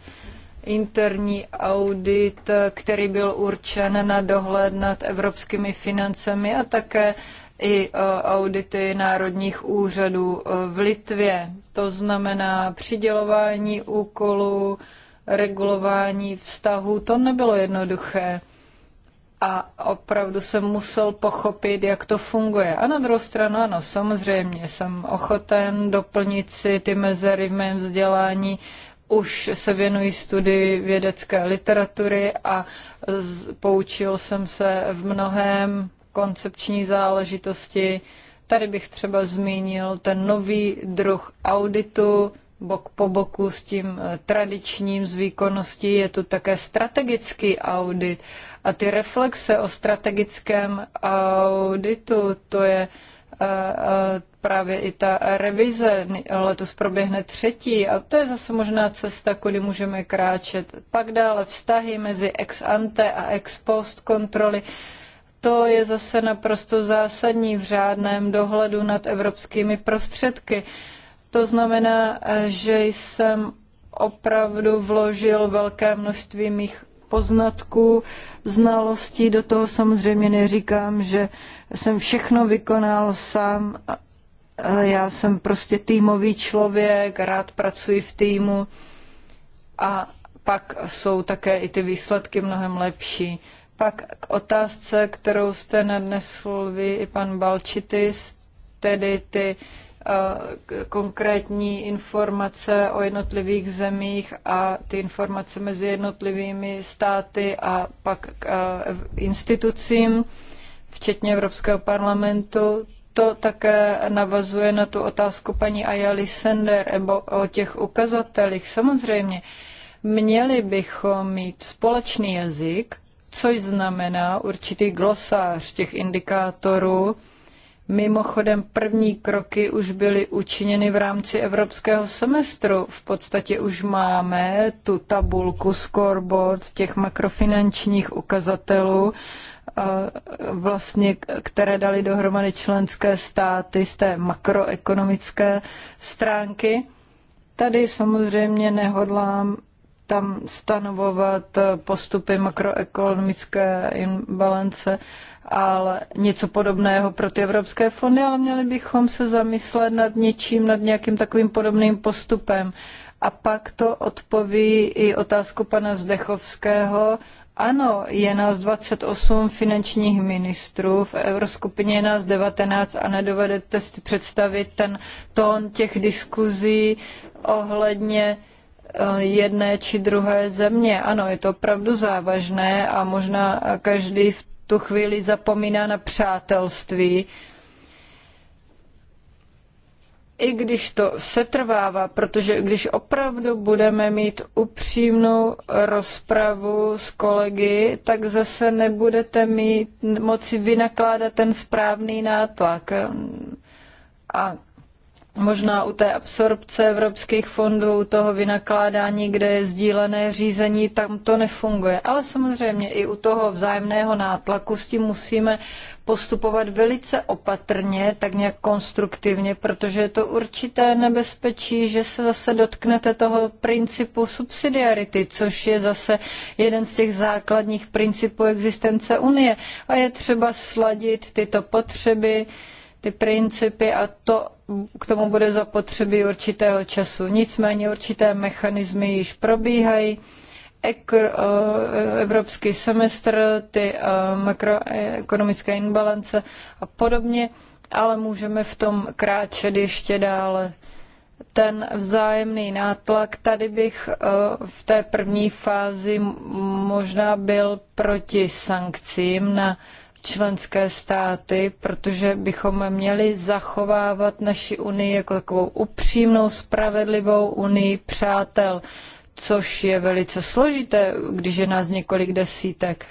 interní audit, který byl určen na dohled nad evropskými financemi a také i e, audity národních úřadů e, v Litvě. To znamená přidělování úkolů, regulování vztahu. To nebylo jednoduché a opravdu jsem musel pochopit, jak to funguje. A na druhou stranu, ano, samozřejmě jsem ochoten doplnit si ty mezery v mém vzdělání. Už se věnuji studii vědecké literatury a poučil jsem se v mnohem koncepční záležitosti. Tady bych třeba zmínil ten nový druh auditu, bok po boku s tím eh, tradičním z výkonností je tu také strategický audit. A ty reflexe o strategickém auditu, to je eh, eh, právě i ta revize letos proběhne třetí a to je zase možná cesta, kudy můžeme kráčet. Pak dále vztahy mezi ex ante a ex post kontroly to je zase naprosto zásadní v řádném dohledu nad evropskými prostředky. To znamená, že jsem opravdu vložil velké množství mých poznatků, znalostí. Do toho samozřejmě neříkám, že jsem všechno vykonal sám. Já jsem prostě týmový člověk, rád pracuji v týmu a pak jsou také i ty výsledky mnohem lepší. Pak k otázce, kterou jste nadnesl vy i pan Balčitis, tedy ty eh, konkrétní informace o jednotlivých zemích a ty informace mezi jednotlivými státy a pak k eh, institucím, včetně Evropského parlamentu. To také navazuje na tu otázku paní Ayali Sender nebo o těch ukazatelích. Samozřejmě, měli bychom mít společný jazyk, což znamená určitý glosář těch indikátorů. Mimochodem první kroky už byly učiněny v rámci evropského semestru. V podstatě už máme tu tabulku scoreboard těch makrofinančních ukazatelů, vlastně, které dali dohromady členské státy z té makroekonomické stránky. Tady samozřejmě nehodlám tam stanovovat postupy makroekonomické imbalance, ale něco podobného pro ty evropské fondy, ale měli bychom se zamyslet nad něčím, nad nějakým takovým podobným postupem. A pak to odpoví i otázku pana Zdechovského. Ano, je nás 28 finančních ministrů, v Euroskupině je nás 19 a nedovedete si představit ten tón těch diskuzí ohledně Eh, jedné či druhé země. Ano, je to opravdu závažné a možná každý v tu chvíli zapomíná na přátelství, i když to setrvává, protože když opravdu budeme mít upřímnou rozpravu s kolegy, tak zase nebudete mít moci vynakládat ten správný nátlak. A možná u té absorpce evropských fondů, u toho vynakládání, kde je sdílené řízení, tam to nefunguje. Ale samozřejmě i u toho vzájemného nátlaku s tím musíme postupovat velice opatrně, tak nějak konstruktivně, protože je to určité nebezpečí, že se zase dotknete toho principu subsidiarity, což je zase jeden z těch základních principů existence Unie. A je třeba sladit tyto potřeby, ty principy a to k tomu bude zapotřebí určitého času. Nicméně určité mechanismy již probíhají. Eh, evropský semestr, ty eh, makroekonomické imbalance a podobně, ale můžeme v tom kráčet ještě dále. Ten vzájemný nátlak, tady bych eh, v té první fázi možná byl proti sankcím na členské státy, protože bychom měli zachovávat naši unii jako takovou upřímnou, spravedlivou unii přátel, což je velice složité, když je nás několik desítek.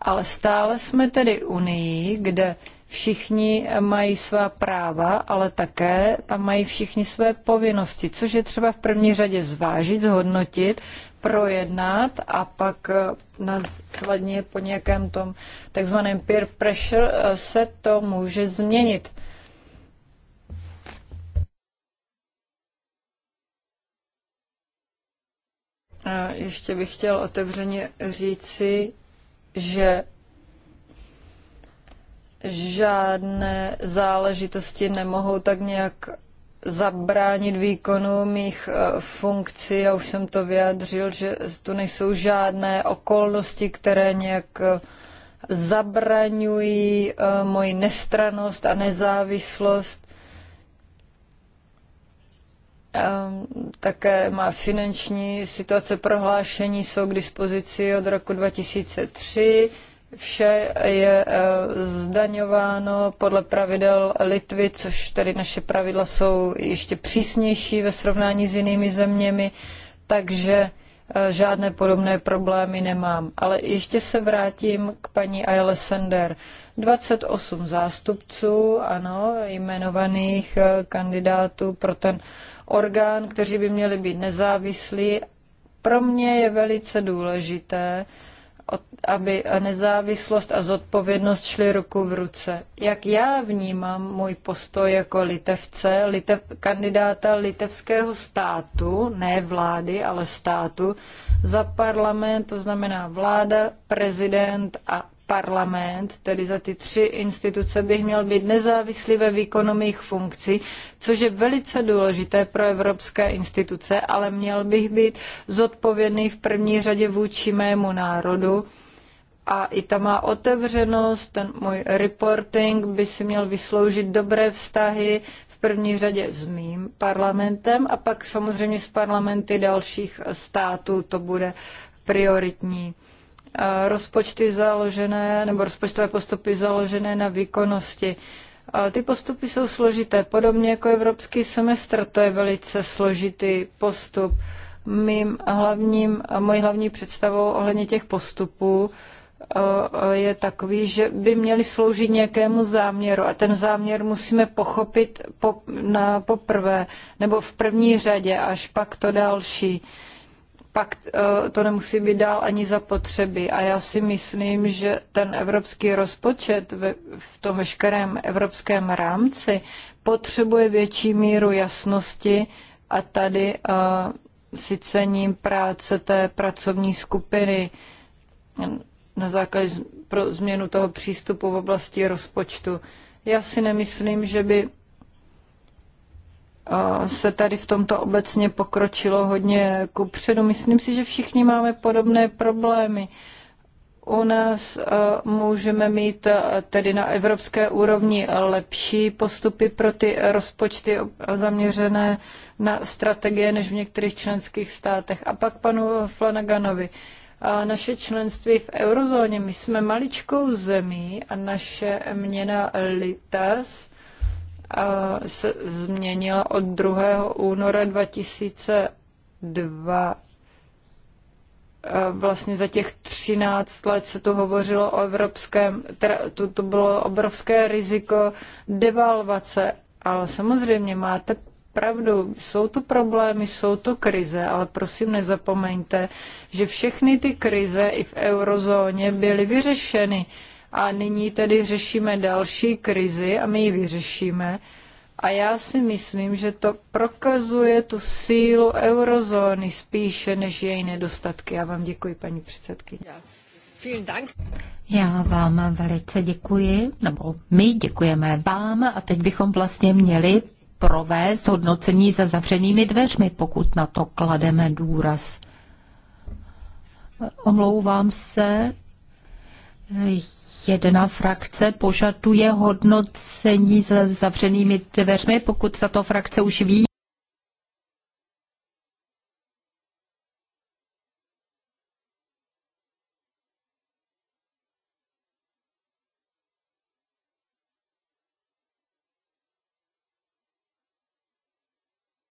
Ale stále jsme tedy unii, kde Všichni mají svá práva, ale také tam mají všichni své povinnosti, což je třeba v první řadě zvážit, zhodnotit, projednat a pak eh, následně po nějakém tom takzvaném peer pressure eh, se to může změnit. A ještě bych chtěl otevřeně říci, že žádné záležitosti nemohou tak nějak zabránit výkonu mých eh, funkcí. Já už jsem to vyjádřil, že tu nejsou žádné okolnosti, které nějak eh, zabraňují eh, moji nestranost a nezávislost. Ehm, také má finanční situace prohlášení jsou k dispozici od roku 2003. Vše je eh, zdaňováno podle pravidel Litvy, což tedy naše pravidla jsou ještě přísnější ve srovnání s jinými zeměmi, takže eh, žádné podobné problémy nemám. Ale ještě se vrátím k paní Ayle Sender. 28 zástupců, ano, jmenovaných eh, kandidátů pro ten orgán, kteří by měli být nezávislí. Pro mě je velice důležité, aby nezávislost a zodpovědnost šly ruku v ruce. Jak já vnímám můj postoj jako litevce, litev, kandidáta litevského státu, ne vlády, ale státu, za parlament, to znamená vláda, prezident a parlament, tedy za ty tři instituce, bych měl být nezávislý ve výkonu mých funkcí, což je velice důležité pro evropské instituce, ale měl bych být zodpovědný v první řadě vůči mému národu. A i ta má otevřenost, ten můj reporting by si měl vysloužit dobré vztahy v první řadě s mým parlamentem a pak samozřejmě s parlamenty dalších států to bude prioritní rozpočty založené nebo rozpočtové postupy založené na výkonnosti. Ty postupy jsou složité, podobně jako evropský semestr, to je velice složitý postup. Mým hlavním, mojí hlavní představou ohledně těch postupů je takový, že by měly sloužit nějakému záměru a ten záměr musíme pochopit po, na poprvé nebo v první řadě, až pak to další. Uh, pak eh, to nemusí být dál ani za potřeby. A já si myslím, že ten evropský rozpočet v tom veškerém evropském rámci potřebuje větší míru jasnosti a tady eh, si cením práce té pracovní skupiny na základě pro změnu toho přístupu v oblasti rozpočtu. Já si nemyslím, že by se tady v tomto obecně pokročilo hodně kupředu. Myslím si, že všichni máme podobné problémy u nás e, můžeme mít e, tedy na evropské úrovni lepší postupy pro ty rozpočty zaměřené na strategie než v některých členských státech. A pak panu Flanaganovi. A naše členství v eurozóně, my jsme maličkou zemí a naše měna litas se změnila od 2. února 2002. Vlastně za těch 13 let se tu hovořilo o evropském, teda to, to bylo obrovské riziko devalvace, ale samozřejmě máte pravdu, jsou to problémy, jsou to krize, ale prosím nezapomeňte, že všechny ty krize i v eurozóně byly vyřešeny. Uh, a nyní tedy řešíme další krizi a my ji vyřešíme. A já si myslím, že to prokazuje tu sílu eurozóny spíše než její nedostatky. Já vám děkuji, paní předsedkyně. Já vám velice děkuji, nebo my děkujeme vám a teď bychom vlastně měli provést hodnocení za zavřenými dveřmi, pokud na to klademe důraz. Omlouvám se, jedna frakce požaduje hodnocení za zavřenými dveřmi, pokud tato frakce už ví,